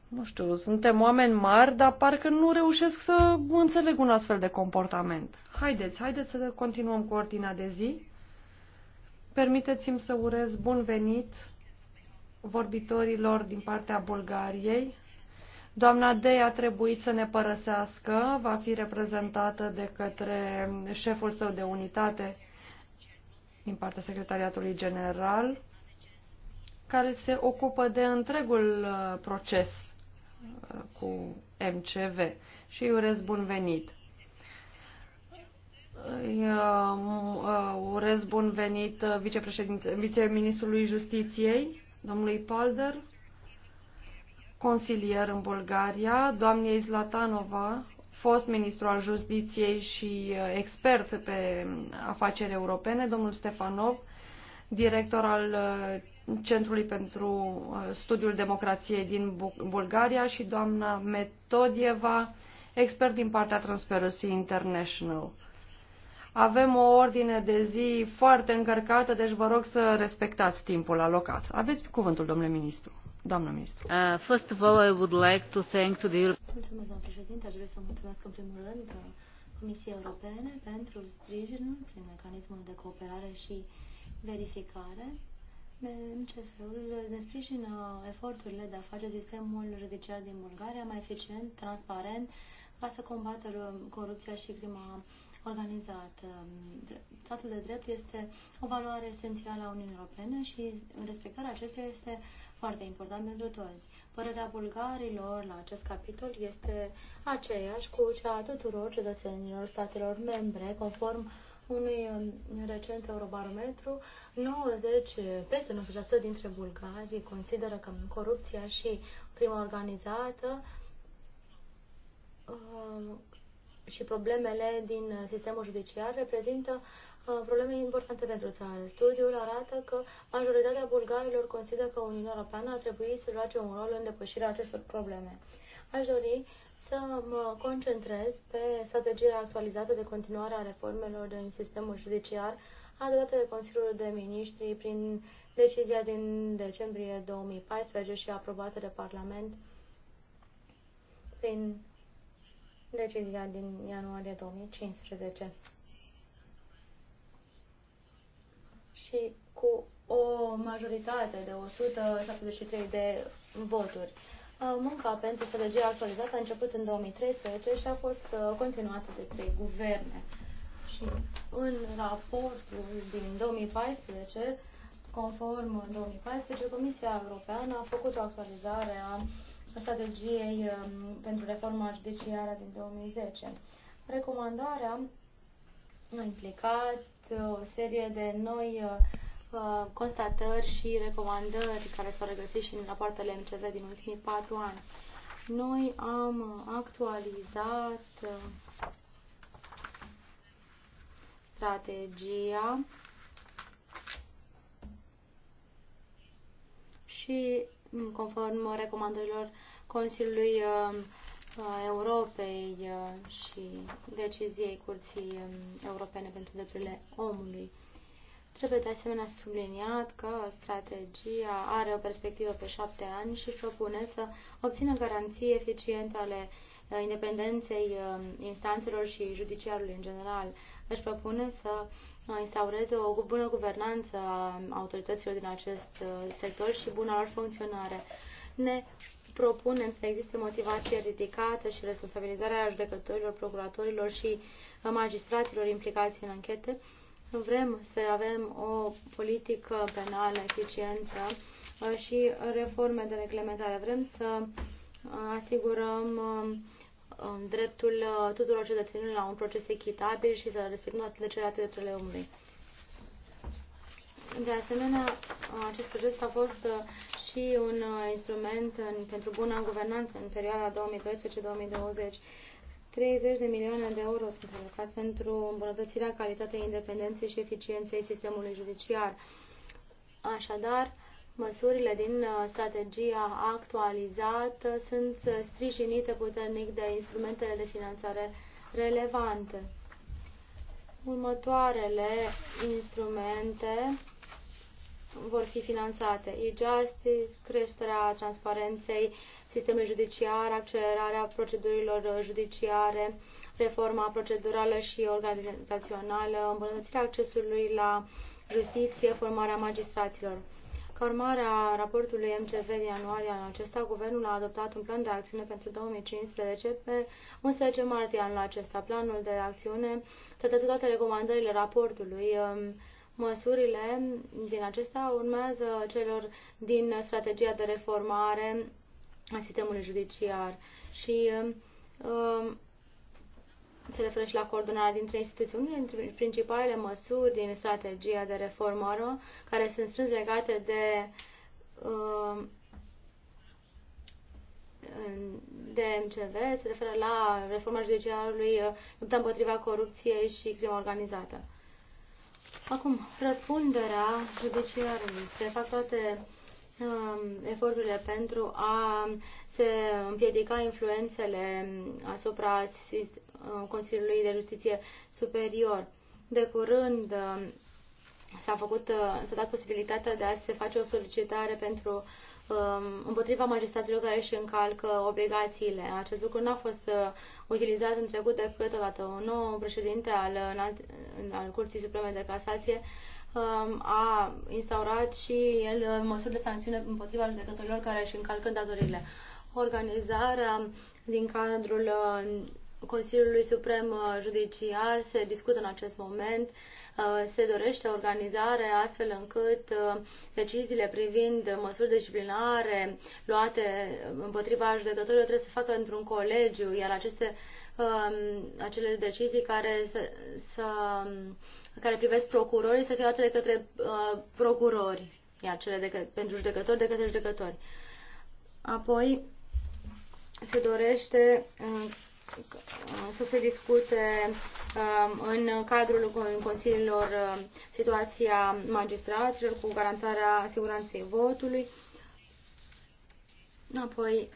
nu știu, suntem oameni mari, dar parcă nu reușesc să înțeleg un astfel de comportament. Haideți, haideți să continuăm cu ordinea de zi. Permiteți-mi să urez bun venit vorbitorilor din partea Bulgariei. Doamna Dei a trebuit să ne părăsească, va fi reprezentată de către șeful său de unitate din partea Secretariatului General, care se ocupă de întregul uh, proces cu MCV și îi urez bun venit. Îi uh, uh, urez bun venit uh, viceministrului Justiției, domnului Palder, consilier în Bulgaria, doamnei Zlatanova, fost ministru al justiției și expert pe afaceri europene, domnul Stefanov, director al Centrului pentru uh, Studiul Democrației din Bulgaria și doamna Metodieva, expert din partea Transparency International. Avem o ordine de zi foarte încărcată, deci vă rog să respectați timpul alocat. Aveți cuvântul, domnule ministru. Doamna ministru. Uh, first of all, I would like to thank to the Mulțumesc, doamnă președinte. Aș vrea să mulțumesc în primul rând Comisiei Europene pentru sprijinul prin mecanismul de cooperare și verificare MCF-ul ne sprijină eforturile de a face sistemul judiciar din Bulgaria mai eficient, transparent, ca să combată corupția și crima organizată. Statul de drept este o valoare esențială a Uniunii Europene și respectarea acestuia este foarte important pentru toți. Părerea bulgarilor la acest capitol este aceeași cu cea a tuturor cetățenilor statelor membre, conform unui um, recent eurobarometru, 90, peste 90% dintre bulgarii consideră că corupția și crima organizată um, și problemele din sistemul judiciar reprezintă uh, probleme importante pentru țară. Studiul arată că majoritatea bulgarilor consideră că Uniunea Europeană ar trebui să joace un rol în depășirea acestor probleme. Aș dori să mă concentrez pe strategia actualizată de continuare a reformelor în sistemul judiciar adoptată de Consiliul de Miniștri prin decizia din decembrie 2014 și aprobată de Parlament prin decizia din ianuarie 2015. Și cu o majoritate de 173 de voturi. Uh, munca pentru strategia actualizată a început în 2013 și a fost uh, continuată de trei guverne. Și în raportul din 2014, conform 2014, Comisia Europeană a făcut o actualizare a strategiei um, pentru reforma judiciară din 2010. Recomandarea a implicat uh, o serie de noi uh, Uh, constatări și recomandări care s-au regăsit și în rapoartele MCV din ultimii patru ani. Noi am actualizat uh, strategia și mm, conform recomandărilor Consiliului uh, Europei și deciziei Curții um, Europene pentru Drepturile Omului. Trebuie de asemenea subliniat că strategia are o perspectivă pe șapte ani și propune să obțină garanții eficiente ale uh, independenței uh, instanțelor și judiciarului în general. Își propune să uh, instaureze o bună guvernanță a autorităților din acest sector și bună lor funcționare. Ne propunem să existe motivație ridicată și responsabilizarea judecătorilor, procuratorilor și magistraților implicați în anchete, vrem să avem o politică penală eficientă uh, și reforme de reglementare. Vrem să uh, asigurăm uh, um, dreptul tuturor cetățenilor la un proces echitabil și să respectăm toate celelalte drepturile omului. De asemenea, acest proces a fost și un instrument în, pentru bună guvernanță în perioada 2012-2020 30 de milioane de euro sunt alocați pentru îmbunătățirea calității independenței și eficienței sistemului judiciar. Așadar, măsurile din uh, strategia actualizată sunt uh, sprijinite puternic de instrumentele de finanțare relevante. Următoarele instrumente vor fi finanțate e-justice, creșterea transparenței sistemul judiciar, accelerarea procedurilor judiciare, reforma procedurală și organizațională, îmbunătățirea accesului la justiție, formarea magistraților. Ca urmare a raportului MCV din ianuarie anul acesta, Guvernul a adoptat un plan de acțiune pentru 2015 pe 11 martie anul acesta. Planul de acțiune tratează toate recomandările raportului. Măsurile din acesta urmează celor din strategia de reformare a sistemului judiciar și um, um, se referă și la coordonarea dintre Unul dintre principalele măsuri din strategia de reformă, care sunt strâns legate de um, de MCV, se referă la reforma judiciarului, uh, lupta împotriva corupției și crimă organizată. Acum, răspunderea judiciarului. Se fac toate Um, eforturile pentru a se împiedica influențele asupra uh, Consiliului de Justiție Superior. De curând um, s-a, făcut, uh, s-a dat posibilitatea de a se face o solicitare pentru um, împotriva magistraților care își încalcă obligațiile. Acest lucru nu a fost uh, utilizat în trecut decât odată. Un nou președinte al, al Curții Supreme de Casație Um, a instaurat și el uh, măsuri de sancțiune împotriva judecătorilor care își încalcă datorile. Organizarea din cadrul uh, Consiliului Suprem uh, Judiciar se discută în acest moment. Se dorește organizare astfel încât deciziile privind măsuri disciplinare luate împotriva judecătorilor trebuie să facă într-un colegiu, iar aceste um, acele decizii care să, să care privesc procurorii să fie luate de către uh, procurori, iar cele de că, pentru judecători de către judecători. Apoi se dorește uh, să se discute uh, în cadrul consiliilor uh, situația magistraților cu garantarea siguranței votului. Apoi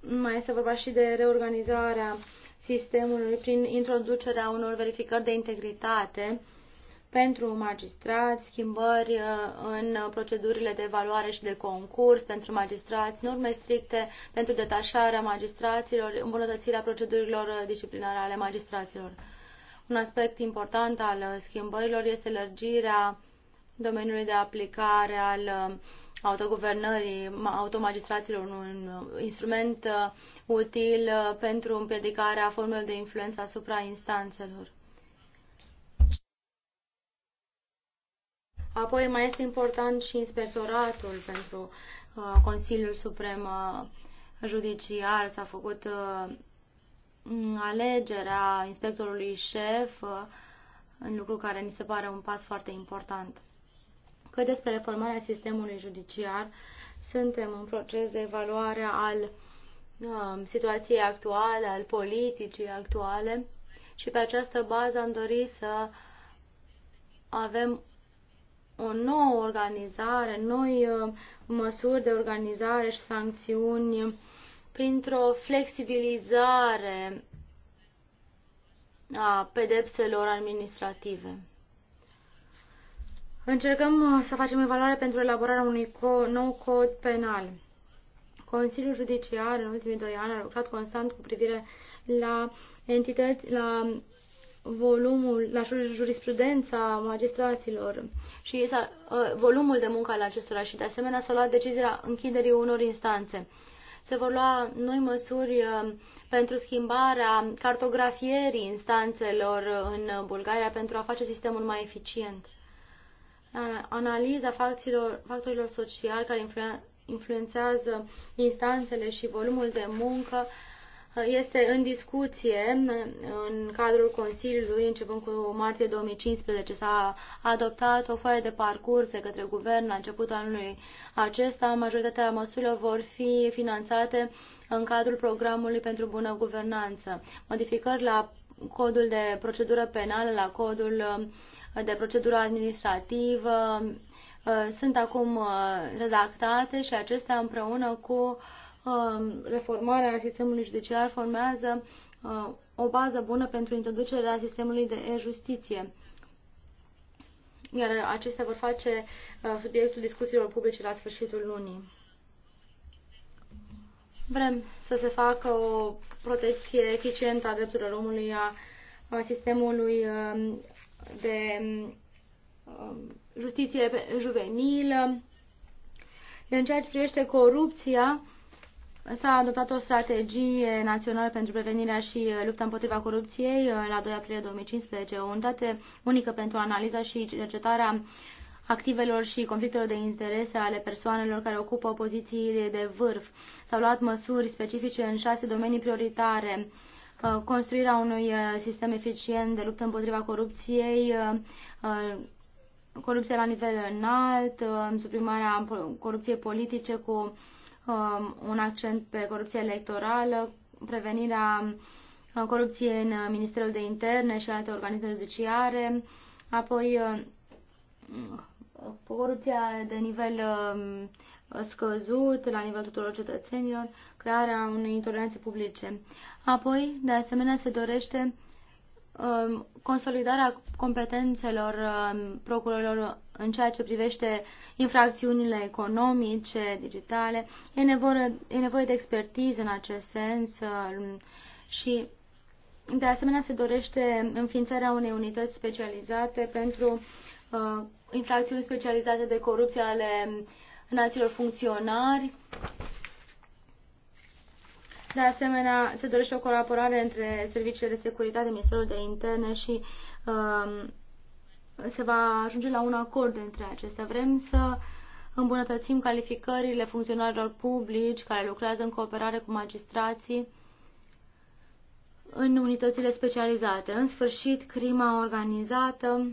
mai este vorba și de reorganizarea sistemului prin introducerea unor verificări de integritate pentru magistrați, schimbări uh, în procedurile de evaluare și de concurs pentru magistrați, norme stricte pentru detașarea magistraților, îmbunătățirea procedurilor uh, disciplinare ale magistraților. Un aspect important al uh, schimbărilor este lărgirea domeniului de aplicare al autoguvernării, automagistraților, un instrument uh, util uh, pentru împiedicarea formelor de influență asupra instanțelor. Apoi mai este important și inspectoratul pentru uh, Consiliul Suprem Judiciar. S-a făcut alegerea inspectorului șef, în lucru care ni se pare un pas foarte important că despre reformarea sistemului judiciar suntem în proces de evaluare al um, situației actuale, al politicii actuale și pe această bază am dorit să avem o nouă organizare, noi um, măsuri de organizare și sancțiuni printr-o flexibilizare a pedepselor administrative. Încercăm uh, să facem evaluare pentru elaborarea unui nou cod penal. Consiliul Judiciar în ultimii doi ani a lucrat constant cu privire la entități, la volumul, la jurisprudența magistraților și uh, volumul de muncă al acestora și de asemenea s-a luat decizia închiderii unor instanțe. Se vor lua noi măsuri uh, pentru schimbarea cartografierii instanțelor în Bulgaria pentru a face sistemul mai eficient analiza factorilor, factorilor sociali care influențează instanțele și volumul de muncă este în discuție în cadrul Consiliului, începând cu martie 2015. S-a adoptat o foaie de parcurs de către guvern la începutul anului acesta. Majoritatea măsurilor vor fi finanțate în cadrul programului pentru bună guvernanță. Modificări la codul de procedură penală, la codul uh, de procedură administrativă uh, sunt acum uh, redactate și acestea împreună cu uh, reformarea sistemului judiciar formează o bază bună pentru introducerea sistemului de e-justiție. Iar acestea vor face subiectul discuțiilor publice la sfârșitul lunii. Vrem să se facă o protecție eficientă a drepturilor omului, a sistemului um, de um, justiție juvenilă. În ceea ce privește corupția, s-a adoptat o strategie națională pentru prevenirea și lupta împotriva corupției uh, la 2 aprilie 2015, o unitate unică pentru analiza și cercetarea activelor și conflictelor de interese ale persoanelor care ocupă poziții de vârf. S-au luat măsuri specifice în șase domenii prioritare Uh, construirea unui uh, sistem eficient de luptă împotriva corupției, uh, corupția la nivel înalt, suprimarea corupției politice cu um, un accent pe corupția electorală, prevenirea corupției în Ministerul de Interne și alte organisme judiciare, apoi corupția de nivel um, scăzut la nivel tuturor cetățenilor, crearea unei intoleranțe publice. Apoi, de asemenea, se dorește um, consolidarea competențelor um, procurorilor în ceea ce privește infracțiunile economice, digitale. E nevoie, e nevoie de expertiză în acest sens um, și de asemenea se dorește înființarea unei unități specializate pentru uh, infracțiuni specializate de corupție ale înalților funcționari. De asemenea, se dorește o colaborare între serviciile de securitate, Ministerul de Interne și um, se va ajunge la un acord între acestea. Vrem să îmbunătățim calificările funcționarilor publici care lucrează în cooperare cu magistrații în unitățile specializate. În sfârșit, crima organizată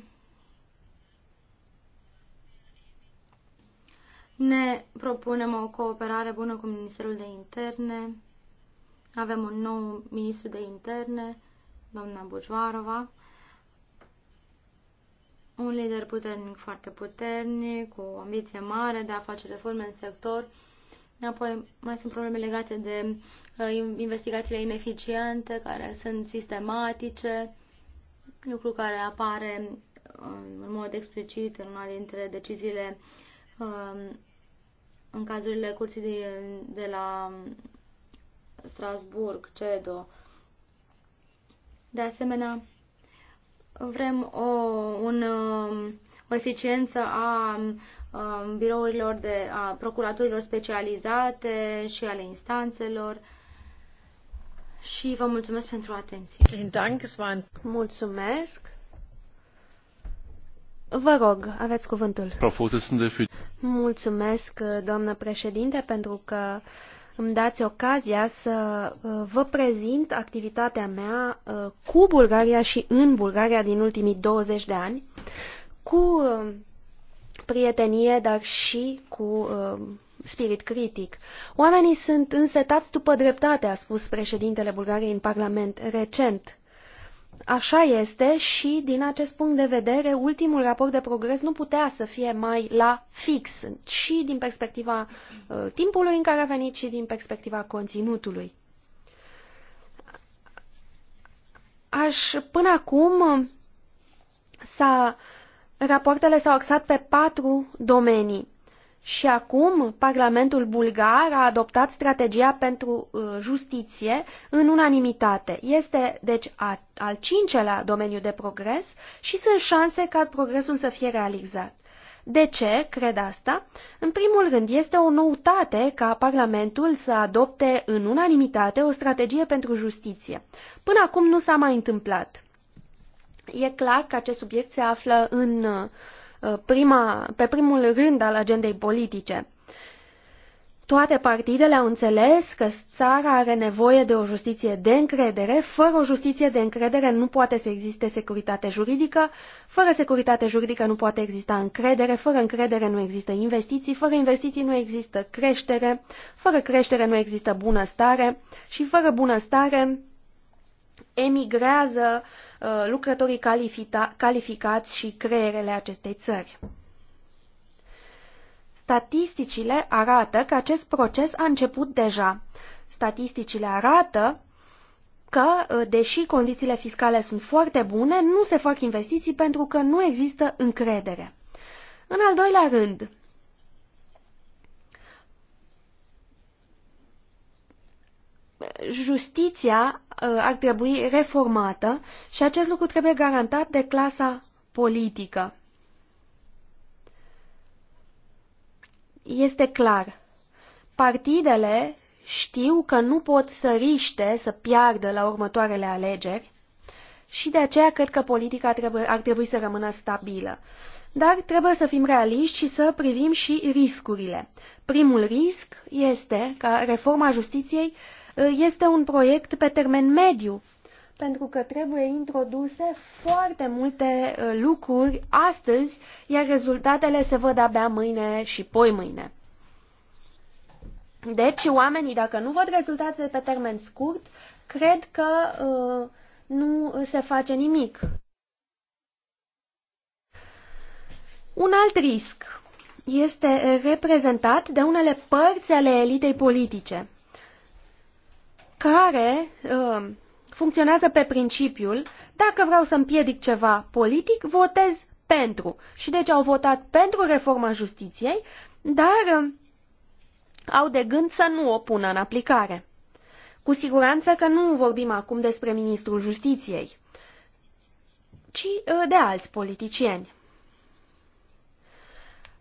Ne propunem o cooperare bună cu Ministerul de Interne. Avem un nou ministru de interne, doamna Bujoarova, un lider puternic, foarte puternic, cu o ambiție mare de a face reforme în sector. Apoi mai sunt probleme legate de uh, investigațiile ineficiente, care sunt sistematice, lucru care apare uh, în mod explicit în una dintre deciziile uh, Um, în cazurile curții de, de la Strasburg, CEDO. De asemenea, vrem o, un, um, o eficiență a um, birourilor de a procuraturilor specializate și ale instanțelor. Și vă mulțumesc pentru atenție. Mulțumesc. Vă rog, aveți cuvântul. Mulțumesc, doamnă președinte, pentru că îmi dați ocazia să uh, vă prezint activitatea mea uh, cu Bulgaria și în Bulgaria din ultimii 20 de ani, cu uh, prietenie, dar și cu spirit critic. Oamenii sunt însetați după dreptate, a spus președintele Bulgariei în Parlament recent. Așa este și, din acest punct de vedere, ultimul raport de progres nu putea să fie mai la fix, și din perspectiva uh, timpului în care a venit, și din perspectiva conținutului. Aș, până acum, s-a, rapoartele s-au axat pe patru domenii. Și acum Parlamentul bulgar a adoptat strategia pentru uh, justiție în unanimitate. Este, deci, a, al cincelea domeniu de progres și sunt șanse ca progresul să fie realizat. De ce cred asta? În primul rând, este o noutate ca Parlamentul să adopte în unanimitate o strategie pentru justiție. Până acum nu s-a mai întâmplat. E clar că acest subiect se află în uh, Uh, prima, pe primul rând al agendei politice. Toate partidele au înțeles că țara are nevoie de o justiție de încredere. Fără o justiție de încredere nu poate să existe securitate juridică. Fără securitate juridică nu poate exista încredere. Fără încredere nu există investiții. Fără investiții nu există creștere. Fără creștere nu există bunăstare. Și fără bunăstare emigrează uh, Uh, lucrătorii califita, calificați și creierele acestei țări. Statisticile arată că acest proces a început deja. Statisticile arată că, uh, deși condițiile fiscale sunt foarte bune, nu se fac investiții pentru că nu există încredere. În al doilea rând, justiția uh, ar trebui reformată și acest lucru trebuie garantat de clasa politică. Este clar, partidele știu că nu pot să riște să piardă la următoarele alegeri și de aceea cred că politica trebuie, ar trebui să rămână stabilă. Dar trebuie să fim realiști și să privim și riscurile. Primul risc este ca reforma justiției este un proiect pe termen mediu, pentru că trebuie introduse foarte multe uh, lucruri astăzi, iar rezultatele se văd abia mâine și poi mâine. Deci, oamenii, dacă nu văd rezultatele pe termen scurt, cred că uh, nu se face nimic. Un alt risc este reprezentat de unele părți ale elitei politice care uh, funcționează pe principiul dacă vreau să împiedic ceva politic, votez pentru. Și deci au votat pentru reforma justiției, dar uh, au de gând să nu o pună în aplicare. Cu siguranță că nu vorbim acum despre ministrul justiției, ci uh, de alți politicieni.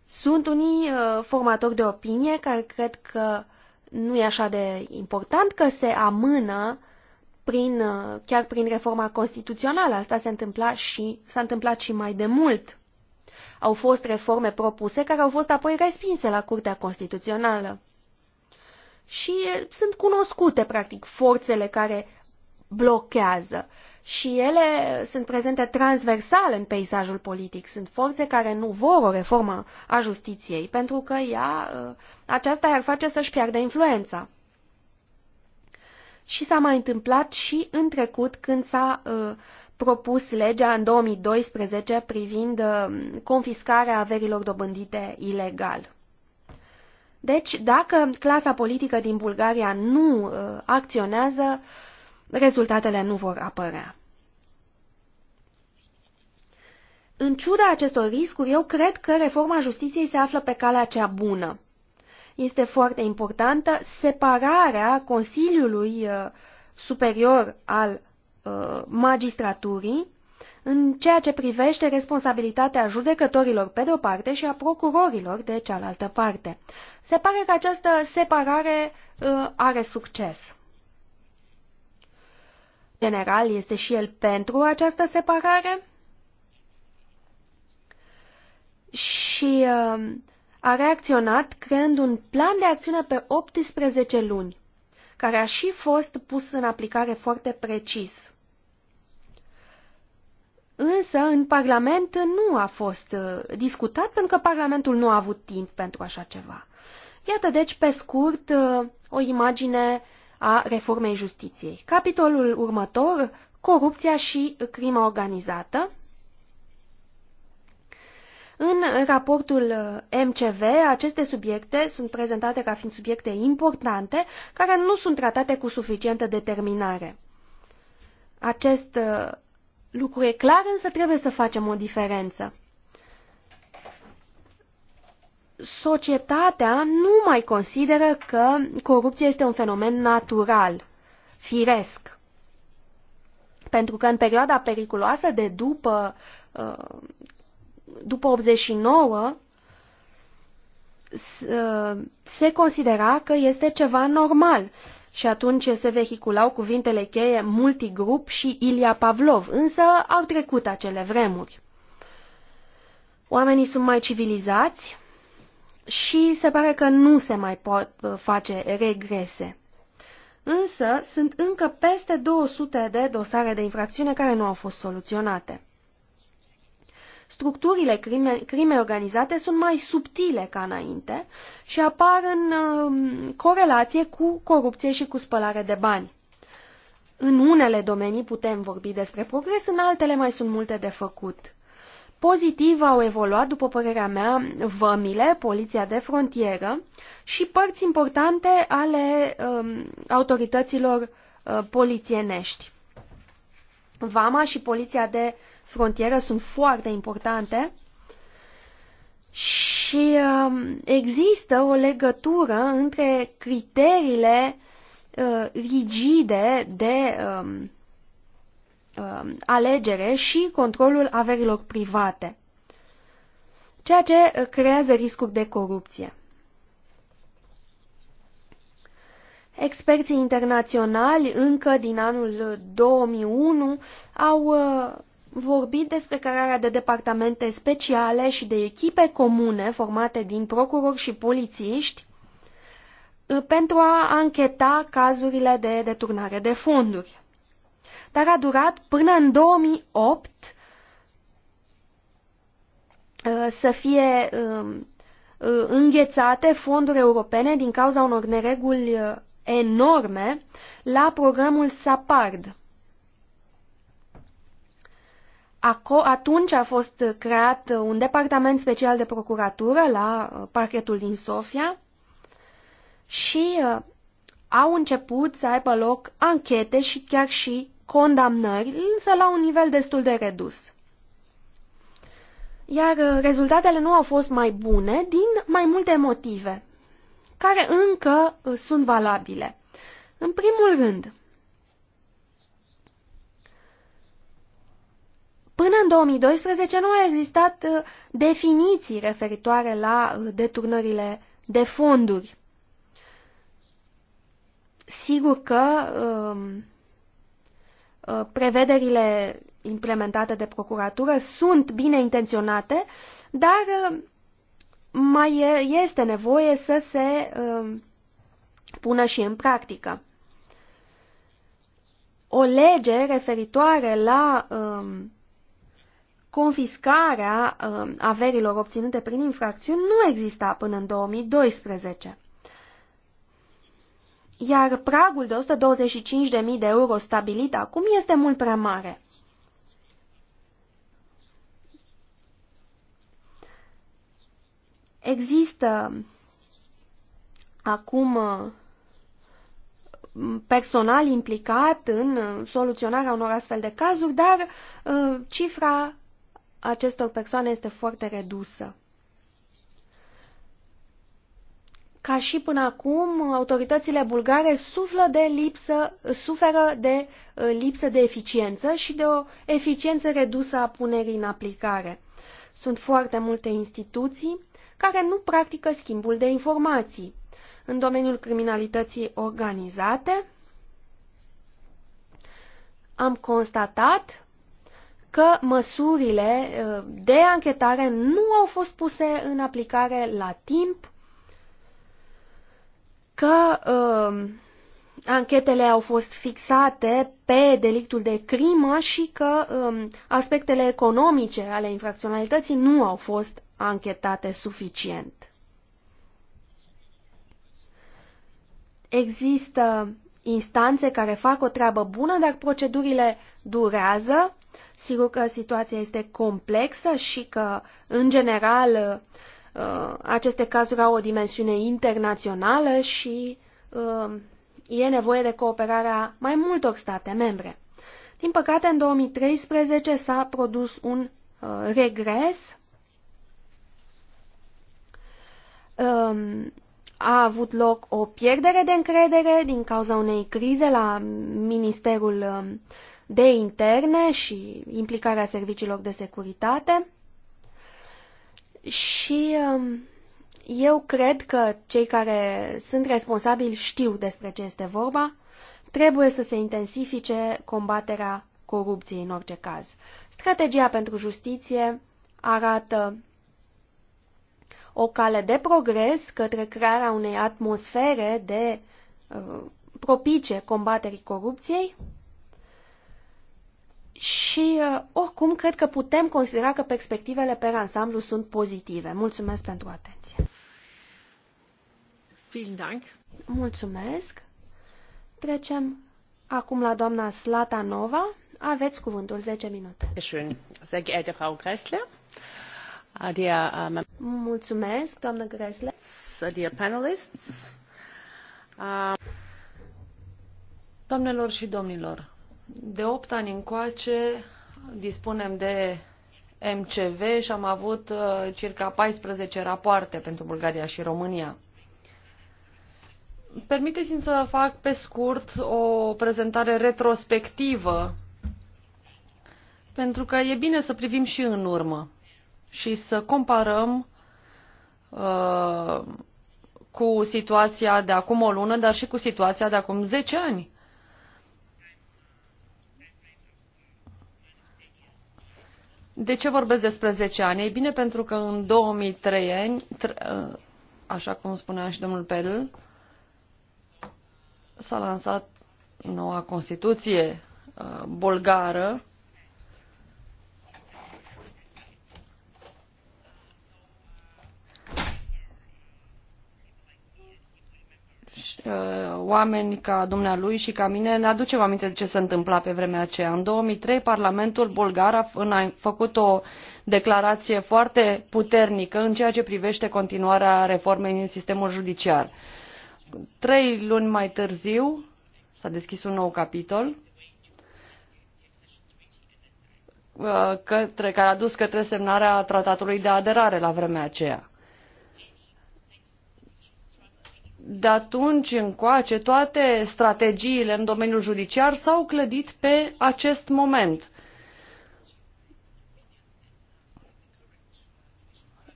Sunt unii formatori de opinie care cred că nu e așa de important că se amână prin, uh, chiar prin reforma constituțională. Asta se întâmpla și, s-a întâmplat și mai de mult. Au fost reforme propuse care au fost apoi respinse la Curtea Constituțională. Și uh, sunt cunoscute, practic, forțele care blochează și ele sunt prezente transversal în peisajul politic. Sunt forțe care nu vor o reformă a justiției, pentru că ea, ă, aceasta ar face să-și piardă influența. Și s-a mai întâmplat și în trecut când s-a ă, propus legea în 2012 privind ă, confiscarea averilor dobândite ilegal. Deci, dacă clasa politică din Bulgaria nu acționează, rezultatele nu vor apărea. În ciuda acestor riscuri, eu cred că reforma justiției se află pe calea cea bună. Este foarte importantă separarea Consiliului uh, Superior al uh, magistraturii în ceea ce privește responsabilitatea judecătorilor pe de-o parte și a procurorilor de cealaltă parte. Se pare că această separare uh, are succes general este și el pentru această separare și uh, a reacționat creând un plan de acțiune pe 18 luni, care a și fost pus în aplicare foarte precis. Însă, în Parlament nu a fost uh, discutat, pentru că Parlamentul nu a avut timp pentru așa ceva. Iată, deci, pe scurt, uh, o imagine a reformei justiției. Capitolul următor, corupția și crima organizată. În raportul MCV, aceste subiecte sunt prezentate ca fiind subiecte importante care nu sunt tratate cu suficientă determinare. Acest uh, lucru e clar, însă trebuie să facem o diferență societatea nu mai consideră că corupția este un fenomen natural, firesc. Pentru că în perioada periculoasă de după, uh, după 89 uh, se considera că este ceva normal și atunci se vehiculau cuvintele cheie multigrup și Ilia Pavlov, însă au trecut acele vremuri. Oamenii sunt mai civilizați, și se pare că nu se mai pot uh, face regrese. Însă sunt încă peste 200 de dosare de infracțiune care nu au fost soluționate. Structurile crime, crime organizate sunt mai subtile ca înainte și apar în uh, corelație cu corupție și cu spălare de bani. În unele domenii putem vorbi despre progres, în altele mai sunt multe de făcut. Pozitiv au evoluat, după părerea mea, vămile, poliția de frontieră și părți importante ale um, autorităților uh, polițienești. Vama și poliția de frontieră sunt foarte importante și um, există o legătură între criteriile uh, rigide de um, Um, alegere și controlul averilor private, ceea ce uh, creează riscuri de corupție. Experții internaționali încă din anul 2001 au uh, vorbit despre crearea de departamente speciale și de echipe comune formate din procurori și polițiști uh, pentru a ancheta cazurile de deturnare de fonduri dar a durat până în 2008 uh, să fie um, uh, înghețate fonduri europene din cauza unor nereguli uh, enorme la programul SAPARD. Atunci a fost creat un departament special de procuratură la parchetul din Sofia și au început să aibă loc anchete și chiar și condamnări, însă la un nivel destul de redus. Iar uh, rezultatele nu au fost mai bune din mai multe motive, care încă uh, sunt valabile. În primul rând, Până în 2012 nu au existat uh, definiții referitoare la deturnările de fonduri. Sigur că um, Uh, prevederile implementate de procuratură sunt bine intenționate, dar uh, mai este nevoie să se uh, pună și în practică. O lege referitoare la um, confiscarea um, averilor obținute prin infracțiuni nu exista până în 2012 iar pragul de 125.000 de euro stabilit acum este mult prea mare. Există acum uh, personal implicat în soluționarea unor astfel de cazuri, dar uh, cifra acestor persoane este foarte redusă. Ca și până acum, autoritățile bulgare suflă de lipsă, suferă de uh, lipsă de eficiență și de o eficiență redusă a punerii în aplicare. Sunt foarte multe instituții care nu practică schimbul de informații. În domeniul criminalității organizate, am constatat că măsurile uh, de anchetare nu au fost puse în aplicare la timp că uh, anchetele au fost fixate pe delictul de crimă și că uh, aspectele economice ale infracționalității nu au fost anchetate suficient. Există instanțe care fac o treabă bună, dar procedurile durează. Sigur că situația este complexă și că, în general, uh, Uh, aceste cazuri au o dimensiune internațională și uh, e nevoie de cooperarea mai multor state membre. Din păcate, în 2013 s-a produs un uh, regres. Um, a avut loc o pierdere de încredere din cauza unei crize la Ministerul um, de Interne și implicarea serviciilor de securitate. Și um, eu cred că cei care sunt responsabili știu despre ce este vorba. Trebuie să se intensifice combaterea corupției în orice caz. Strategia pentru justiție arată o cale de progres către crearea unei atmosfere de uh, propice combaterii corupției și uh, oricum, cred că putem considera că perspectivele pe ansamblu sunt pozitive. Mulțumesc pentru atenție. Mulțumesc. Trecem acum la doamna Slatanova. Aveți cuvântul 10 minute. Ah, ah, Mulțumesc, doamnă Gressler. Dear panelists. Ah. Doamnelor și domnilor, de 8 ani încoace dispunem de MCV și am avut uh, circa 14 rapoarte pentru Bulgaria și România. Permiteți-mi să fac pe scurt o prezentare retrospectivă, pentru că e bine să privim și în urmă și să comparăm uh, cu situația de acum o lună, dar și cu situația de acum 10 ani. De ce vorbesc despre 10 ani? Ei bine, pentru că în 2003 ani, ă, așa cum spunea și domnul Pedl, s-a lansat noua Constituție ă, bulgară Uh, oameni ca dumnealui și ca mine ne aducem aminte de ce se întâmpla pe vremea aceea. În 2003, Parlamentul bulgar a făcut o declarație foarte puternică în ceea ce privește continuarea reformei în sistemul judiciar. Trei luni mai târziu s-a deschis un nou capitol uh, către, care a dus către semnarea tratatului de aderare la vremea aceea de atunci încoace, toate strategiile în domeniul judiciar s-au clădit pe acest moment.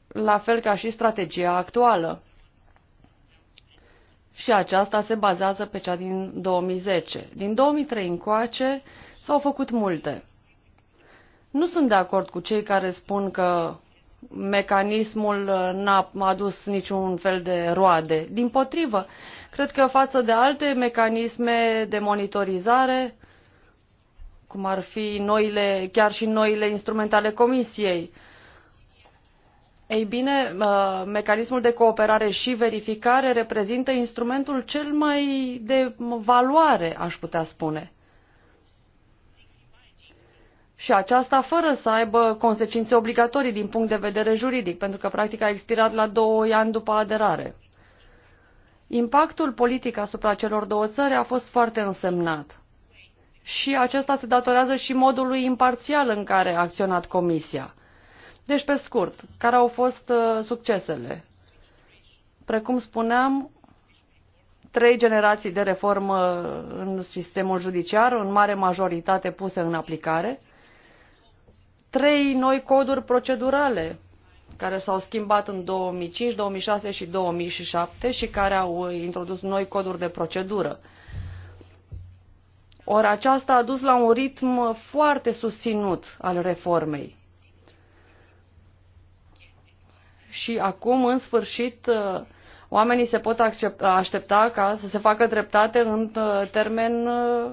La fel ca și strategia actuală. Și aceasta se bazează pe cea din 2010. Din 2003 încoace s-au făcut multe. Nu sunt de acord cu cei care spun că mecanismul uh, n-a adus niciun fel de roade. Din potrivă, cred că față de alte mecanisme de monitorizare, cum ar fi noile, chiar și noile instrumente ale Comisiei, ei bine, uh, mecanismul de cooperare și verificare reprezintă instrumentul cel mai de valoare, aș putea spune și aceasta fără să aibă consecințe obligatorii din punct de vedere juridic, pentru că practic a expirat la două ani după aderare. Impactul politic asupra celor două țări a fost foarte însemnat și acesta se datorează și modului imparțial în care a acționat Comisia. Deci, pe scurt, care au fost uh, succesele? Precum spuneam, trei generații de reformă uh, în sistemul judiciar, în mare majoritate puse în aplicare, trei noi coduri procedurale care s-au schimbat în 2005, 2006 și 2007 și care au introdus noi coduri de procedură. Ori aceasta a dus la un ritm foarte susținut al reformei. Și acum, în sfârșit, oamenii se pot accepta, aștepta ca să se facă dreptate în uh, termen uh,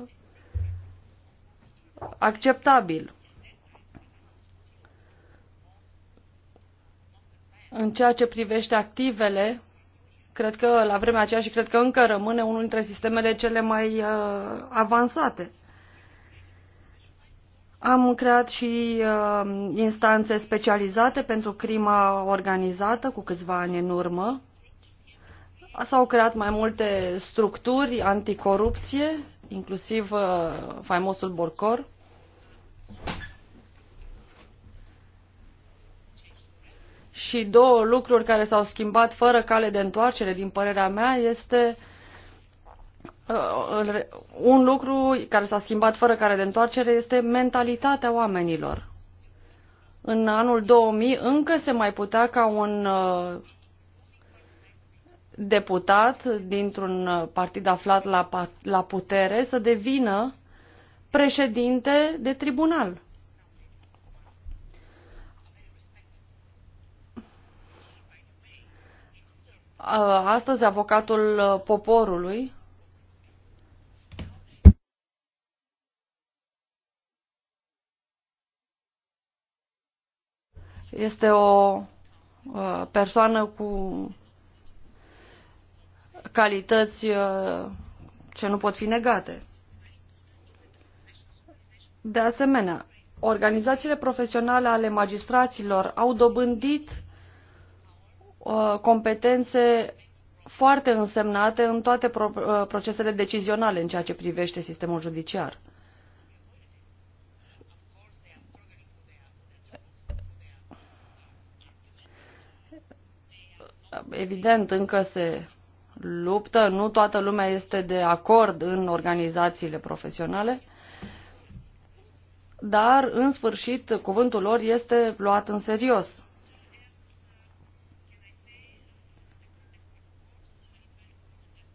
acceptabil. În ceea ce privește activele, cred că la vremea aceea și cred că încă rămâne unul dintre sistemele cele mai uh, avansate. Am creat și uh, instanțe specializate pentru crima organizată cu câțiva ani în urmă. S-au creat mai multe structuri anticorupție, inclusiv uh, faimosul Borcor. și două lucruri care s-au schimbat fără cale de întoarcere, din părerea mea, este uh, un lucru care s-a schimbat fără cale de întoarcere este mentalitatea oamenilor. În anul 2000 încă se mai putea ca un uh, deputat dintr-un uh, partid aflat la, la putere să devină președinte de tribunal. Uh, astăzi avocatul uh, poporului este o uh, persoană cu calități ce nu pot fi negate. De asemenea, organizațiile profesionale ale magistraților au dobândit Uh, competențe foarte însemnate în toate uh, procesele decizionale în ceea ce privește sistemul judiciar. Evident, încă se luptă, nu toată lumea este de acord în organizațiile profesionale, dar, în sfârșit, cuvântul lor este luat în serios.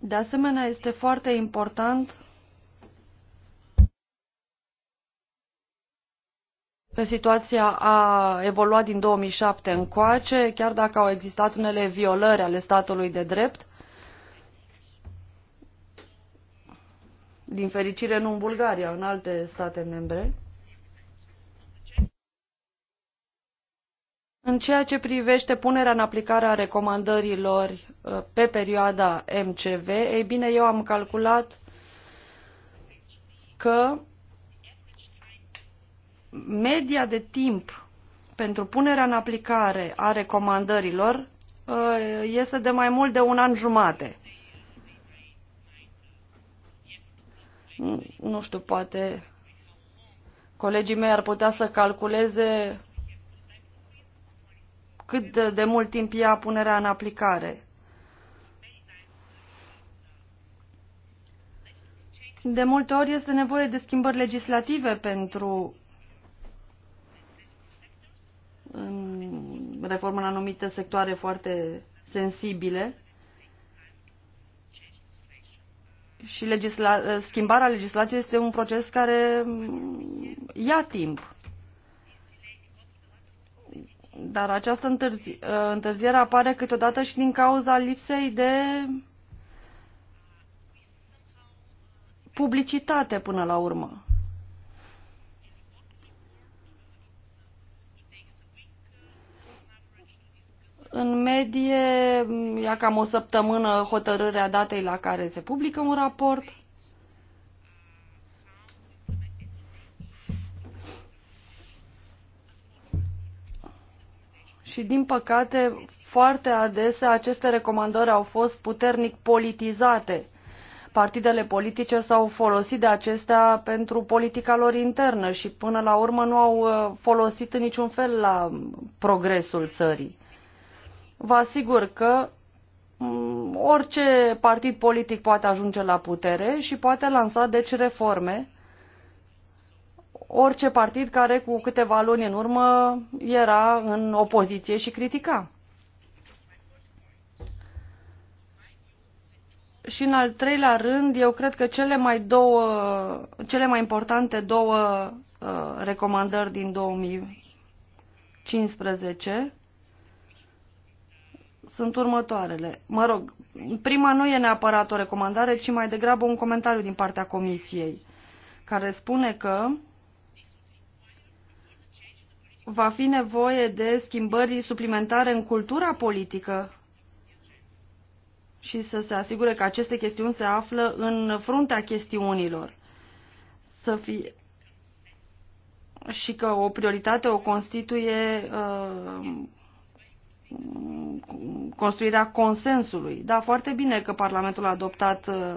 De asemenea, este foarte important că situația a evoluat din 2007 încoace, chiar dacă au existat unele violări ale statului de drept. Din fericire, nu în Bulgaria, în alte state membre. În ceea ce privește punerea în aplicare a recomandărilor uh, pe perioada MCV, ei bine, eu am calculat că media de timp pentru punerea în aplicare a recomandărilor uh, este de mai mult de un an jumate. Nu știu, poate colegii mei ar putea să calculeze cât de mult timp ia punerea în aplicare. De multe ori este nevoie de schimbări legislative pentru reformă în anumite sectoare foarte sensibile și legisla schimbarea legislației este un proces care ia timp. Dar această întârzi, ă, întârziere apare câteodată și din cauza lipsei de publicitate până la urmă. În medie, ia cam o săptămână hotărârea datei la care se publică un raport. Și, din păcate, foarte adesea aceste recomandări au fost puternic politizate. Partidele politice s-au folosit de acestea pentru politica lor internă și, până la urmă, nu au uh, folosit în niciun fel la progresul țării. Vă asigur că mm, orice partid politic poate ajunge la putere și poate lansa, deci, reforme orice partid care cu câteva luni în urmă era în opoziție și critica. Și în al treilea rând, eu cred că cele mai, două, cele mai importante două uh, recomandări din 2015 sunt următoarele. Mă rog, prima nu e neapărat o recomandare, ci mai degrabă un comentariu din partea Comisiei, care spune că va fi nevoie de schimbări suplimentare în cultura politică și să se asigure că aceste chestiuni se află în fruntea chestiunilor. Să fie și că o prioritate o constituie uh, construirea consensului. Da, foarte bine că Parlamentul a adoptat uh,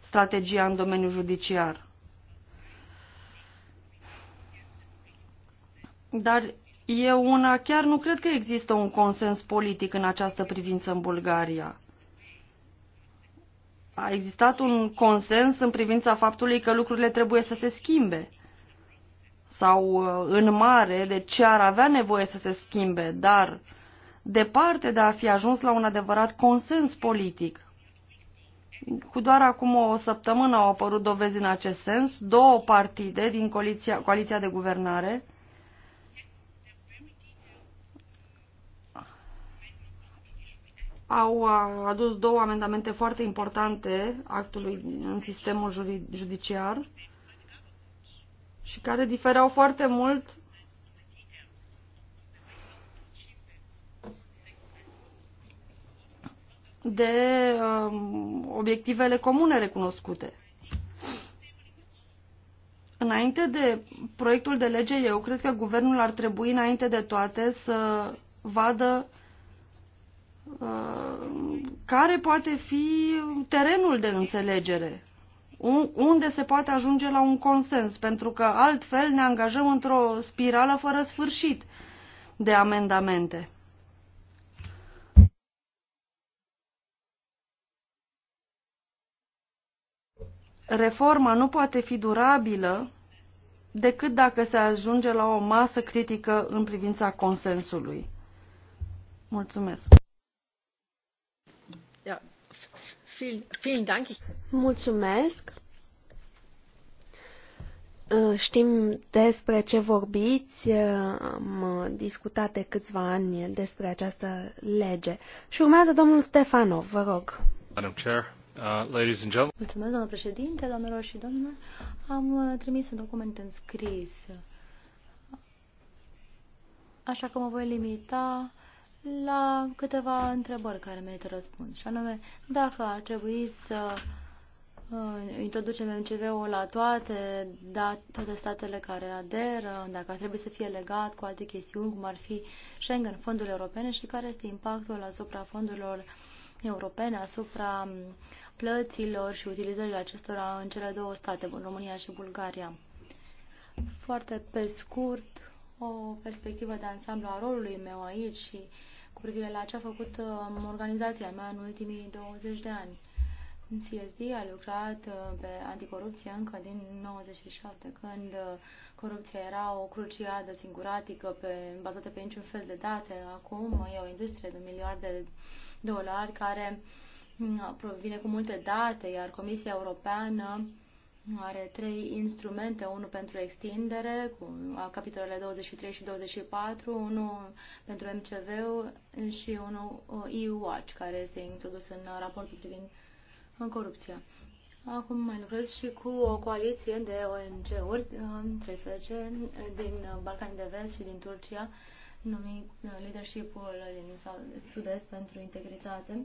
strategia în domeniul judiciar. Dar e una chiar nu cred că există un consens politic în această privință în Bulgaria. A existat un consens în privința faptului că lucrurile trebuie să se schimbe sau uh, în mare de ce ar avea nevoie să se schimbe, dar departe de a fi ajuns la un adevărat consens politic. Cu doar acum o săptămână au apărut dovezi în acest sens, două partide din coaliția, coaliția de guvernare, au adus două amendamente foarte importante actului în sistemul judiciar și care diferau foarte mult de um, obiectivele comune recunoscute. Înainte de proiectul de lege, eu cred că guvernul ar trebui, înainte de toate, să vadă Uh, care poate fi terenul de înțelegere, unde se poate ajunge la un consens, pentru că altfel ne angajăm într-o spirală fără sfârșit de amendamente. Reforma nu poate fi durabilă decât dacă se ajunge la o masă critică în privința consensului. Mulțumesc! Mulțumesc. Uh, știm despre ce vorbiți, uh, am discutat de câțiva ani despre această lege. Și urmează domnul Stefanov, vă rog. Uh, Mulțumesc, doamnă președinte, doamnelor și domnilor. Am trimis un document în scris, așa că mă voi limita la câteva întrebări care merită răspuns, și anume dacă ar trebui să uh, introducem MCV-ul la toate, da, toate statele care aderă, dacă ar trebui să fie legat cu alte chestiuni, cum ar fi Schengen, fondurile europene și care este impactul asupra fondurilor europene, asupra um, plăților și utilizării acestora în cele două state, România și Bulgaria. Foarte pe scurt, o perspectivă de ansamblu a rolului meu aici și uh, cu privire la ce a făcut um, organizația mea în ultimii 20 de ani. În CSD a lucrat uh, pe anticorupție încă din 97, când uh, corupția era o cruciadă singuratică pe, bazată pe niciun fel de date. Acum e o industrie de miliarde de dolari care uh, provine cu multe date, iar Comisia Europeană are trei instrumente, unul pentru extindere, cu capitolele 23 și 24, unul pentru MCV și unul uh, EU-Watch, care este introdus în uh, raportul privind uh, corupția. Acum mai lucrez și cu o coaliție de ONG-uri, 13, din Balcanii de Vest și din Turcia, numit Leadership-ul din Sud-Est pentru Integritate. Uh,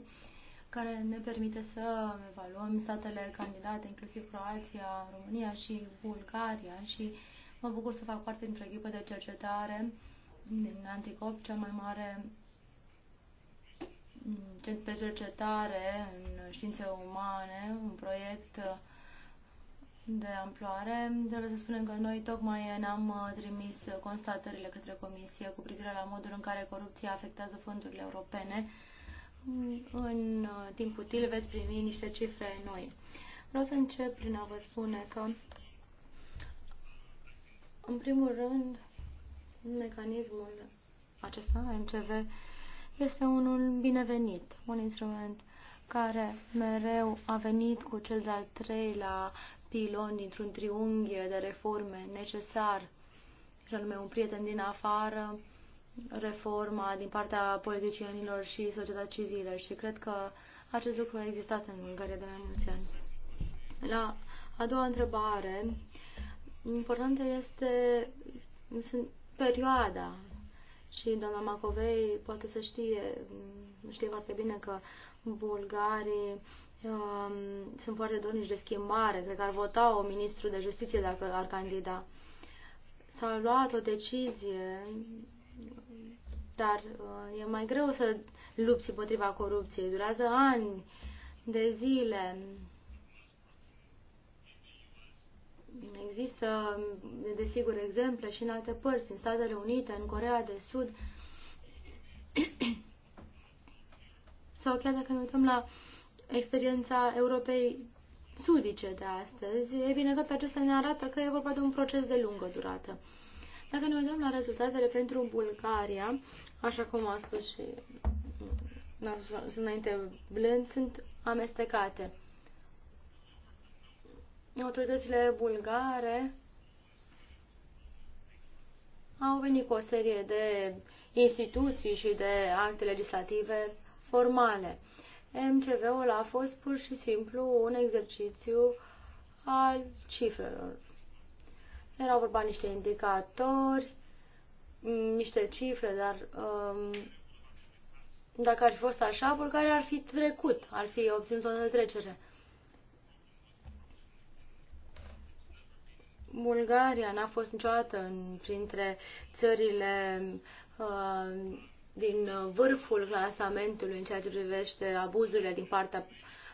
care ne permite să evaluăm statele candidate, inclusiv Croația, România și Bulgaria și mă bucur să fac parte dintr-o echipă de cercetare din Anticop, cea mai mare mm, centru de cercetare în științe umane, un proiect de amploare. Trebuie să spunem că noi tocmai ne-am uh, trimis constatările către Comisie cu privire la modul în care corupția afectează fondurile europene în uh, timp util veți primi niște cifre noi. Vreau să încep prin a vă spune că, în primul rând, mecanismul acesta, MCV, este unul binevenit, un instrument care mereu a venit cu cel de-al treilea pilon dintr-un triunghi de reforme necesar, și anume un prieten din afară, reforma din partea politicienilor și societatea civilă și cred că acest lucru a existat în Bulgaria de mai mulți ani. La a doua întrebare, importantă este sunt perioada și doamna Macovei poate să știe, știe foarte bine că bulgarii um, sunt foarte dornici de schimbare. Cred că ar vota o ministru de justiție dacă ar candida. S-a luat o decizie dar uh, e mai greu să lupți împotriva corupției. Durează ani de zile. Există, desigur, exemple și în alte părți, în Statele Unite, în Corea de Sud. *clears throat* Sau chiar dacă ne uităm la experiența Europei sudice de astăzi, e bine, toate acestea ne arată că e vorba de un proces de lungă durată. Dacă ne uităm la rezultatele pentru Bulgaria, așa cum a spus și a spus înainte blând, sunt amestecate. Autoritățile bulgare au venit cu o serie de instituții și de acte legislative formale. MCV-ul a fost pur și simplu un exercițiu al cifrelor. Erau vorba niște indicatori, niște cifre, dar um, dacă ar fi fost așa, Bulgaria ar fi trecut, ar fi obținut o trecere. Bulgaria n-a fost niciodată în, printre țările uh, din vârful clasamentului în ceea ce privește abuzurile din partea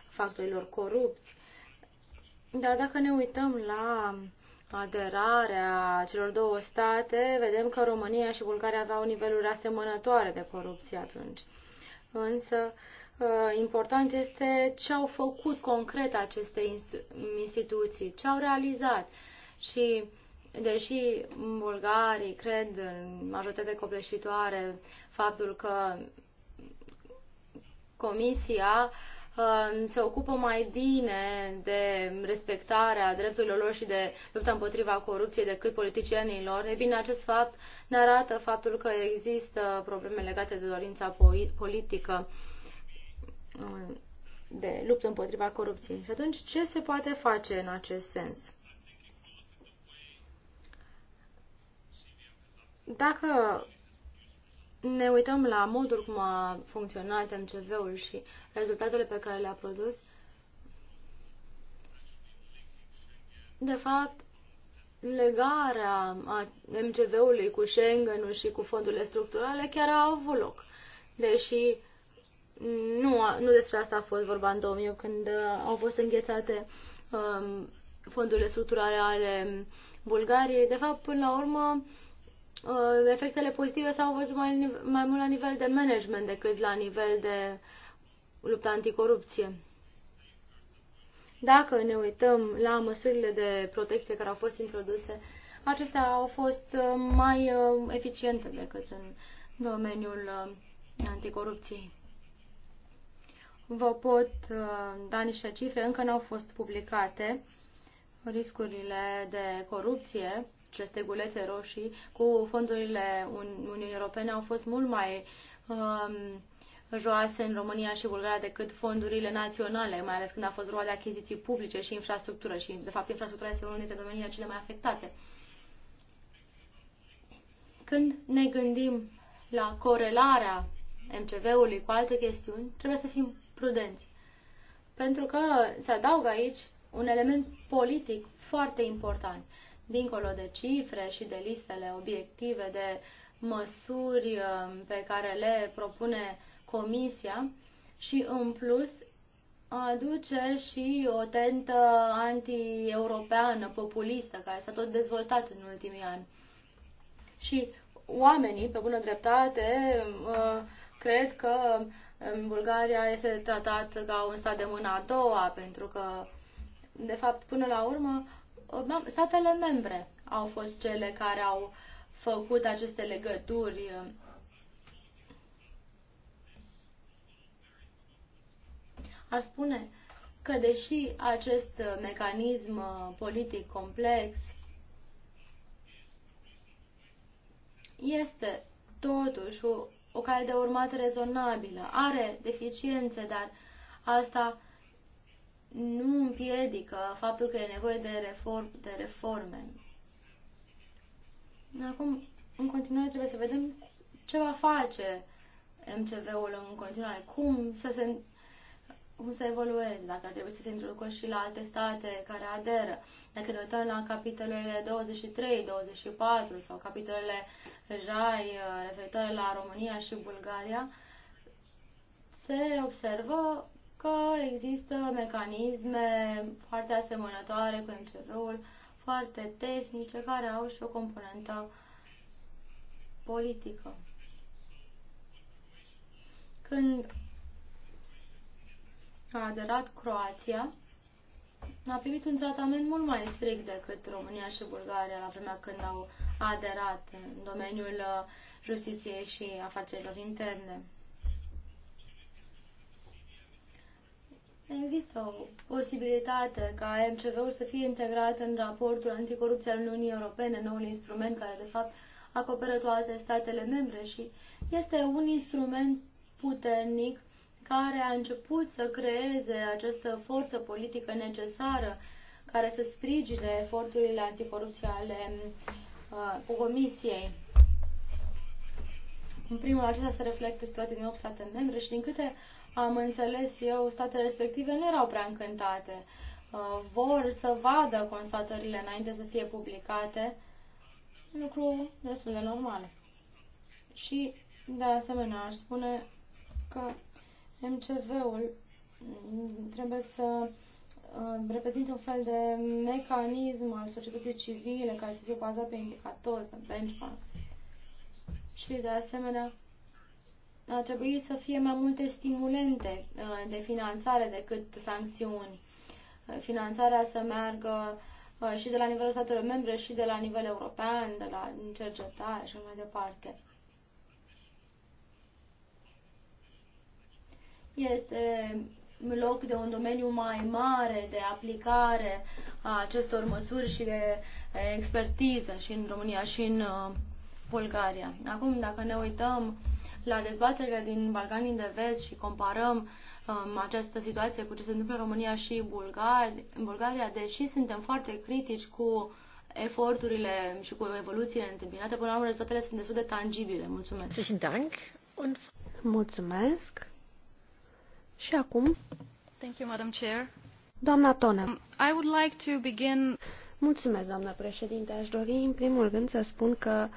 factorilor corupți. Dar dacă ne uităm la aderarea celor două state, vedem că România și Bulgaria aveau niveluri asemănătoare de corupție atunci. Însă, uh, important este ce au făcut concret aceste instituții, ce au realizat. Și, deși bulgarii cred în majoritate copleșitoare faptul că Comisia uh, Uh, se ocupă mai bine de respectarea drepturilor lor și de lupta împotriva corupției decât politicienilor. E bine, acest fapt ne arată faptul că există probleme legate de dorința politică uh, de luptă împotriva corupției. Și atunci, ce se poate face în acest sens? Dacă ne uităm la modul cum a funcționat MCV-ul și rezultatele pe care le-a produs, de fapt, legarea MCV-ului cu Schengen-ul și cu fondurile structurale chiar a avut loc. Deși nu, nu despre asta a fost vorba în 2000, când uh, au fost înghețate um, fondurile structurale ale Bulgariei. De fapt, până la urmă, Uh, efectele pozitive s-au văzut mai, mai mult la nivel de management decât la nivel de lupta anticorupție. Dacă ne uităm la măsurile de protecție care au fost introduse, acestea au fost uh, mai uh, eficiente decât în domeniul anticorupției. Vă pot da niște cifre, încă nu au fost publicate riscurile de corupție aceste roșii cu fondurile Uniunii Europene au fost mult mai um, joase în România și Bulgaria decât fondurile naționale, mai ales când a fost roa de achiziții publice și infrastructură. Și, de fapt, infrastructura este unul dintre domeniile cele mai afectate. Când ne gândim la corelarea MCV-ului cu alte chestiuni, trebuie să fim prudenți. Pentru că se adaugă aici un element politic foarte important dincolo de cifre și de listele obiective, de măsuri uh, pe care le propune Comisia și, în plus, aduce și o tentă anti-europeană, populistă, care s-a tot dezvoltat în ultimii ani. Și oamenii, pe bună dreptate, uh, cred că um, Bulgaria este tratată ca un stat de mâna a doua, pentru că, de fapt, până la urmă, statele membre au fost cele care au făcut aceste legături. Uh, Ar spune că deși acest mecanism uh, politic complex este totuși o, o cale de urmat rezonabilă, are deficiențe, dar asta uh, nu împiedică faptul că e nevoie de, reform, de reforme. Acum, în continuare, trebuie să vedem ce va face MCV-ul în continuare, cum să se cum să evolueze, dacă trebuie să se introducă și la alte state care aderă, dacă ne uităm la capitolele 23, 24 sau capitolele JAI uh, referitoare la România și Bulgaria, se observă că există mecanisme foarte asemănătoare cu MCV-ul, foarte tehnice, care au și o componentă politică. Când a aderat Croația, a primit un tratament mult mai strict decât România și Bulgaria la vremea când au aderat în domeniul uh, justiției și afacerilor interne. Există o posibilitate ca MCV-ul să fie integrat în raportul anticorupție al Uniunii Europene, noul instrument care, de fapt, acoperă toate statele membre și este un instrument puternic care a început să creeze această forță politică necesară care să sprijine eforturile anticorupție ale uh, Comisiei. În primul acesta se reflectă situația din 8 state membre și din câte am înțeles eu, statele respective nu erau prea încântate. Uh, vor să vadă constatările înainte să fie publicate, lucru destul de normal. Și, de asemenea, aș spune că MCV-ul trebuie să uh, reprezintă un fel de mecanism al societății civile care să fie bazat pe indicatori, pe benchmarks. Și, de asemenea, ar trebui să fie mai multe stimulente uh, de finanțare decât sancțiuni. Uh, finanțarea să meargă uh, și de la nivelul statelor membre și de la nivel european, de la cercetare și mai departe. Este loc de un domeniu mai mare de aplicare a acestor măsuri și de expertiză și în România și în Bulgaria. Acum, dacă ne uităm la dezbaterile din Balcanii de Vest și comparăm um, această situație cu ce se întâmplă în România și în Bulgaria, deși suntem foarte critici cu eforturile și cu evoluțiile întâmpinate, până la urmă rezultatele sunt destul de tangibile. Mulțumesc! Mulțumesc! Și acum... Thank you, Madam Chair. Doamna Tonem. Um, I would like to begin... Mulțumesc, doamnă președinte. Aș dori, în primul rând, să spun că uh,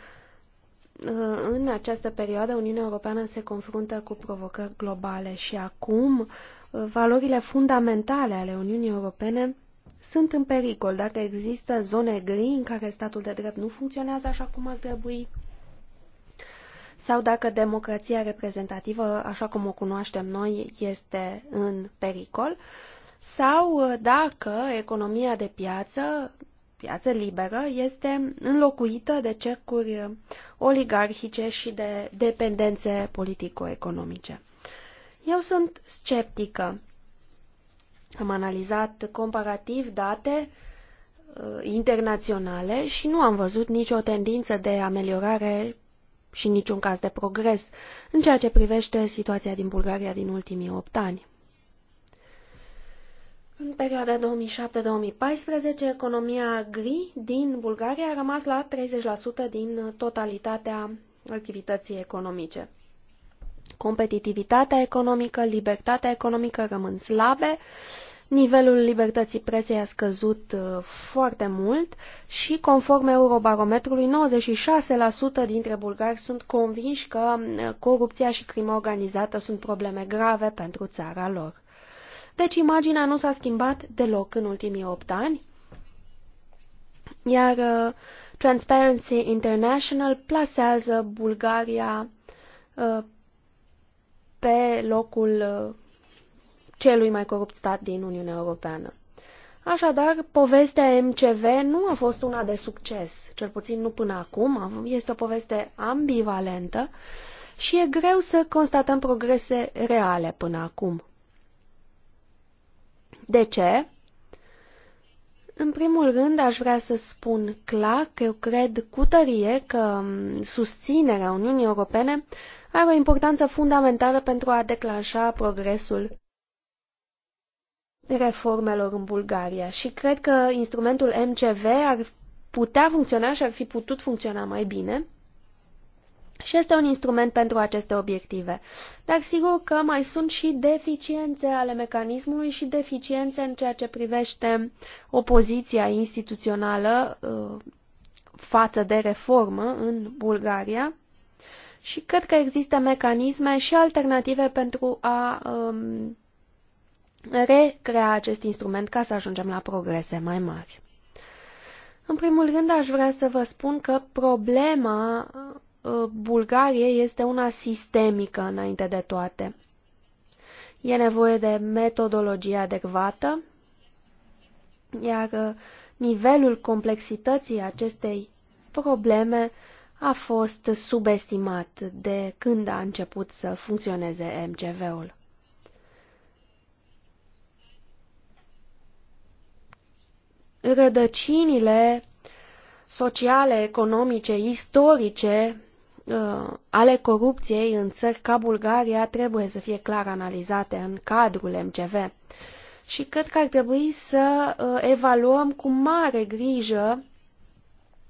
în această perioadă Uniunea Europeană se confruntă cu provocări globale și acum uh, valorile fundamentale ale Uniunii Europene sunt în pericol dacă există zone gri în care statul de drept nu funcționează așa cum ar trebui sau dacă democrația reprezentativă, așa cum o cunoaștem noi, este în pericol sau uh, dacă economia de piață piață liberă este înlocuită de cercuri oligarhice și de dependențe politico-economice. Eu sunt sceptică. Am analizat comparativ date uh, internaționale și nu am văzut nicio tendință de ameliorare și niciun caz de progres în ceea ce privește situația din Bulgaria din ultimii opt ani. În perioada 2007-2014, economia gri din Bulgaria a rămas la 30% din totalitatea activității economice. Competitivitatea economică, libertatea economică rămân slabe, nivelul libertății presei a scăzut uh, foarte mult și, conform Eurobarometrului, 96% dintre bulgari sunt convinși că uh, corupția și crima organizată sunt probleme grave pentru țara lor. Deci imaginea nu s-a schimbat deloc în ultimii 8 ani, iar uh, Transparency International plasează Bulgaria uh, pe locul uh, celui mai corupt stat din Uniunea Europeană. Așadar, povestea MCV nu a fost una de succes, cel puțin nu până acum, este o poveste ambivalentă și e greu să constatăm progrese reale până acum. De ce? În primul rând, aș vrea să spun clar că eu cred cu tărie că mm, susținerea Uniunii Europene are o importanță fundamentală pentru a declanșa progresul reformelor în Bulgaria și cred că instrumentul MCV ar putea funcționa și ar fi putut funcționa mai bine și este un instrument pentru aceste obiective. Dar sigur că mai sunt și deficiențe ale mecanismului și deficiențe în ceea ce privește opoziția instituțională uh, față de reformă în Bulgaria și cred că există mecanisme și alternative pentru a um, recrea acest instrument ca să ajungem la progrese mai mari. În primul rând aș vrea să vă spun că problema Uh, Bulgariei este una sistemică înainte de toate. E nevoie de metodologie adecvată, iar uh, nivelul complexității acestei probleme a fost subestimat de când a început să funcționeze MCV-ul. Rădăcinile sociale, economice, istorice uh, ale corupției în țări ca Bulgaria trebuie să fie clar analizate în cadrul MCV. Și cred că ar trebui să uh, evaluăm cu mare grijă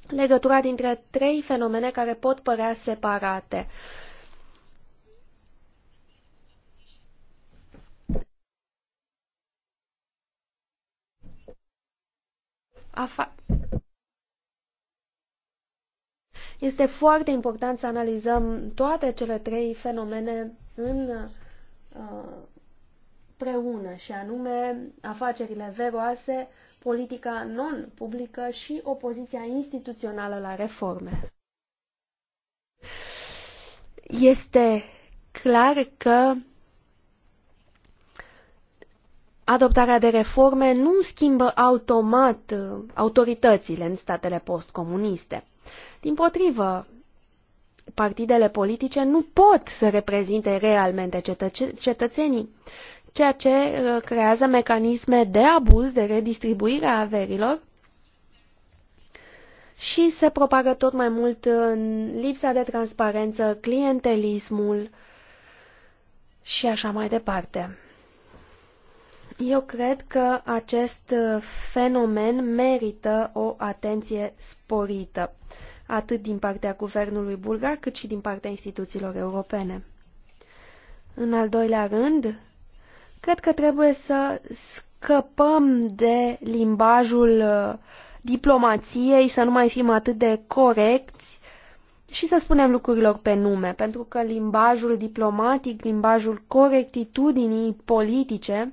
legătura dintre trei fenomene care pot părea separate. Afa este foarte important să analizăm toate cele trei fenomene în uh, preună, și anume afacerile veroase, politica non-publică și opoziția instituțională la reforme. Este clar că adoptarea de reforme nu schimbă automat uh, autoritățile în statele postcomuniste. Din potrivă, partidele politice nu pot să reprezinte realmente cetă cetățenii, ceea ce uh, creează mecanisme de abuz, de redistribuire a averilor și se propagă tot mai mult în lipsa de transparență, clientelismul și așa mai departe. Eu cred că acest fenomen merită o atenție sporită atât din partea guvernului bulgar, cât și din partea instituțiilor europene. În al doilea rând, cred că trebuie să scăpăm de limbajul uh, diplomației, să nu mai fim atât de corecți și să spunem lucrurilor pe nume, pentru că limbajul diplomatic, limbajul corectitudinii politice,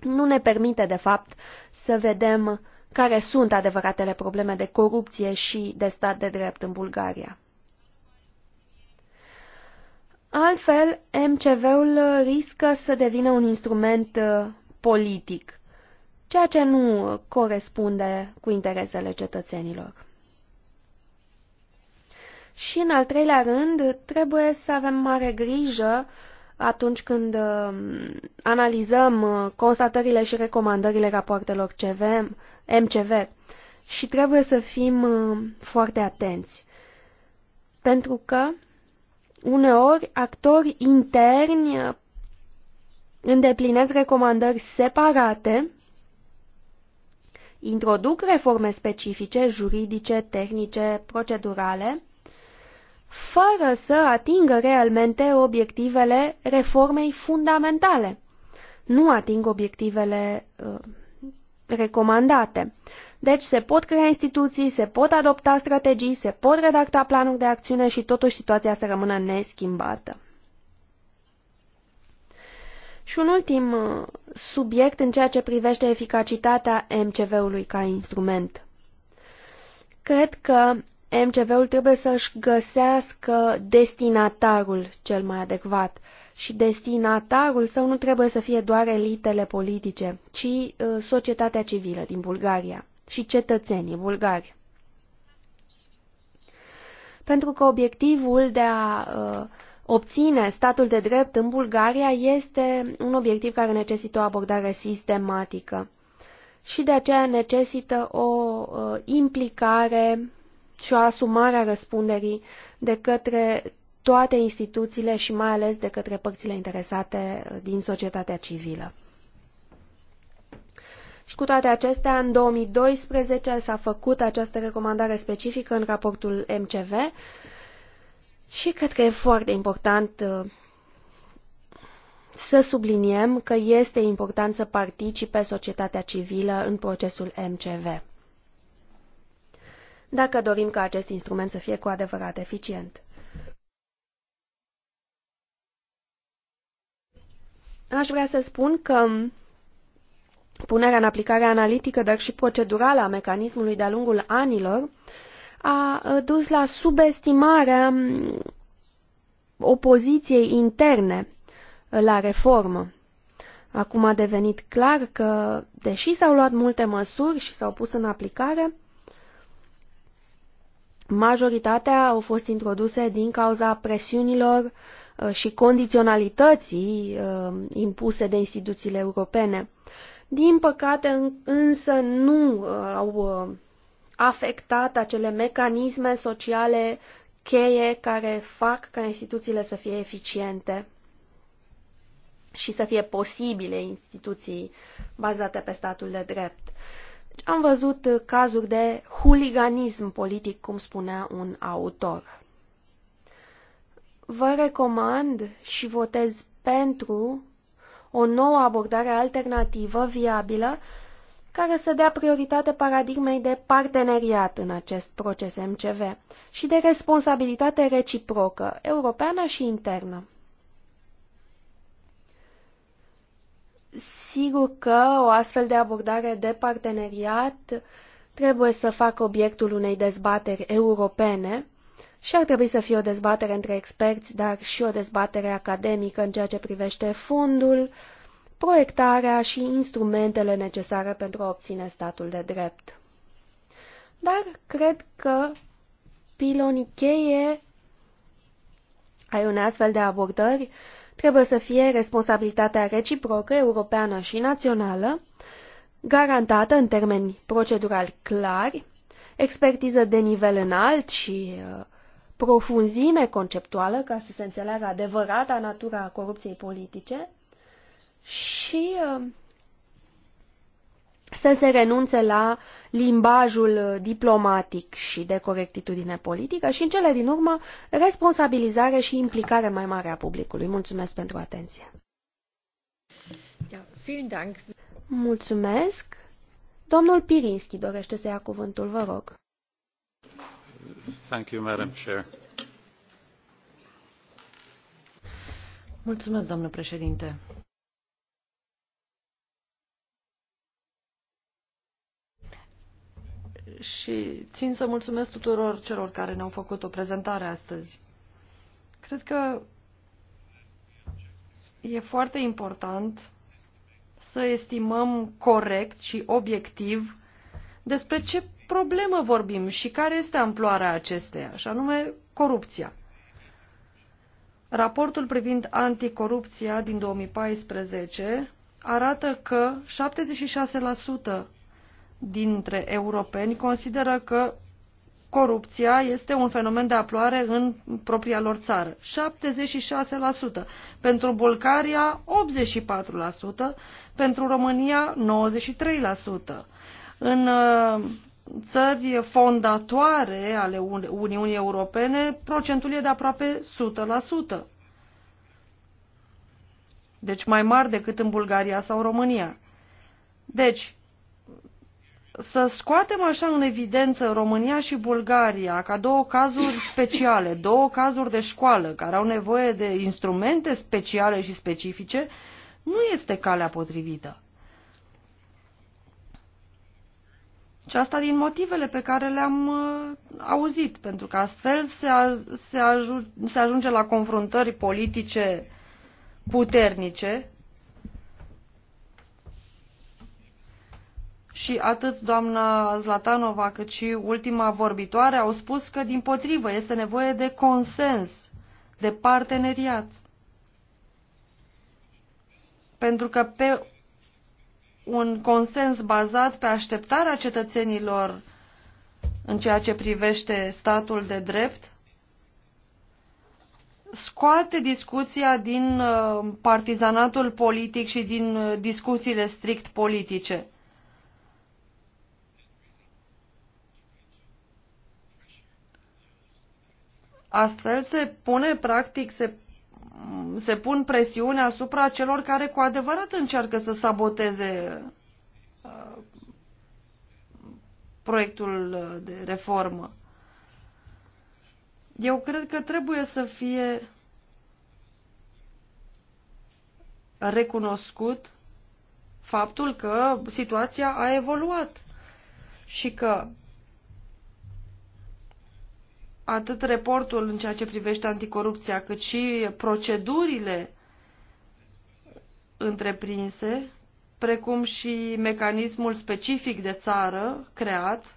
nu ne permite, de fapt, să vedem care sunt adevăratele probleme de corupție și de stat de drept în Bulgaria. Altfel, MCV-ul riscă să devină un instrument uh, politic, ceea ce nu corespunde cu interesele cetățenilor. Și în al treilea rând, trebuie să avem mare grijă atunci când uh, analizăm uh, constatările și recomandările rapoartelor CVM, MCV. Și trebuie să fim uh, foarte atenți. Pentru că uneori actori interni uh, îndeplinesc recomandări separate, introduc reforme specifice, juridice, tehnice, procedurale, fără să atingă realmente obiectivele reformei fundamentale. Nu ating obiectivele uh, recomandate. Deci se pot crea instituții, se pot adopta strategii, se pot redacta planuri de acțiune și totuși situația să rămână neschimbată. Și un ultim uh, subiect în ceea ce privește eficacitatea MCV-ului ca instrument. Cred că MCV-ul trebuie să-și găsească destinatarul cel mai adecvat. Uh, și destinatarul său nu trebuie să fie doar elitele politice, ci uh, societatea civilă din Bulgaria și cetățenii bulgari. Pentru că obiectivul de a uh, obține statul de drept în Bulgaria este un obiectiv care necesită o abordare sistematică și de aceea necesită o uh, implicare și o asumare a răspunderii de către toate instituțiile și mai ales de către părțile interesate uh, din societatea civilă. Și cu toate acestea, în 2012 s-a făcut această recomandare specifică în raportul MCV și cred că e foarte important uh, să subliniem că este important să participe societatea civilă în procesul MCV, dacă dorim ca acest instrument să fie cu adevărat eficient. Aș vrea să spun că punerea în aplicare analitică, dar și procedurală a mecanismului de-a lungul anilor, a dus la subestimarea opoziției interne la reformă. Acum a devenit clar că, deși s-au luat multe măsuri și s-au pus în aplicare, majoritatea au fost introduse din cauza presiunilor Uh, și condiționalității uh, impuse de instituțiile europene. Din păcate, însă, nu uh, au afectat acele mecanisme sociale cheie care fac ca instituțiile să fie eficiente și să fie posibile instituții bazate pe statul de drept. Deci, am văzut cazuri de huliganism politic, cum spunea un autor. Vă recomand și votez pentru o nouă abordare alternativă viabilă care să dea prioritate paradigmei de parteneriat în acest proces MCV și de responsabilitate reciprocă, europeană și internă. Sigur că o astfel de abordare de parteneriat trebuie să facă obiectul unei dezbateri europene și ar trebui să fie o dezbatere între experți, dar și o dezbatere academică în ceea ce privește fondul, proiectarea și instrumentele necesare pentru a obține statul de drept. Dar cred că pilonii cheie ai unei astfel de abordări trebuie să fie responsabilitatea reciprocă, europeană și națională, garantată în termeni procedurali clari, expertiză de nivel înalt și uh, profunzime conceptuală ca să se înțeleagă adevărata natura corupției politice și uh, să se renunțe la limbajul diplomatic și de corectitudine politică și, în cele din urmă, responsabilizare și implicare mai mare a publicului. Mulțumesc pentru atenție. Mulțumesc. Domnul Pirinski dorește să ia cuvântul, vă rog. Mulțumesc, președinte. și țin să mulțumesc tuturor celor care ne-au făcut o prezentare astăzi. Cred că e foarte important să estimăm corect și obiectiv despre ce problemă vorbim și care este amploarea acesteia, și anume corupția. Raportul privind anticorupția din 2014 arată că 76% dintre europeni consideră că corupția este un fenomen de aploare în propria lor țară. 76%. Pentru Bulgaria, 84%. Pentru România, 93%. În uh, țări fondatoare ale Uniunii Europene, procentul e de aproape 100%. Deci mai mari decât în Bulgaria sau România. Deci, să scoatem așa în evidență România și Bulgaria ca două cazuri speciale, două cazuri de școală care au nevoie de instrumente speciale și specifice, nu este calea potrivită. Și asta din motivele pe care le-am uh, auzit, pentru că astfel se, a, se, aju se ajunge la confruntări politice puternice și atât doamna Zlatanova cât și ultima vorbitoare au spus că, din potrivă, este nevoie de consens, de parteneriat. Pentru că pe un consens bazat pe așteptarea cetățenilor în ceea ce privește statul de drept, scoate discuția din uh, partizanatul politic și din uh, discuțiile strict politice. Astfel se pune, practic, se se pun presiune asupra celor care cu adevărat încearcă să saboteze uh, proiectul uh, de reformă. Eu cred că trebuie să fie recunoscut faptul că situația a evoluat și că atât reportul în ceea ce privește anticorupția, cât și procedurile întreprinse, precum și mecanismul specific de țară creat,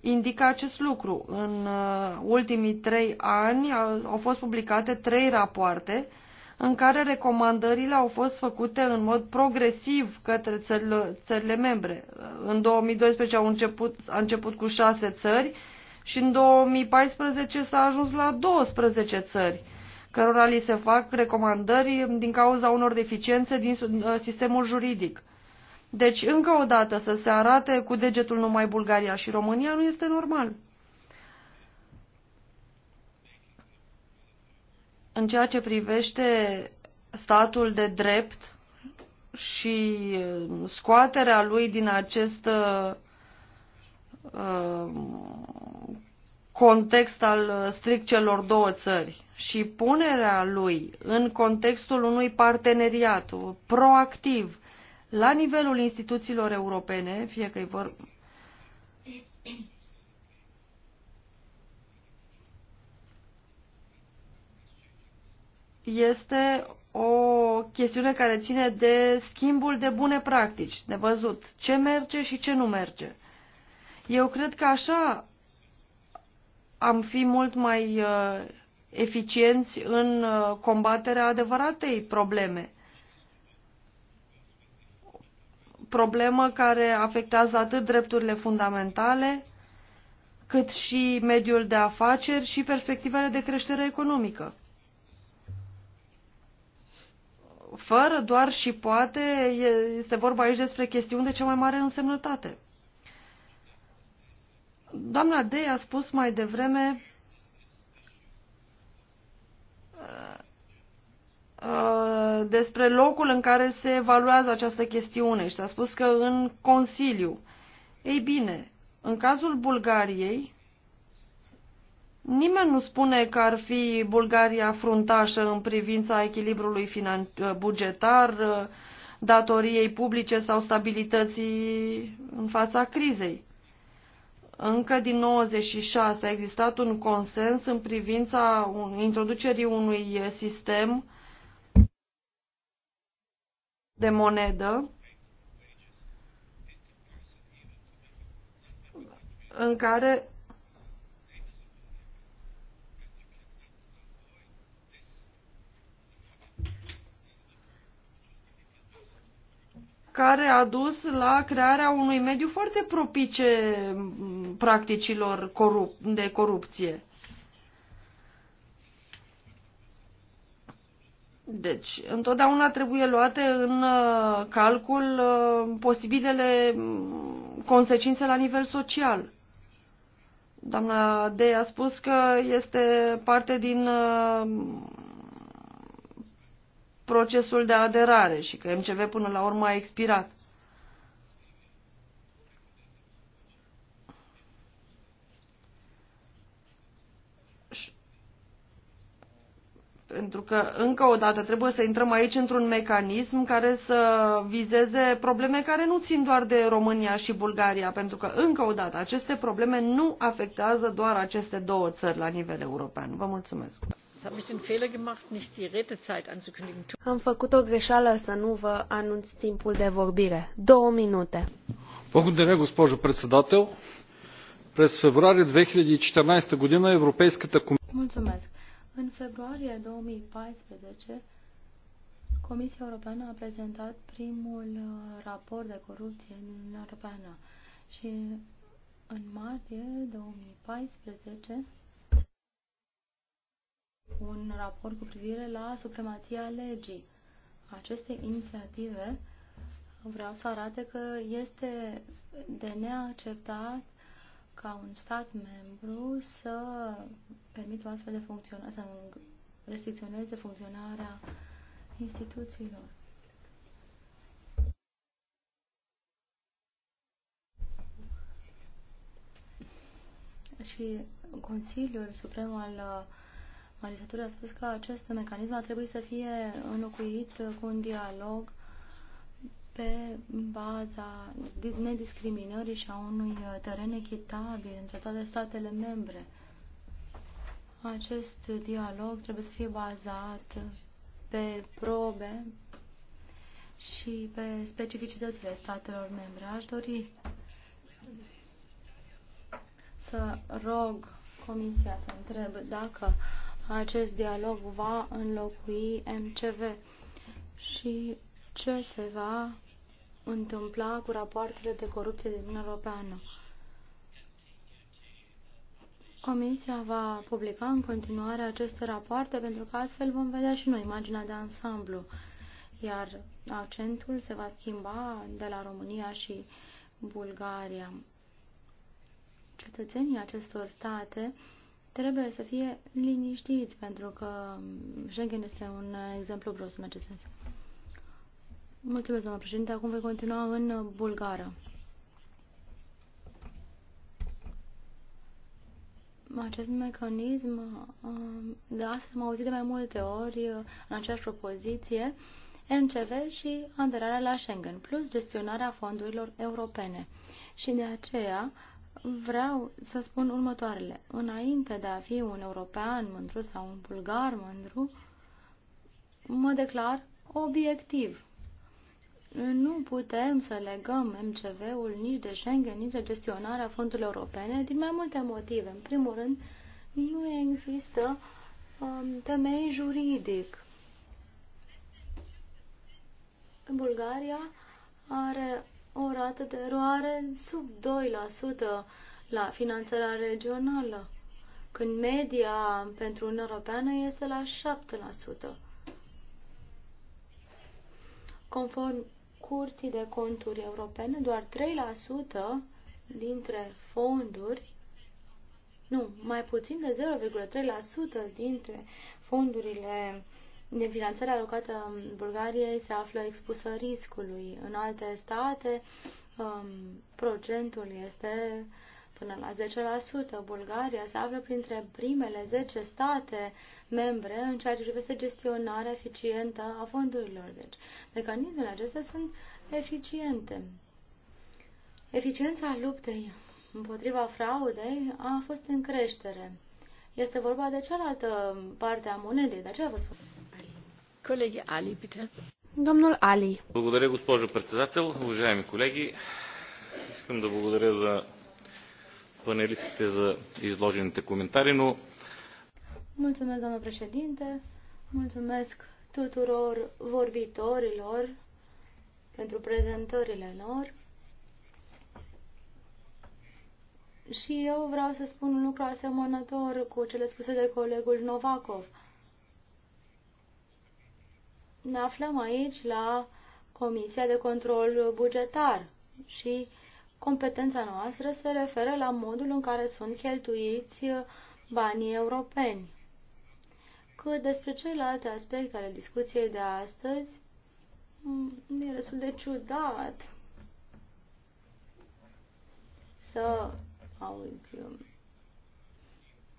indică acest lucru. În uh, ultimii trei ani au fost publicate trei rapoarte în care recomandările au fost făcute în mod progresiv către țările, țările membre. În 2012 au început, a început cu șase țări, și în 2014 s-a ajuns la 12 țări, cărora li se fac recomandări din cauza unor deficiențe din ă, sistemul juridic. Deci, încă o dată, să se arate cu degetul numai Bulgaria și România nu este normal. În ceea ce privește statul de drept și ă, scoaterea lui din acest uh, context al uh, strict celor două țări și punerea lui în contextul unui parteneriat proactiv la nivelul instituțiilor europene, fie că e vor este o chestiune care ține de schimbul de bune practici, de văzut ce merge și ce nu merge. Eu cred că așa am fi mult mai uh, eficienți în uh, combaterea adevăratei probleme. Problemă care afectează atât drepturile fundamentale, cât și mediul de afaceri și perspectivele de creștere economică. Fără doar și poate, este vorba aici despre chestiuni de cea mai mare însemnătate. Doamna Dei a spus mai devreme uh, despre locul în care se evaluează această chestiune și s-a spus că în Consiliu. Ei bine, în cazul Bulgariei, nimeni nu spune că ar fi Bulgaria fruntașă în privința echilibrului uh, bugetar, uh, datoriei publice sau stabilității în fața crizei. Încă din 96 a existat un consens în privința introducerii unui sistem de monedă în care care a dus la crearea unui mediu foarte propice practicilor corup de corupție. Deci, întotdeauna trebuie luate în uh, calcul uh, posibilele mm, consecințe la nivel social. Doamna Dei a spus că este parte din uh, procesul de aderare și că MCV până la urmă a expirat. pentru că, încă o dată, trebuie să intrăm aici într-un mecanism care să vizeze probleme care nu țin doar de România și Bulgaria, pentru că, încă o dată, aceste probleme nu afectează doar aceste două țări la nivel european. Vă mulțumesc! Am făcut o greșeală să nu vă anunț timpul de vorbire. Două minute. Благодаря, госпожо председател. През февруари 2014 година Европейската комисия... Mulțumesc. În februarie 2014, Comisia Europeană a prezentat primul uh, raport de corupție din Uniunea Europeană și în martie 2014 un raport cu privire la supremația legii. Aceste inițiative vreau să arate că este de neacceptat ca un stat membru să permită astfel de funcționare, să restricționeze funcționarea instituțiilor. Și Consiliul Suprem al Magistraturii a spus că acest mecanism ar trebui să fie înlocuit cu un dialog pe baza nediscriminării și a unui uh, teren echitabil între toate statele membre. Acest dialog trebuie să fie bazat pe probe și pe specificitățile statelor membre. Aș dori să rog Comisia să întreb dacă acest dialog va înlocui MCV și ce se va întâmpla cu rapoartele de corupție din Uniunea Europeană. Comisia va publica în continuare aceste rapoarte pentru că astfel vom vedea și noi imaginea de ansamblu, iar accentul se va schimba de la România și Bulgaria. Cetățenii acestor state trebuie să fie liniștiți pentru că Schengen este un exemplu gros în acest sens. Mulțumesc, doamna președinte. Acum voi continua în uh, bulgară. Acest mecanism, uh, de astăzi am auzit de mai multe ori uh, în aceeași propoziție, NCV și aderarea la Schengen, plus gestionarea fondurilor europene. Și de aceea vreau să spun următoarele. Înainte de a fi un european mândru sau un bulgar mândru, mă declar obiectiv nu putem să legăm MCV-ul nici de Schengen, nici de gestionarea fondurilor europene, din mai multe motive. În primul rând, nu există um, temei juridic. Bulgaria are o rată de eroare sub 2% la finanțarea regională, când media pentru Uniunea Europeană este la 7%. Conform curții de conturi europene, doar 3% dintre fonduri, nu, mai puțin de 0,3% dintre fondurile de finanțare alocată Bulgariei se află expusă riscului. În alte state, um, procentul este până la 10%. Bulgaria se află printre primele 10 state membre în ceea ce privește gestionarea eficientă a fondurilor. Deci, mecanismele acestea sunt eficiente. Eficiența luptei împotriva fraudei a fost în creștere. Este vorba de cealaltă parte a monedei. De aceea vă spun. Colegi Ali, bitte. Domnul Ali. Mulțumesc, doamnă președinte, colegi. колеги, искам да благодаря за панелистите за изложените comentarii, nu? Mulțumesc, doamnă președinte, mulțumesc tuturor vorbitorilor pentru prezentările lor. Și eu vreau să spun un lucru asemănător cu cele spuse de colegul Novakov. Ne aflăm aici la Comisia de Control Bugetar și competența noastră se referă la modul în care sunt cheltuiți banii europeni. Că despre celelalte aspecte ale discuției de astăzi, mm, e destul de ciudat să auzi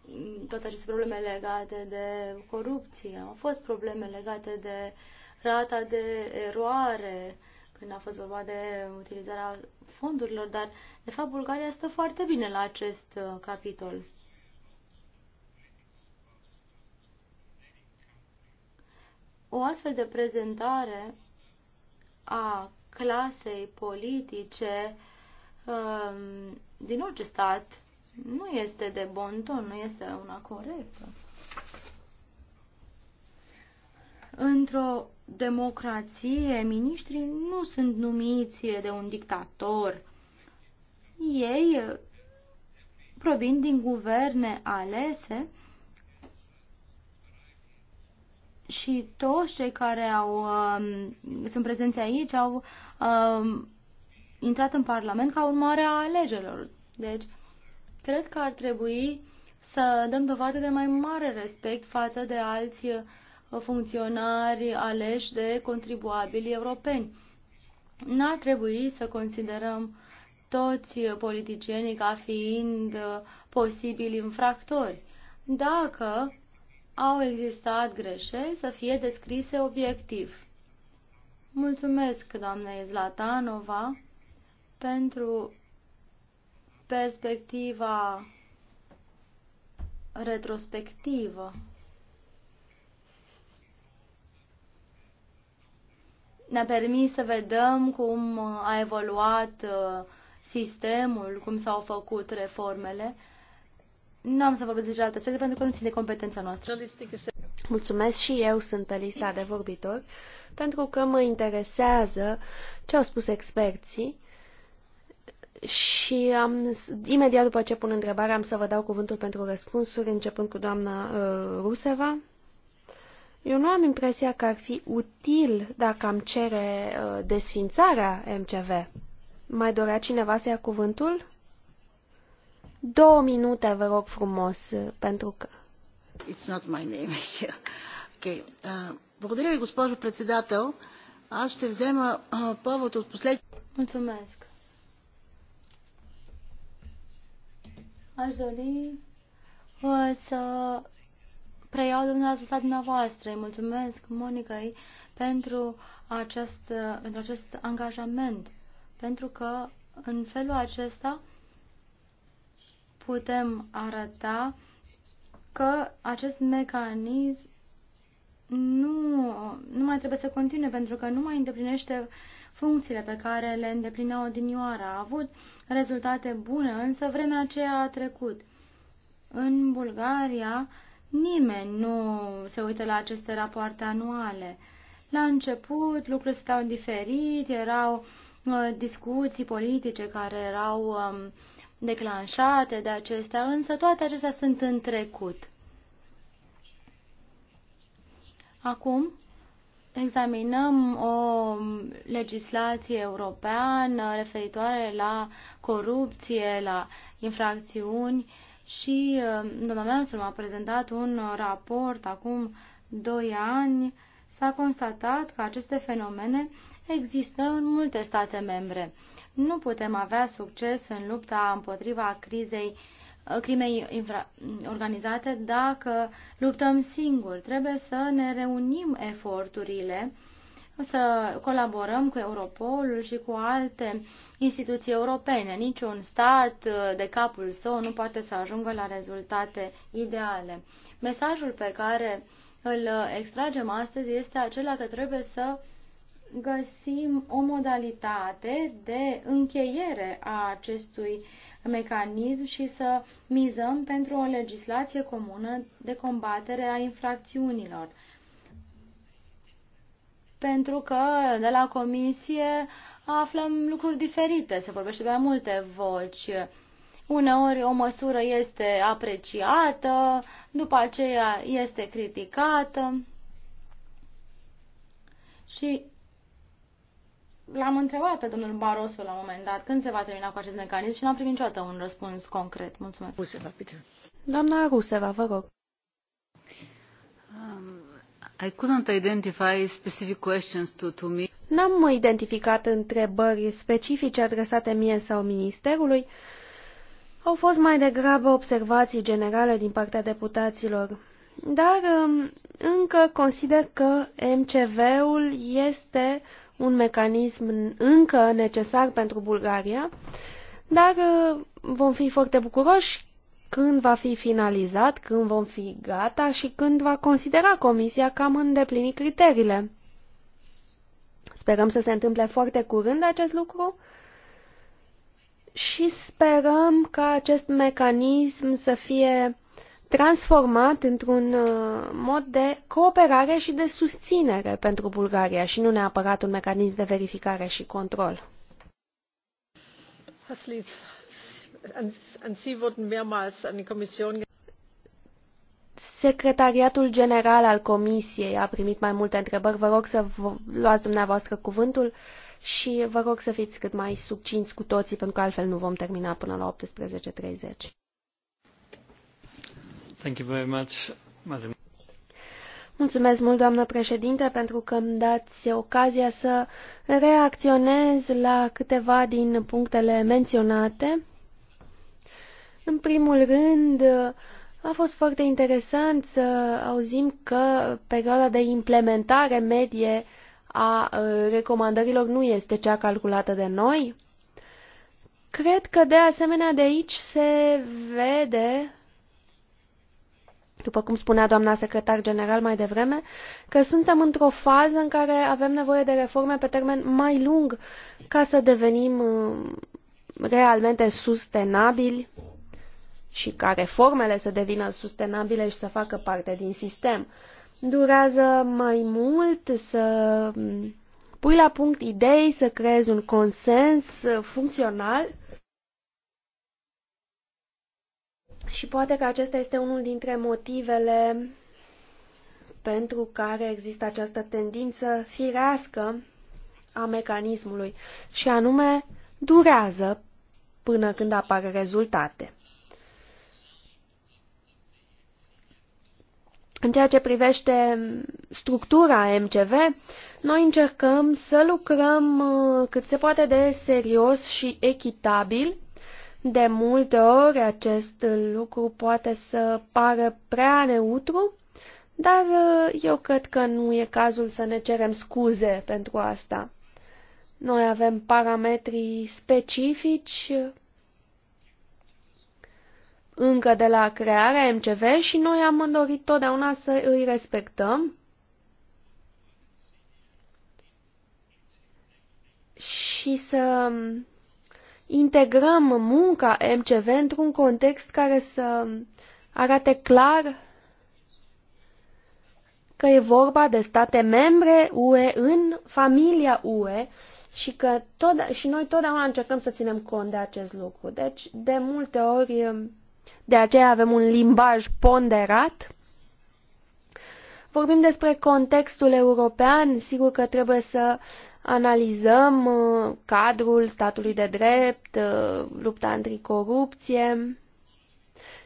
mm, toate aceste probleme legate de corupție. Au fost probleme legate de rata de eroare, când a fost vorba de utilizarea fondurilor, dar de fapt Bulgaria stă foarte bine la acest uh, capitol. O astfel de prezentare a clasei politice uh, din orice stat nu este de bon ton, nu este una corectă. Într-o democrație, miniștrii nu sunt numiți de un dictator. Ei provin din guverne alese și toți cei care au, um, sunt prezenți aici au um, intrat în Parlament ca urmare a alegerilor. Deci, cred că ar trebui să dăm dovadă de mai mare respect față de alții funcționari aleși de contribuabili europeni. N-ar trebui să considerăm toți politicienii ca fiind posibili infractori. Dacă au existat greșeli, să fie descrise obiectiv. Mulțumesc, doamna Zlatanova, pentru perspectiva retrospectivă. ne-a permis să vedem cum a evoluat uh, sistemul, cum s-au făcut reformele. Nu am să vorbesc deja alte aspecte pentru că nu ține competența noastră. Mulțumesc și eu sunt pe lista de vorbitori pentru că mă interesează ce au spus experții și am, imediat după ce pun întrebarea am să vă dau cuvântul pentru răspunsuri, începând cu doamna uh, Ruseva. Eu nu am impresia că ar fi util dacă am cere uh, desfințarea MCV. Mai dorea cineva să ia cuvântul? Două minute, vă rog frumos, uh, pentru că... It's not my name here. *laughs* Okay. Uh, благодаря ви, госпожо председател. Аз ще взема uh, повод от послед... Mulțumesc. Aș dori uh, să preiau dumneavoastră la dumneavoastră. Îi mulțumesc Monica, pentru acest, pentru acest angajament, pentru că în felul acesta putem arăta că acest mecanism nu, nu mai trebuie să continue, pentru că nu mai îndeplinește funcțiile pe care le îndeplinea odinioară. A avut rezultate bune, însă vremea aceea a trecut. În Bulgaria Nimeni nu se uită la aceste rapoarte anuale. La început lucrurile stau diferit, erau uh, discuții politice care erau um, declanșate de acestea, însă toate acestea sunt în trecut. Acum examinăm o legislație europeană referitoare la corupție, la infracțiuni și uh, doamna Melson a prezentat un uh, raport acum 2 ani, s-a constatat că aceste fenomene există în multe state membre. Nu putem avea succes în lupta împotriva crizei uh, crimei infra- organizate dacă luptăm singuri. Trebuie să ne reunim eforturile să colaborăm cu Europolul și cu alte instituții europene. Niciun stat de capul său nu poate să ajungă la rezultate ideale. Mesajul pe care îl extragem astăzi este acela că trebuie să găsim o modalitate de încheiere a acestui mecanism și să mizăm pentru o legislație comună de combatere a infracțiunilor pentru că de la comisie aflăm lucruri diferite, se vorbește de mai multe voci. Uneori o măsură este apreciată, după aceea este criticată. Și l-am întrebat pe domnul Barosu la un moment dat când se va termina cu acest mecanism și n-am primit niciodată un răspuns concret. Mulțumesc. Ruseva, Peter. Doamna Ruseva, vă rog. Um, N-am identificat întrebări specifice adresate mie sau ministerului. Au fost mai degrabă observații generale din partea deputaților. Dar um, încă consider că MCV-ul este un mecanism încă necesar pentru Bulgaria, dar uh, vom fi foarte bucuroși când va fi finalizat, când vom fi gata și când va considera Comisia că am îndeplinit criteriile. Sperăm să se întâmple foarte curând acest lucru și sperăm ca acest mecanism să fie transformat într-un uh, mod de cooperare și de susținere pentru Bulgaria și nu neapărat un mecanism de verificare și control. Secretariatul General al Comisiei a primit mai multe întrebări. Vă rog să vă luați dumneavoastră cuvântul și vă rog să fiți cât mai subcinți cu toții, pentru că altfel nu vom termina până la 18.30. Thank you very much, madam. Mulțumesc mult, doamnă președinte, pentru că îmi dați ocazia să reacționez la câteva din punctele menționate. În primul rând, a fost foarte interesant să auzim că perioada de implementare medie a uh, recomandărilor nu este cea calculată de noi. Cred că de asemenea de aici se vede, după cum spunea doamna secretar general mai devreme, că suntem într-o fază în care avem nevoie de reforme pe termen mai lung ca să devenim uh, realmente sustenabili și ca reformele să devină sustenabile și să facă parte din sistem. Durează mai mult să pui la punct idei, să creezi un consens funcțional și poate că acesta este unul dintre motivele pentru care există această tendință firească a mecanismului și anume durează până când apar rezultate. În ceea ce privește structura MCV, noi încercăm să lucrăm uh, cât se poate de serios și echitabil. De multe ori acest lucru poate să pară prea neutru, dar uh, eu cred că nu e cazul să ne cerem scuze pentru asta. Noi avem parametrii specifici încă de la crearea MCV și noi am dorit totdeauna să îi respectăm. și să integrăm munca MCV într-un context care să arate clar că e vorba de state membre UE în familia UE și că tot, și noi totdeauna încercăm să ținem cont de acest lucru. Deci, de multe ori, de aceea avem un limbaj ponderat. Vorbim despre contextul european, sigur că trebuie să analizăm uh, cadrul statului de drept, uh, lupta anticorupție.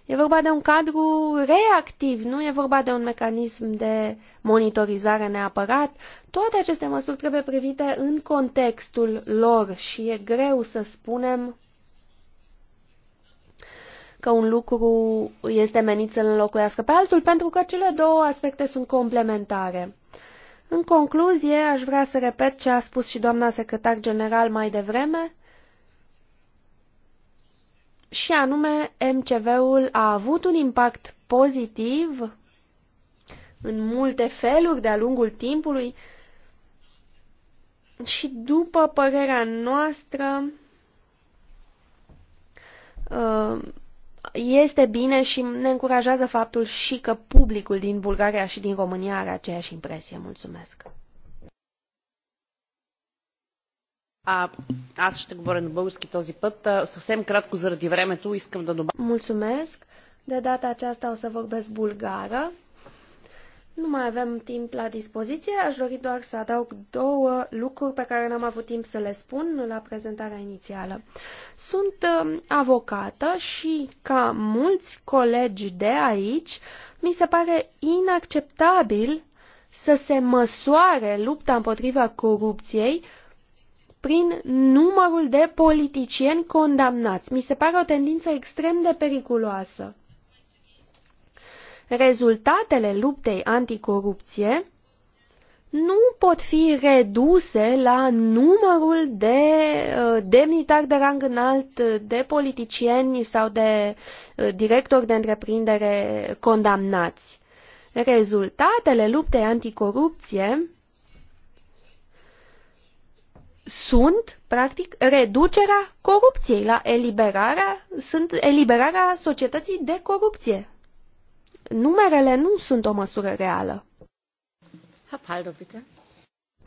E vorba de un cadru reactiv, nu e vorba de un mecanism de monitorizare neapărat. Toate aceste măsuri trebuie privite în contextul lor și e greu să spunem că un lucru este menit să-l înlocuiască pe altul, pentru că cele două aspecte sunt complementare. În concluzie, aș vrea să repet ce a spus și doamna secretar general mai devreme, și anume MCV-ul a avut un impact pozitiv în multe feluri de-a lungul timpului și după părerea noastră uh, este bine și ne încurajează faptul și că publicul din Bulgaria și din România are aceeași impresie. Mulțumesc! А, аз ще говоря на български този път. Съвсем кратко заради времето искам да добавя. Мулцумеск. De data aceasta o să vorbesc nu mai avem timp la dispoziție, aș dori doar să adaug două lucruri pe care n-am avut timp să le spun la prezentarea inițială. Sunt um, avocată și, ca mulți colegi de aici, mi se pare inacceptabil să se măsoare lupta împotriva corupției prin numărul de politicieni condamnați. Mi se pare o tendință extrem de periculoasă rezultatele luptei anticorupție nu pot fi reduse la numărul de uh, demnitari de rang înalt, uh, de politicieni sau de uh, directori de întreprindere condamnați. Rezultatele luptei anticorupție sunt, practic, reducerea corupției, la eliberarea, sunt eliberarea societății de corupție, numerele nu sunt o măsură reală. Palder, bitte.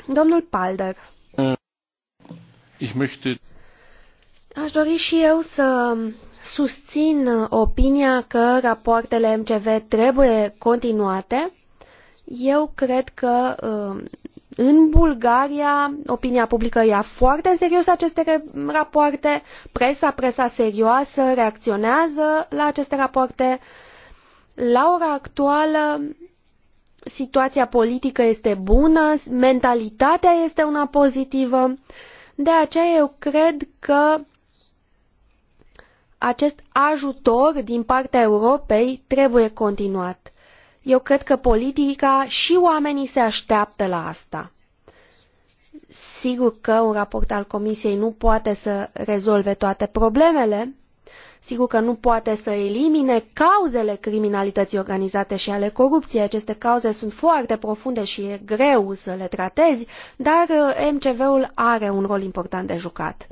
Domnul Palder. Ich möchte... Aș dori și eu să susțin opinia că rapoartele MCV trebuie continuate. Eu cred că um, în Bulgaria opinia publică ia foarte în serios aceste rapoarte, presa, presa serioasă reacționează la aceste rapoarte la ora actuală, situația politică este bună, mentalitatea este una pozitivă, de aceea eu cred că acest ajutor din partea Europei trebuie continuat. Eu cred că politica și oamenii se așteaptă la asta. Sigur că un raport al Comisiei nu poate să rezolve toate problemele, Sigur că nu poate să elimine cauzele criminalității organizate și ale corupției. Aceste cauze sunt foarte profunde și e greu să le tratezi, dar eh, MCV-ul are un rol important de jucat.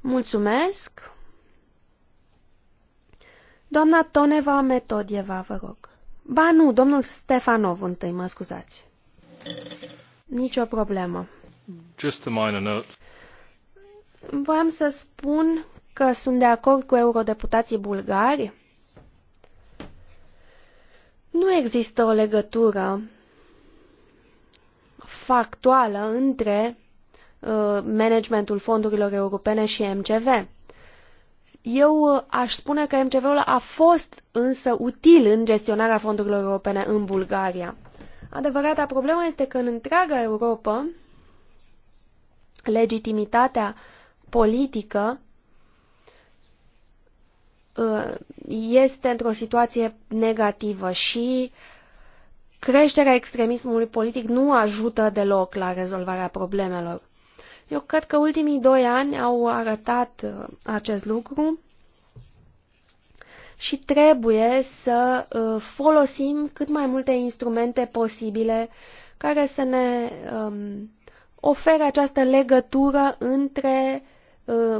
Mulțumesc! Doamna Toneva Metodieva, vă rog. Ba nu, domnul Stefanov întâi, mă scuzați. Nicio problemă. Just a minor note. Voiam să spun că sunt de acord cu eurodeputații bulgari. Nu există o legătură factuală între uh, managementul fondurilor europene și MCV. Eu uh, aș spune că MCV-ul a fost însă util în gestionarea fondurilor europene în Bulgaria. Adevărata problemă este că în întreaga Europa legitimitatea politică Uh, este într-o situație negativă și creșterea extremismului politic nu ajută deloc la rezolvarea problemelor. Eu cred că ultimii doi ani au arătat uh, acest lucru și trebuie să uh, folosim cât mai multe instrumente posibile care să ne oferă um, ofere această legătură între uh,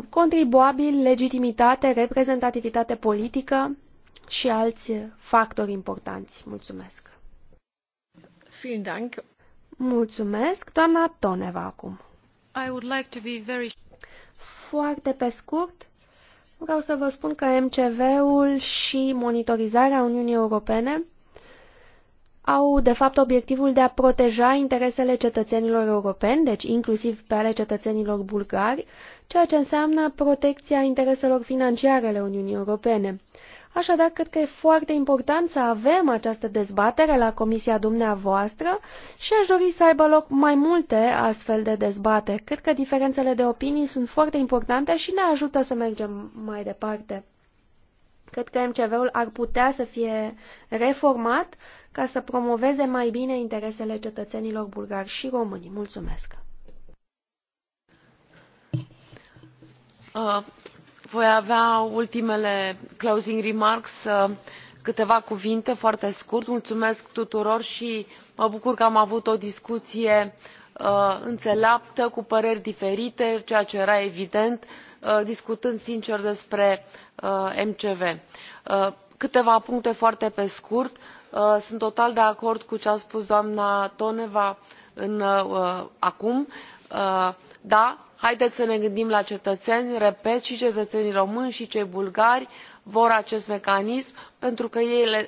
contribuabil, legitimitate, reprezentativitate politică și alți factori importanți. Mulțumesc! Mulțumesc, Mulțumesc. doamna Toneva acum. I would like to be very... Foarte pe scurt, vreau să vă spun că MCV-ul și monitorizarea Uniunii Europene au, de fapt, obiectivul de a proteja interesele cetățenilor europeni, deci inclusiv pe ale cetățenilor bulgari, ceea ce înseamnă protecția intereselor financiare ale Uniunii Europene. Așadar, cred că e foarte important să avem această dezbatere la comisia dumneavoastră și aș dori să aibă loc mai multe astfel de dezbateri. Cred că diferențele de opinii sunt foarte importante și ne ajută să mergem mai departe. Cred că MCV-ul ar putea să fie reformat ca să promoveze mai bine interesele cetățenilor bulgari și români. Mulțumesc! Uh, voi avea ultimele closing remarks, uh, câteva cuvinte foarte scurt. Mulțumesc tuturor și mă bucur că am avut o discuție uh, înțeleaptă, cu păreri diferite, ceea ce era evident, uh, discutând sincer despre uh, MCV uh, câteva puncte foarte pe scurt uh, sunt total de acord cu ce a spus doamna toneva uh, acum uh, da haideți să ne gândim la cetățeni repet și cetățenii români și cei bulgari vor acest mecanism pentru că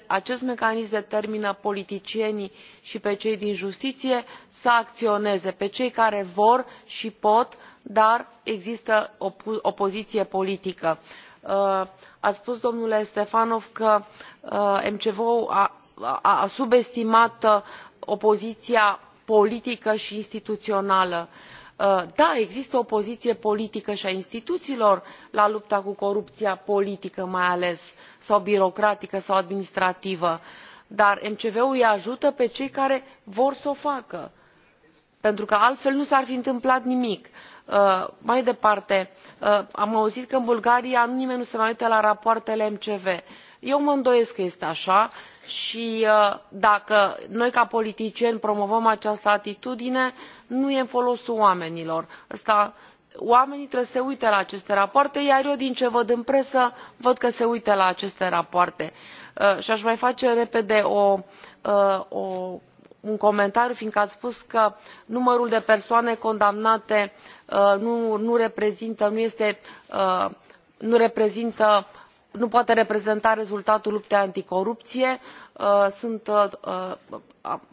acest mecanism determină politicienii și pe cei din justiție să acționeze pe cei care vor și pot dar există opoziție politică. Uh, ați spus domnule tefanov că uh, mcv ul a, subestimat uh, opoziția politică și instituțională da există o poziție politică și a instituțiilor la lupta cu corupția politică mai ales sau birocratică sau administrativă dar mcv ul îi ajută pe cei care vor să o facă pentru că altfel nu s ar fi întâmplat nimic. Uh, mai departe uh, am auzit că în bulgaria nimeni nu se mai uită la rapoartele mcv. eu mă îndoiesc că este așa și uh, dacă noi ca politicieni promovăm această atitudine nu e în folosul oamenilor. oamenii trebuie să se uite la aceste rapoarte iar eu din ce văd în presă văd că se uită la aceste rapoarte și aș mai face repede o, o un comentariu fiindcă ați spus că numărul de persoane condamnate uh, nu, nu, reprezintă, nu, este, uh, nu reprezintă nu poate reprezenta rezultatul luptei anticorupție uh, sunt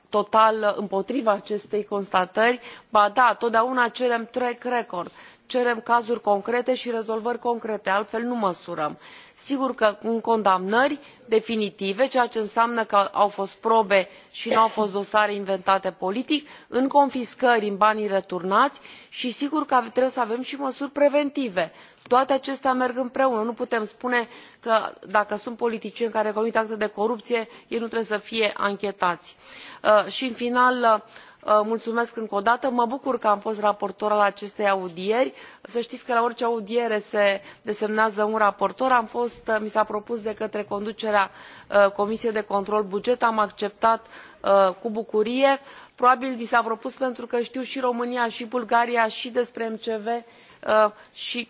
total împotriva acestei constatări ba da totdeauna cerem track record cerem cazuri concrete și rezolvări concrete altfel nu măsurăm. sigur că în condamnări definitive ceea ce înseamnă că au fost probe și nu au fost dosare inventate politic în confiscări în banii returnați și sigur că trebuie să avem și măsuri preventive toate acestea merg împreună nu putem spune că dacă sunt politicieni care comit acte de corupție ei nu trebuie să fie anchetați. Uh, și în final uh, Uh, mulțumesc încă o dată mă bucur că am fost raportor al acestei audieri să știți că la orice audiere se desemnează un raportor am fost, uh, mi s a propus de către conducerea uh, comisiei de control buget am acceptat cu bucurie probabil mi s a propus pentru că știu și românia și bulgaria și despre mcv și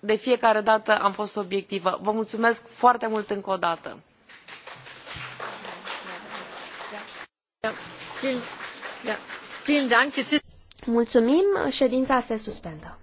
de fiecare dată am fost obiectivă. vă mulțumesc foarte mult încă o dată. Mulțumim, ședința se suspendă.